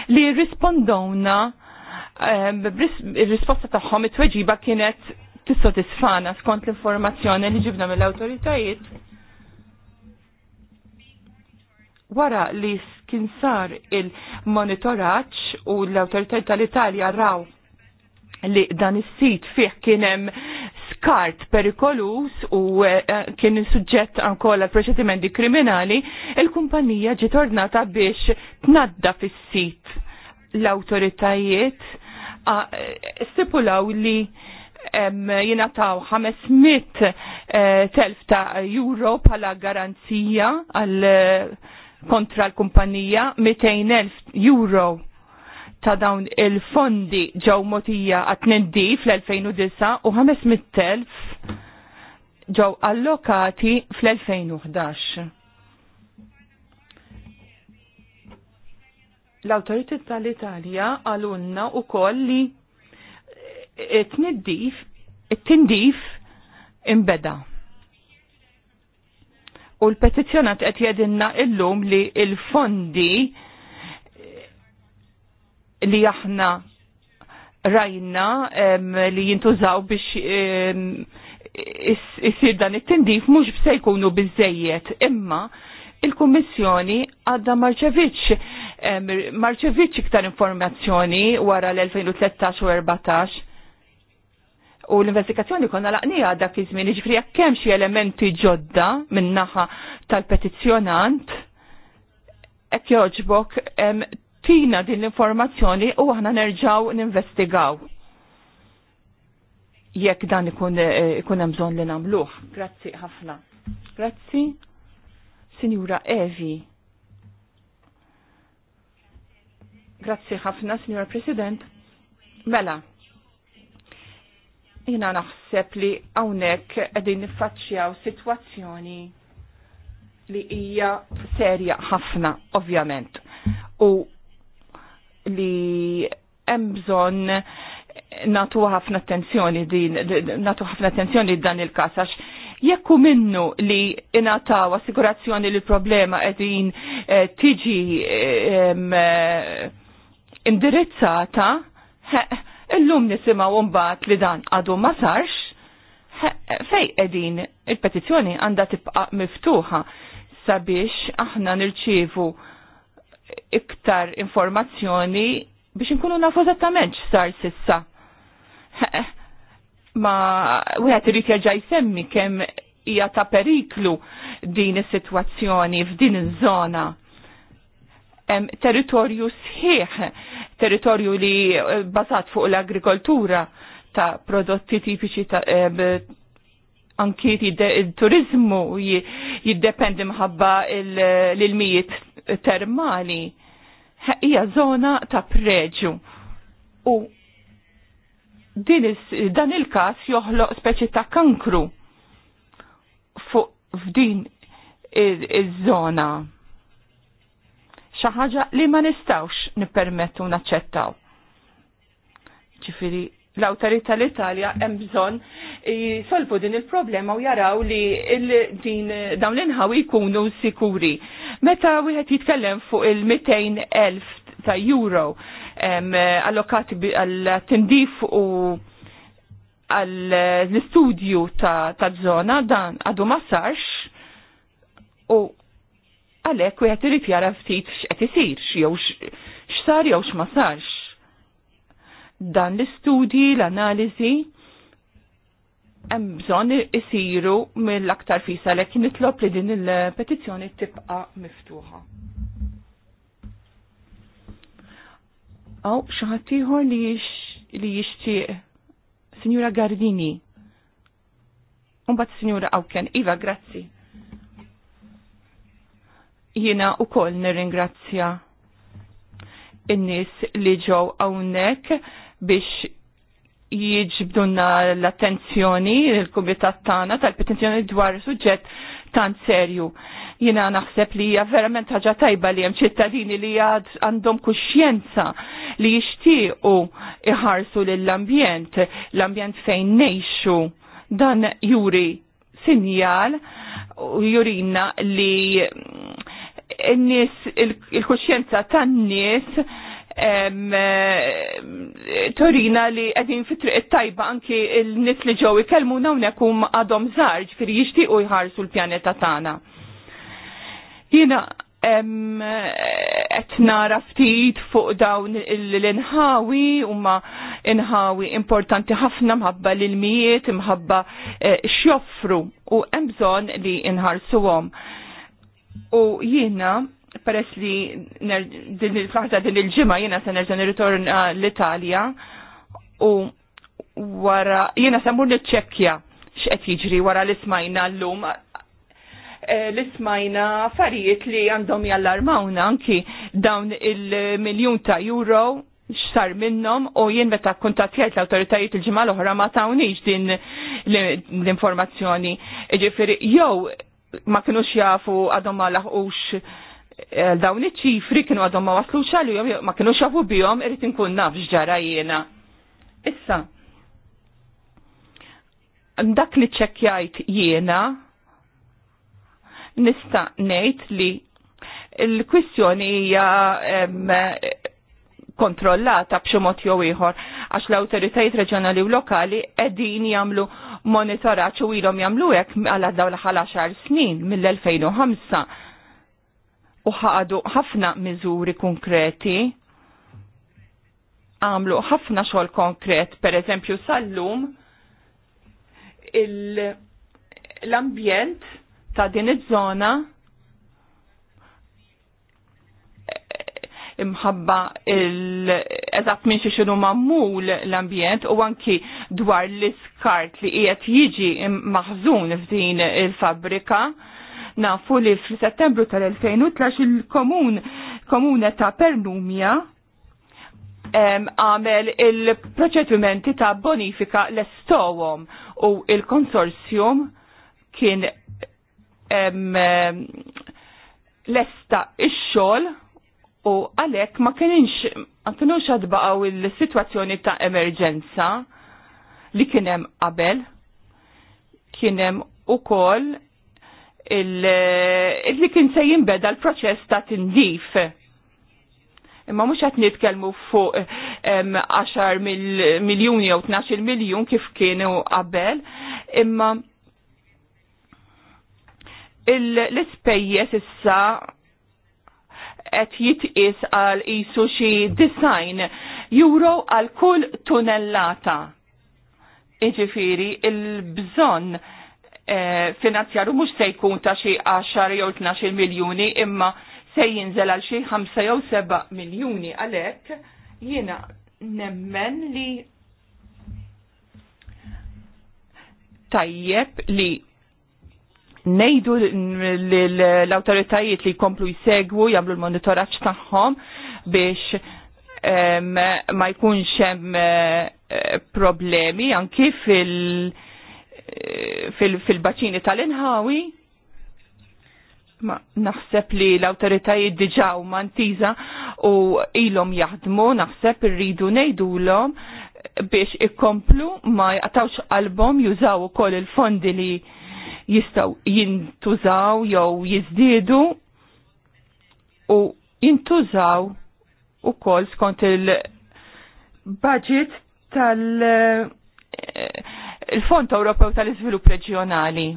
li rispondowna ehm, il risposta tagħhom it-tweġiba kienet tissotisfana skont l-informazzjoni li ġibna mill-autoritajiet. Wara li kien sar il-monitoraċ u l-autoritajiet tal-Italja raw li dan is-sit fih kien hemm skart perikolus u eh, kien suġġett ankola proċedimenti kriminali, il-kumpanija ġitornata biex tnadda fis-sit l-autoritajiet eh, stipulaw li jina 500 500.000 ta' euro pala garanzija għal eh, kontra l-kumpanija 200.000 euro ta' dawn il-fondi ġew motija għat-tnendi fl-2009 u 500.000 ġew allokati fl-2011. l-autoritet tal-Italja għalunna u koll li it-tniddif, it-tindif imbeda. U l-petizjonat qed jedinna illum li il-fondi li aħna rajna li jintużaw biex jisir dan it-tindif mhux se jkunu biżejjed imma il-Kummissjoni għadda marċeviċ marċeviċ iktar informazzjoni wara l-2013 u 14 U l-investigazzjoni konna laqnija dak iż-żmien, jiġifieri jekk xi elementi ġodda min-naħa tal-petizzjonant, hekk joġbok tina din l-informazzjoni u aħna nerġaw ninvestigaw. Jekk dan eh, ikun hemm bżonn li nagħmluh. Grazzi ħafna. Grazzi. Sinjura Evi. Grazzi ħafna, Sinjura President. Mela, Jina naħseb li għawnek għedin nifacċjaw situazzjoni li hija serja ħafna, ovvjament. U li hemm bżonn natu ħafna attenzjoni din, natu ħafna attenzjoni dan il kasax għax jekku minnu li inataw assigurazzjoni li problema għedin eh, tiġi eh, eh indirizzata, Illum nisimaw mbagħad li dan għadu ma sarx, fej edin il-petizjoni għanda tibqa miftuħa sabiex aħna nirċivu iktar informazzjoni biex nkunu nafu eżattament sar sissa. Ma wieħed irid jerġa' jsemmi kemm hija ta' periklu din is-sitwazzjoni f'din iż-żona territorju sħiħ, territorju li eh, bazat fuq l-agrikoltura ta' prodotti tipiċi ta' anki turizmu jiddependi mħabba l-ilmijiet termali. Hija zona ta' preġu. U dan il-kas joħloq speċi ta' kankru fuq f'din iż-żona xaħġa ħaġa li ma nistgħux nippermettu naċċettaw. Ġifiri, l-awtorità l-Italja hemm bżonn jsolvu din il-problema u jaraw li din dawn l-inħawi jkunu sikuri. Meta wieħed jitkellem fuq il 200000 elf ta' euro allokati għal-tindif u għall-istudju ta zona dan għadu ma sarx u għalhekk wieħed irid jara ftit x'qed isir jew x'sar jew x'ma sarx. Dan l-istudji, l-analiżi hemm bżonn isiru mill-aktar fisa lek nitlob li din il-petizzjoni tibqa' miftuħa. Aw xi ħadd ieħor li jixtieq Sinjura Gardini. bat Sinjura Awken, Iva, grazzi. Jiena u koll nirringrazzja in-nies li ġew hawnhekk biex jiġbdunna l-attenzjoni l-kumitat tagħna tal-petenzjoni dwar suġġett tant serju. Jiena naħseb li hija verament ħaġa tajba li hemm ċittadini li għandhom kuxjenza li jixtiequ iħarsu lill-ambjent, l-ambjent fejn nejxu dan juri sinjal u jurina li n-nies il ta' tan-nies torina li għedin fitri it-tajba anki il-nis li ġew ikellmuna hawnhekk hum għadhom fir ġifieri jixtiequ jħarsu l-pjaneta tagħna. Jiena qed nara ftit fuq dawn l-inħawi huma inħawi importanti ħafna mħabba l-ilmijiet, mħabba eh, xjoffru u hemm bżonn li inħarsuhom. U jiena, peress li din il-flaħda din il-ġimma jiena se nerġa' nirritorna eh, l-Italja u wara jiena se mmur niċċekkja x'qed jiġri wara li smajna llum eh, li smajna affarijiet li għandhom jallarmawna anki dawn il-miljun ta' euro x'sar minnhom u jien meta kuntattjajt l-awtoritajiet il-ġimgħa l-oħra ma tawniex din l-informazzjoni. Ġifieri jew ma kinux jafu għadhom ma laħqux eh, dawn iċ-ċifri kienu għadhom ma waslux għalihom ma kinux jafu bihom irid inkun naf ġara jiena. Issa, dak li ċekjajt jiena nista' ngħid li l-kwistjoni hija kontrollata b'xi mod jew ieħor għax l-awtoritajiet reġjonali u lokali qegħdin jagħmlu monitoraġġ u ilhom jagħmlu hekk għal dawn l għaxar snin mill-2005 u ħadu ħafna miżuri konkreti għamlu ħafna xogħol konkret, per eżempju sal-lum l-ambjent ta' din iż-żona imħabba il-eżat minn xi xinu mammul l-ambjent u anki dwar l-iskart li qiegħed jiġi maħżun f'din il-fabrika. Nafu li fl-Settembru tal-2013 il-komun komune ta' Pernumja għamel il-proċedimenti ta' bonifika l-estowom u il-konsorzjum kien l-esta ix-xogħol U għalek ma kienx, ma kienux għadbaqaw il-situazzjoni ta' emerġenza li kienem qabel, kienem u kol il-li kien se jimbeda l-proċess ta' tindif. Imma mux għat nitkelmu fuq 10 miljoni jew 12 miljon kif kienu qabel, imma l spejjes issa qed jitqis għal isu xi design euro għal kull tunellata. Iġifiri, il-bżonn eh, finanzjaru mhux se jkun ta' xi 10 jew 12 miljuni imma se jinżel għal xi 5 jew 7 miljuni għalhekk jiena nemmen li tajjeb li nejdu l-autoritajiet li jkomplu jsegwu, jagħmlu l-monitoraġġ tagħhom biex ma jkunx hemm eh, problemi anki fil- fil-baċini baċini tal inħawi Ma naħseb li l-autoritajiet diġaw mantiza u ilhom jaħdmu, naħseb irridu ngħidulhom biex ikomplu ma jqatawx qalbhom jużaw ukoll il-fondi li jistaw jintużaw jew jizdidu u jintużaw u kol skont il-budget tal- eh, il-Fond Ewropew tal-Iżvilupp Reġjonali.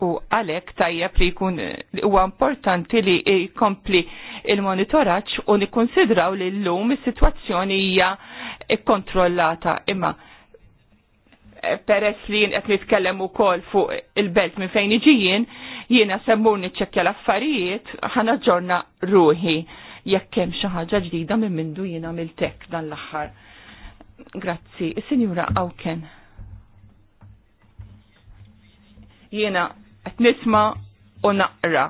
U għalek tajjeb li jkun huwa importanti li jkompli il-monitoraġġ u nikkonsidraw li llum is-sitwazzjoni hija kontrollata imma peress li jien qed nitkellem ukoll fuq il-belt minn fejn iġijin, jiena semmur niċċekkja l-affarijiet, ħana ġorna ruħi jekk hemm xi ħaġa ġdida minn mindu jien għamiltek dan l-aħħar. Grazzi. Is-Sinjura Awken. Jiena qed nisma' u naqra.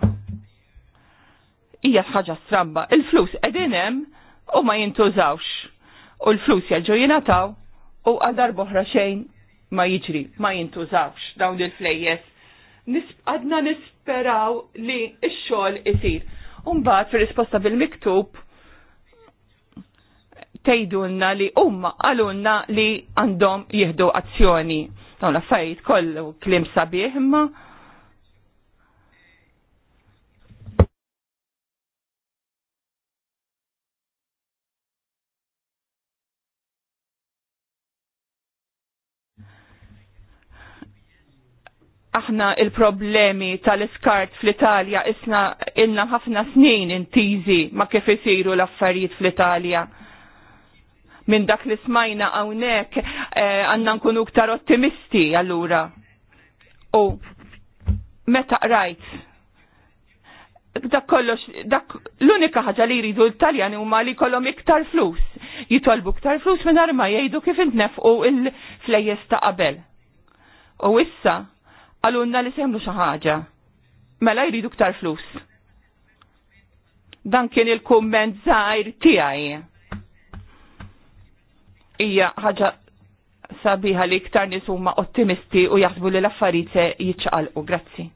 Hija ħaġa stramba. Il-flus qegħdin hemm u ma jintużawx. U l-flus jaġu jingħataw u għal boħra xejn ma jiġri, ma jintużawx dawn il-flejjes. Għadna nisperaw li x-xogħol isir. Umbagħad fir-risposta bil-miktub tejdunna li umma għalunna li għandhom jihdu azzjoni. Dawn l-affarijiet kollu klim sabiħ imma aħna il-problemi tal-iskart fl-Italja isna ilna ħafna snin intiżi ma kif isiru l-affarijiet fl-Italja. Minn dak li smajna hawnhekk eh, għandna nkunu ktar ottimisti allura. U meta rajt. dak kollox dak l-unika ħaġa li jridu l-Taljani huma li kollom iktar flus. Jitolbu iktar flus minn ma jgħidu kif intnefqu il-flejjes ta' qabel. U issa għalunna li semlu xaħġa. Mela jridu ktar flus. Dan kien il-komment zaħir tijaj. Ija ħaġa sabiħa li ktar nisuma ottimisti u jaħsbu li l-affarijiet jitċaqalqu. Grazzi.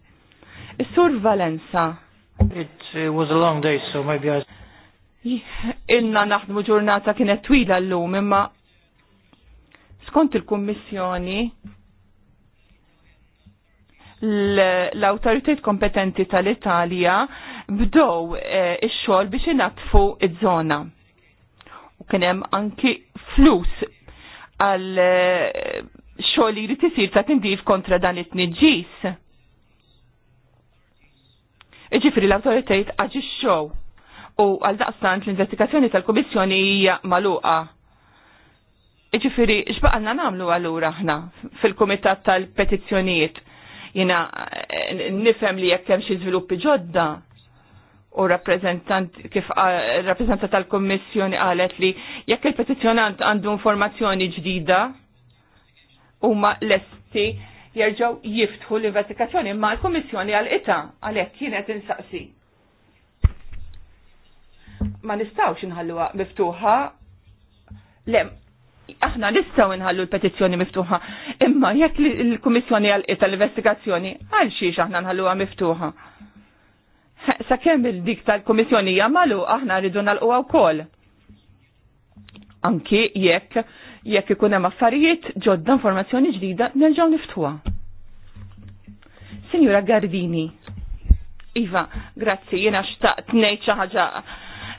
Is-Sur Valenza. It uh, was a long day, so maybe I... Inna naħdmu ġurnata kienet twila l-lum, imma skont il-Kummissjoni l-autoritet kompetenti tal-Italja bdow eh, ix-xogħol biex inatfu iż-żona. U kien hemm anki flus għal eh, xogħol li jrid isir ta' tindif kontra dan it-tniġġis. Iġifri l-awtoritajt aġixxew u għal daqstant l-investigazzjoni tal-Kummissjoni hija magħluqa. Iġifieri x'baqna nagħmlu allura ħna fil-Kumitat tal-Petizzjonijiet Jina nifem li jekk hemm xi żviluppi ġodda u rappresentant kif rappresentant tal-Kommissjoni qalet li jekk il-petizzjonant għandu informazzjoni ġdida huma lesti jerġgħu jiftħu l-investigazzjoni ma l-Kommissjoni għal ita għalhekk kienet insaqsi. Ma nistgħux inħalluha miftuħa le aħna nistgħu nħallu l-petizzjoni miftuħa, imma jekk il-Kummissjoni għalqiet tal-investigazzjoni għal xiex aħna nħalluha miftuħa. Sakemm il-dik tal-Kummissjoni jagħmalu aħna rridu nagħlquha wkoll. Anki jekk jekk ikun hemm affarijiet ġodda informazzjoni ġdida nerġgħu niftuha. Sinjura Gardini. Iva, grazzi, jena xtaqt ngħid xi ħaġa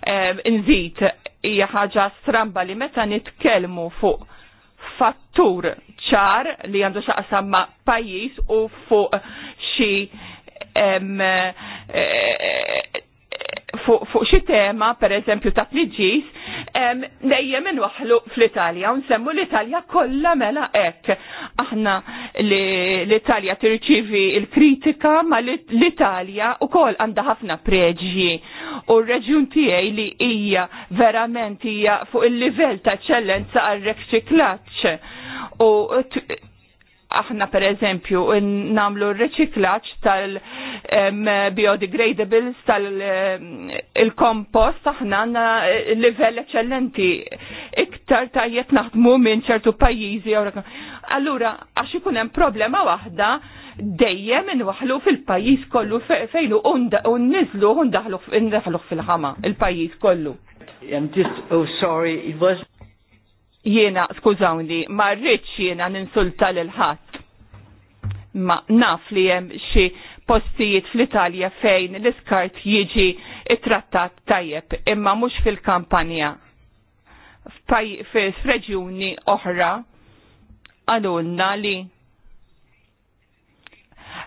eh, nżid hija ħaġa stramba li meta nitkellmu fuq fattur ċar li għandu xaqsam ma' pajis u fuq xi eh, eh, fuq xi tema per eżempju ta' tliġis dejjem waħlu fl-Italja, unsemmu l-Italja kollha mela hekk. Aħna l-Italja tirċivi il-kritika ma l-Italja ukoll għandha ħafna preġi u r-reġjun tiegħi li hija verament hija fuq il-livell ta' ċellenza għal-rekċiklaċ u aħna per eżempju namlu r-reċiklaċ tal-biodegradables, tal-kompost, aħna għanna eh, livell eccellenti iktar tajjeb naħdmu minn ċertu pajjiżi. Allura, għax ikun hemm problema waħda, dejjem inwaħlu fil-pajjiż kollu fejlu un-nizlu un-daħlu fil-ħama, il-pajjiż kollu. I'm just, oh sorry, it was Jiena, skużawni, ma rridx jiena ninsulta lil ħadd. Ma naf li hemm xi postijiet fl-Italja fejn l-iskart jiġi trattat tajjeb, imma mhux fil-kampanja. F'reġjuni oħra għalulna li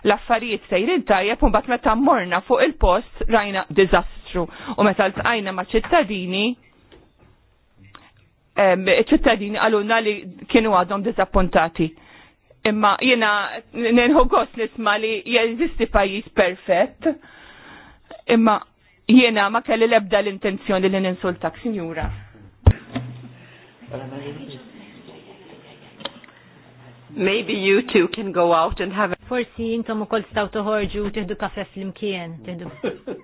l-affarijiet sejrin tajjeb un bat meta morna fuq il-post rajna dizastru u meta l-tqajna ma' ċittadini ċittadini għalunna li kienu għadhom dizappuntati. Imma jena nenħu għos nisma li jeżisti pajis perfett, imma jena ma kelli lebda l-intenzjoni li ninsultak, sinjura. Maybe you two can go out and have a... Forsi jintom u kol staw toħorġu u tiħdu kafe fl-imkien, tiħdu.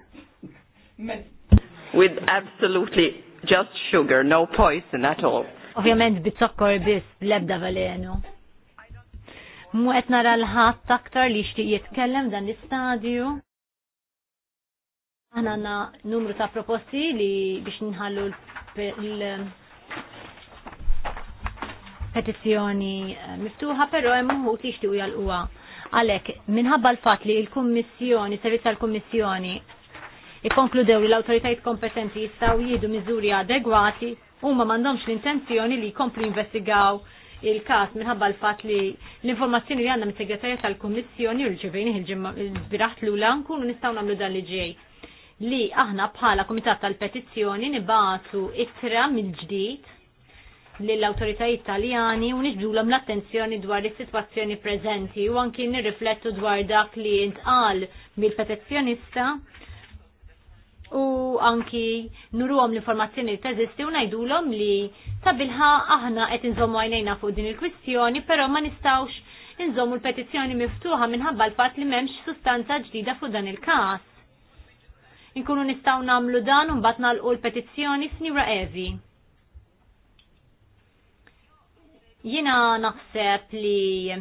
With absolutely just sugar, no poison at all. Ovvjament bit-sokkor biss, lebda valenu. Mu qed nara l-ħadd aktar li xtieq jitkellem dan l-istadju. Aħna għandna numru ta' proposti li biex nħallu l-petizzjoni eh, miftuħa, però hemm uħut li jixtiequ jalquha. Għalhekk minħabba l-fatt li l-Kummissjoni, servizz tal-Kummissjoni Ikonkludew li l-autoritajt kompetenti jistaw jiedu miżuri adegwati huma m'għandhomx l-intenzjoni li jkomplu investigaw il-kas minħabba l-fat li l-informazzjoni li għanna mis-segretarja tal-Kummissjoni u l ġivini il-biraħt l-ula nkunu nistgħu nagħmlu dan li ġej li aħna bħala Kumitat tal-Petizzjoni nibatu ittra mill-ġdid l awtoritajiet Taljani u niġbdulhom l-attenzjoni dwar is-sitwazzjoni preżenti u anki nirriflettu dwar dak li intqal mill-petizzjonista u anki nuruhom l-informazzjoni li teżisti u ngħidulhom li sabilħa aħna qed inżommu għajnejna fuq din il-kwistjoni, però ma nistgħux nżommu l-petizzjoni miftuħa minħabba l-fatt li m'hemmx sustanza ġdida fuq dan il-każ. Inkunu nistgħu nagħmlu dan u mbagħad nagħlqu l-petizzjoni f'Nira Evi. Jiena naħseb li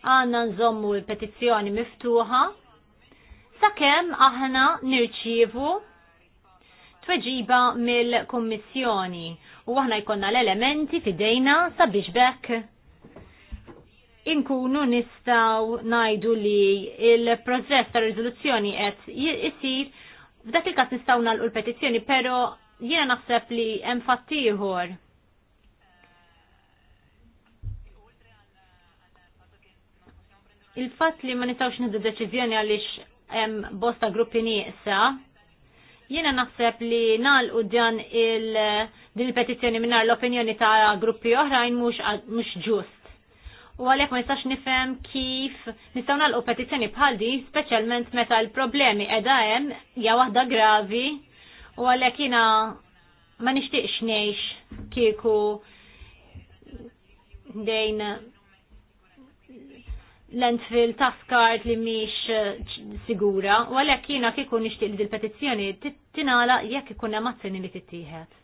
għandna nżommu l-petizzjoni miftuħa sakemm aħna nirċievu tweġiba mill-Kummissjoni u aħna jkollna l-elementi fidejna sabiex bekk inkunu nistaw najdu li il-proċess ta' rizoluzzjoni qed jisir f'dak il-każ nistgħu nagħlqu l-petizzjoni, però jiena naħseb li hemm fattieħor. Il-fatt li ma nistgħux nidu deċiżjoni għaliex hemm bosta gruppi nieqsa. Jiena naħseb li nagħlqu dan il din il-petizzjoni minnar l-opinjoni ta' gruppi oħrajn mhux ġust. U għalhekk ma nistax nifhem kif nistgħu nagħlqu petizzjoni bħal din, speċjalment meta l-problemi qiegħda hemm hija waħda gravi u għalhekk jiena ma nixtieqx ngħix kieku dejn l-entfil taskart li miex eh, sigura, u għalhekk jiena kieku nixtieq li l-petizzjoni tingħala jekk ikun hemm azzjoni li tittieħed.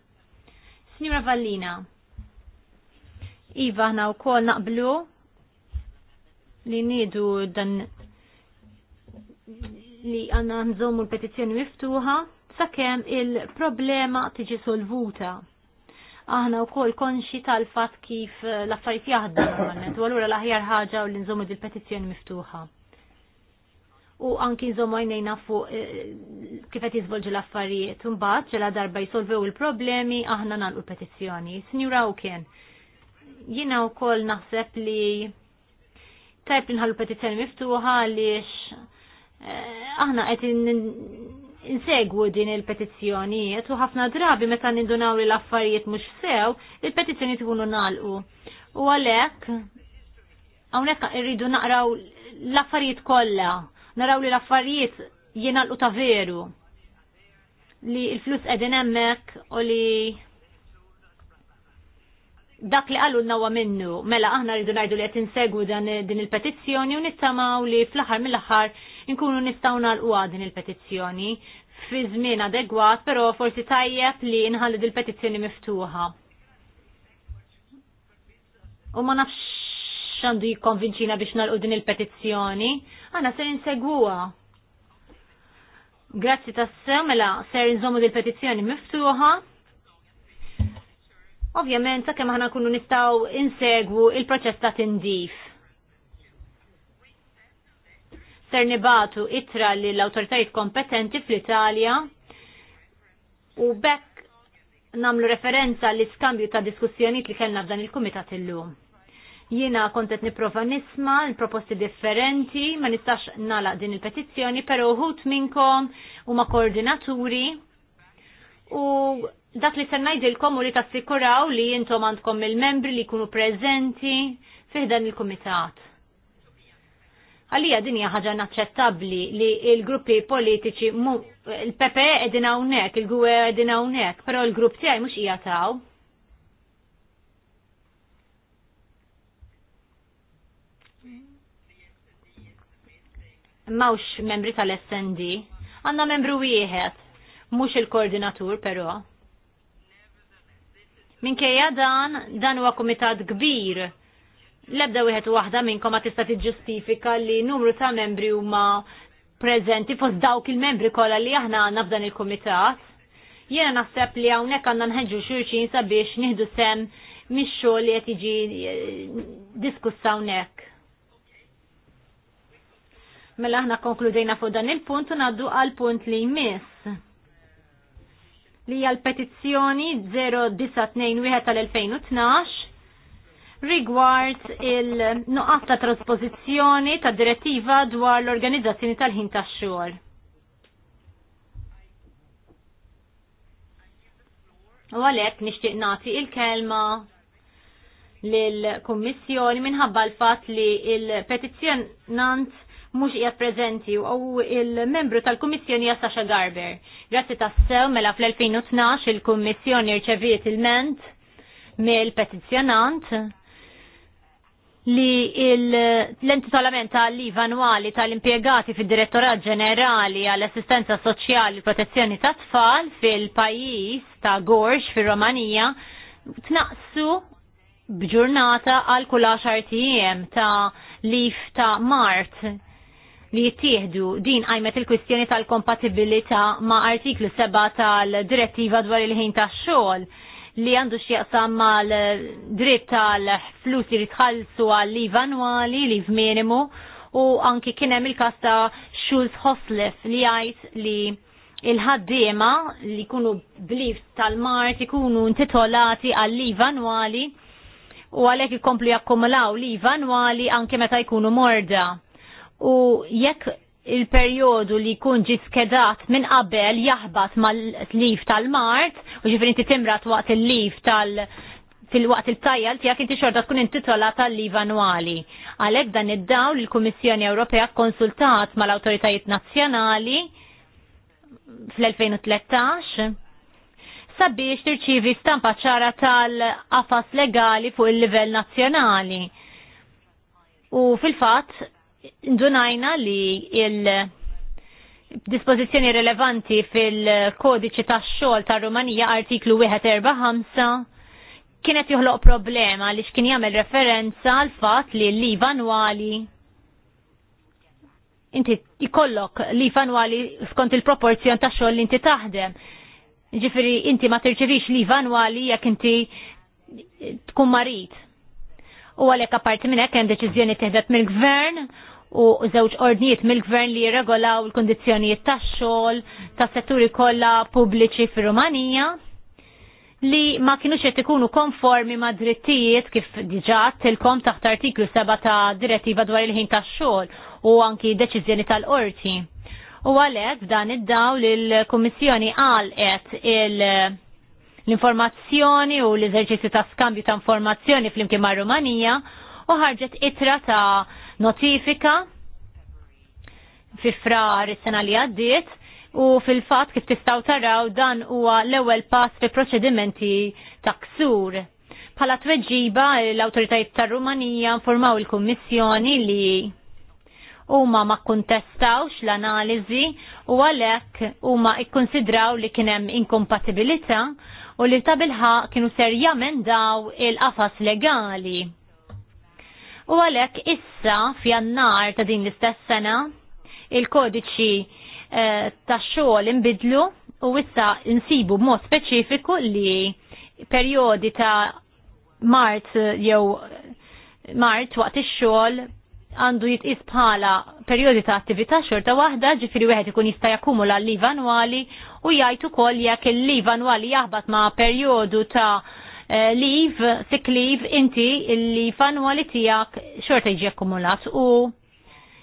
Signora Vallina, Iva ħna wkoll naqblu li nidu dan li għanna nżommu l-petizzjoni miftuħa sakemm il-problema tiġi solvuta aħna wkoll konxi tal-fatt kif eh, l-affarijiet jaħdmu normalment, u allura l-aħjar ħaġa u li nżommu dil petizzjoni miftuħa. U anki nżommu għajnejna fuq eh, kif qed jiżvolġu l-affarijiet. Imbagħad ġela darba jsolvew il-problemi aħna nagħlqu l-petizzjoni. kien, jina jiena wkoll naħseb li tajb li nħallu petizzjoni miftuħa għaliex eh, aħna qed insegwu din il-petizzjonijiet u ħafna drabi meta nindunaw li l-affarijiet mhux sew, il-petizzjonijiet ikunu nalqu. U għalhekk hawnhekk irridu naqraw l-affarijiet kollha, naraw li l-affarijiet jingħalqu ta' veru li il-flus qegħdin hemmhekk u li dak li għallu nawa minnu, mela aħna rridu najdu li għet insegwu dan din il-petizzjoni u nittamaw li fl-ħar mill-ħar inkunu nistgħu nagħlqu din il-petizzjoni fi żmien adegwat, però forsi tajjeb li nħallid il-petizzjoni miftuħa. U ma nafx xandu jikkonvinċina biex nalqu din il-petizzjoni, għana ser insegwuha. Grazzi tas-semela ser nżommu din il-petizzjoni miftuħa. Ovvjament, sakemm aħna nkunu nistgħu insegwu il-proċess ta' tindif ...ternibatu nibatu itra li l-autoritajiet kompetenti fl-Italja u bekk namlu referenza l iskambju ta' diskussjoniet li kellna f'dan il-Kumitat illum. Jiena kontet niprofa nisma l-proposti differenti, ma nistax nala din il-petizzjoni, pero uħut minkom u ma koordinaturi u dak li ser najdilkom u li tassikuraw li jintom għandkom il-membri li kunu prezenti fiħdan il-komitat. Għalija din hija ħaġa naċċettabbli li l-gruppi politiċi il-PPE edina hawnhekk, il-GUE edina hawnhekk, pero il grupp tiegħi mhux ija taw. Mawx membri tal-SND, għandna membru wieħed, mhux il-koordinatur però. Minkejja dan, dan huwa kumitat kbir Lebda wieħed waħda minnkom ma tista' tiġġustifika li numru ta' membri huma preżenti fost dawk il-membri kollha li aħna għandna f'dan il-kumitat. Jiena naħseb li hawnhekk għandna nħeġġu xulxin sabiex nieħdu sem mix-xogħol li qed jiġi eh, diskussa hawnhekk. Mela aħna konkludejna fuq dan il-punt u ngħaddu għal punt li jmiss li hija l-petizzjoni 0921 tal-2012 rigward il-nuqqas ta' trasposizjoni ta' direttiva dwar l-organizzazzjoni tal-ħin tax-xogħol. U għalhekk nixtieq nagħti il-kelma lill-Kummissjoni minħabba l-fatt li il-petizzjonant mhux hija preżenti u il-membru tal kummissjoni hija Sasha Garber. Grazzi tassew mela fl-2012 il kummissjoni rċeviet il-ment mill-petizjonant li l solament tal-liv annwali tal-impiegati fid direttorat ġenerali għall-assistenza soċjali protezzjoni ta' tfal fil-pajis ta' Gorx fil-Romanija tnaqsu bġurnata għal kull 10 ta' lif ta' Mart li jittieħdu din għajmet il-kwistjoni tal-kompatibilità ma' artiklu 7 tal-direttiva dwar il-ħin tax xogħol li għandu x'jaqsam mal dritt tal-flus li tħalsu għal-liv annwali, liv minimu, u anki kien hemm il-każ ta' Schulz Hoslef li jgħid li il-ħaddiema li jkunu blif tal-mart ikunu intitolati għal-liv annwali u għalhekk komplu jakkumulaw liv annwali anke meta jkunu morda. U jekk il-perjodu li jkun ġiskedat skedat minn qabel jaħbat mal-lif tal-mart, u ġifri inti timrat waqt il-liv tal- fil-waqt il-tajjal tijak inti xorta tkun intitola tal-liv annuali. Għalek dan id-daw l-Komissjoni Ewropea konsultat mal autoritajiet nazjonali fl-2013 sabiex tirċivi stampa ċara tal afas legali fuq il-livell nazzjonali. U fil-fat, ndunajna li il- dispożizzjoni rilevanti fil-kodiċi tax-xogħol tar-Rumanija artiklu 145 kienet joħloq problema li xkien jagħmel referenza għal fatt li l-liv annwali inti ikollok liv annwali skont il-proporzjon ta' xogħol li inti taħdem. Ġifieri inti ma tirċevix liv annwali jekk inti tkun marit. U għalhekk apparti minn hekk hemm deċiżjoni teħdet mill-gvern u żewġ ordnijiet mill-gvern li jirregolaw il-kondizjonijiet tax-xogħol ta' setturi kollha pubbliċi fir-Rumanija li ma kienux qed ikunu konformi ma' drittijiet kif diġà tilkom taħt artiklu 7 ta' direttiva dwar il-ħin tax-xogħol u anki deċiżjoni tal-qorti. U għalhekk dan id-daw l-Kummissjoni għalqet il- l-informazzjoni u l-eżerċizzju ta' skambju ta' informazzjoni fl-imkien ma' Rumanija u ħarġet itra ta' notifika fi frar is-sena li għaddiet u fil-fatt kif tistgħu taraw dan huwa l-ewwel pass fi proċedimenti ta' ksur. Bħala tweġiba l-awtoritajiet tar-Rumanija informaw il-Kummissjoni li huma ma kontestawx l-analiżi u għalhekk huma ikkonsidraw li kien hemm inkompatibilità u li ta' kienu ser jamendaw il-qafas legali. U għalek issa f'jannar ta' din l-istess sena il-kodiċi eh, ta' xogħol inbidlu u issa insibu mod speċifiku li periodi ta' mart eh, jew eh, mart waqt ix-xogħol għandu jitqis bħala periodi ta' attività xorta waħda, ġifiri wieħed ikun jista' jakkumula l liva annwali u jgħid ukoll jekk il liva annwali jaħbad ma' perjodu ta' Eh, leave, sick leave, inti li fanwa tijak xorta iġi akkumulat u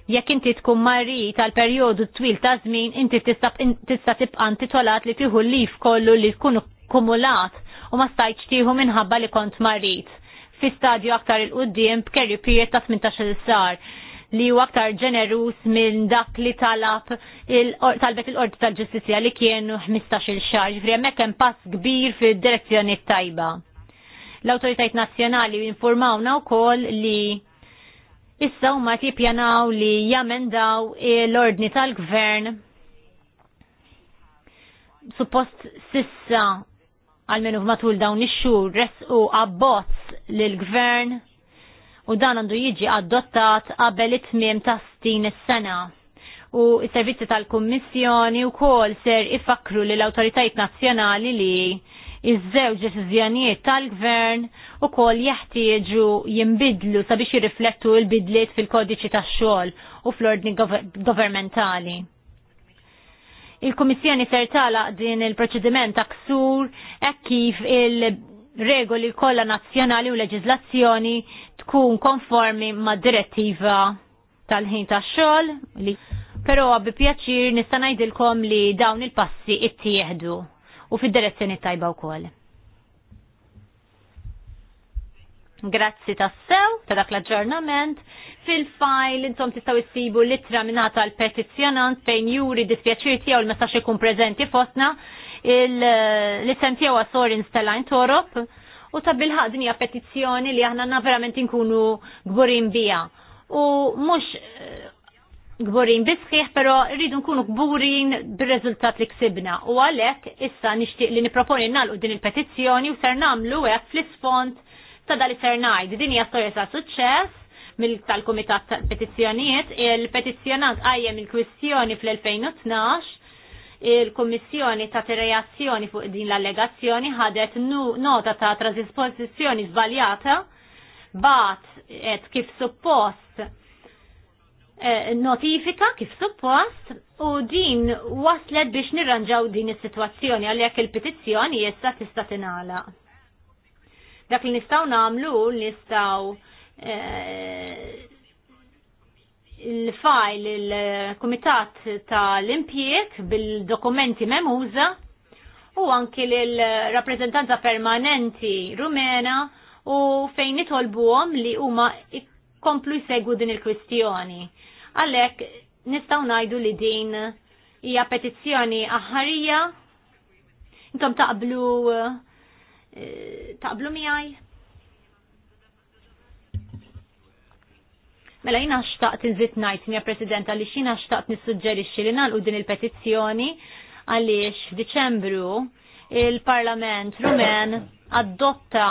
jekk inti tkun marri tal-perjodu twil ta' żmien inti tista' tibqa' titolat li tieħu lif kollu li tkun kumulat u ma stajċ tieħu minħabba li kont marrit. Fi stadju aktar il-qudiem b'kerri period ta' 18 sar li huwa aktar ġenerus minn dak li talab talbet il-qorti tal-ġustizja li kienu 15 il xar, ġifri hemmhekk hemm pass kbir fil direzzjoni tajba. L-autoritajt nazjonali informawna u kol li issa huma tippjanaw li jamendaw l-ordni tal-gvern suppost sissa għalmenu matul dawn ix-xhur resqu abbozz lil gvern u dan għandu jiġi adottat qabel it-tmiem ta' stin is-sena. U s-servizzi tal-Kummissjoni wkoll ser ifakru lill awtoritajiet nazzjonali li iż-żewġ deċiżjonijiet tal-gvern u kol jeħtieġu jimbidlu sabiex jirriflettu l-bidliet fil-kodiċi tax-xogħol u fl-ordni governmentali. Il-Kummissjoni ser talaq din il-proċediment ta' ksur hekk kif il-regoli kollha nazzjonali u leġiżlazzjoni tkun konformi ma' direttiva tal-ħin tax-xogħol però bi pjaċir nista' ngħidilkom li dawn il-passi ittieħdu u fid-direzzjoni tajba wkoll. Grazzi tassew ta' dak l-aġġornament. Fil-fajl intom tistgħu issibu litra minnata l petizzjonant fejn juri dispjaċir tiegħu l messax ikun preżenti fostna eh, l-isem tiegħu għasorin Stellajn Torop u ta' bilħad dinja petizzjoni li aħna verament inkunu gburin bija. U mux eh, gburin bisħiħ, pero rridu nkunu gburin bil-rezultat li ksibna. U għalek, issa nishtiq li niproponi nalqu din il-petizzjoni u ser namlu għek fl isfond ta' dali ser najd. Din hija storja ta' suċċess tal-Komitat ta' Petizzjonijiet, il petizjonant għajjem il-kwistjoni fl-2012 il-Kommissjoni ta' Terrejazzjoni fuq din l-allegazzjoni ħadet nota ta' trasposizjoni zbaljata bat et kif suppost Eh, notifika kif suppost u din waslet biex nirranġaw din is-sitwazzjoni għalhekk il-petizzjoni issa tista' tinala. Dak li nistgħu nagħmlu nistgħu eh, il-fajl il-Kumitat tal-Impjek bil-dokumenti memuża u anki l-rappresentanza permanenti rumena u fejn nitolbuhom li huma komplu jsegwu din il-kwistjoni għalhekk nistgħu ngħidu li din hija petizzjoni aħħarija. Intom taqblu eh, taqblu miħaj? Mela jina xtaqt il-zit najt, mia president, għalli xina xtaqt nissuġġerixxi li nalqu din il-petizzjoni għaliex f'Diċembru il-Parlament Rumen adotta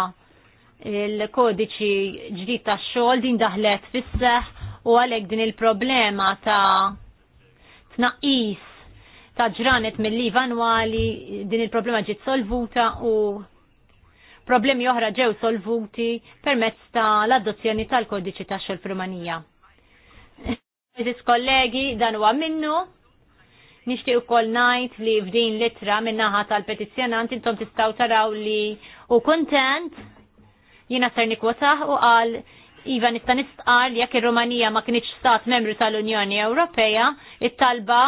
il-kodiċi ġdid tax-xogħol din daħlet fis-seħ u għalek din il-problema ta' tnaqis ta' ġranet mill-liva annwali, din il-problema ġiet solvuta u problemi oħra ġew solvuti permezz ta' l-adozzjoni tal-kodiċi ta' xolfrumanija. Eżis kollegi, dan huwa minnu, nishtiq ukoll ngħid li f'din litra min-naħa tal-petizzjonant intom tistgħu taraw li u kuntent jiena ser nikwotaħ u għal. Iva nista' nistqar jekk ir-Rumanija ma kienx stat membru tal-Unjoni Ewropea, it-talba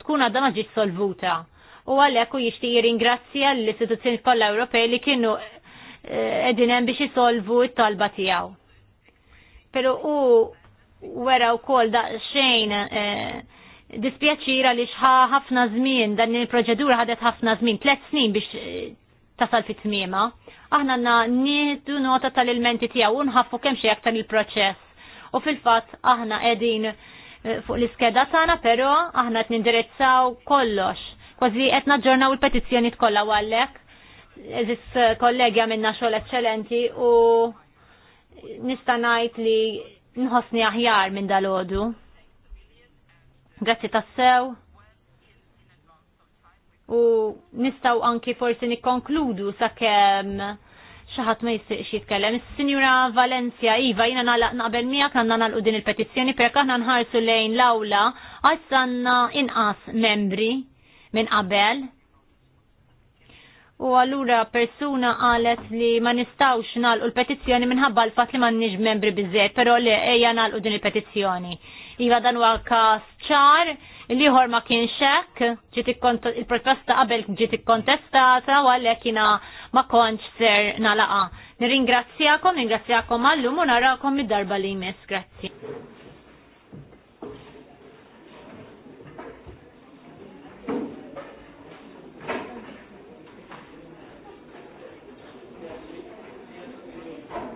tkun għadha ma solvuta. U għalhekk u jishti jirringrazzja l-istituzzjoni kollha Ewropej li kienu eh, qegħdin hemm biex isolvu t-talba tiegħu. Pero u wera wkoll daqsxejn eh, dispjaċira li xħa ħafna żmien dan il-proċedura ħadet ħafna żmien, tliet snin biex eh, tasal fit tmiema Aħna na nieħdu nota tal-ilmenti tiegħu unħaffu nħaffu kemm xi aktar il-proċess. U fil-fatt aħna qegħdin eh, fuq l-iskeda tagħna, però aħna qed nindirizzaw kollox. Kważi qed naġġornaw il-petizzjoni tkollha għallek. Eżis eh, kollegja minna xogħol eċċellenti u nista' ngħid li nħossni aħjar minn dalodu. Grazzi tassew u nistaw anki forsi nikkonkludu sakemm xaħat ma jistiqx jitkellem. Signora Valencia, Iva, jina naqbel miegħek għandna nalqu din il-petizzjoni perek aħna nħarsu lejn l-awla għazzanna inqas membri minn qabel. U allura persuna qalet li ma nistawx nagħlqu l-petizzjoni minħabba l fat li nix membri biżejjed, però li ejja nagħlqu din il-petizzjoni. Iva dan huwa każ ċar Liħor ma kienx hekk, il-protesta qabel ġiet ikkontestata u għalhekk ma kontx ser nalaqa. Nirringrazzjakom, ringrazzjakom għallum u narakom id-darba li jmiss. Grazzi.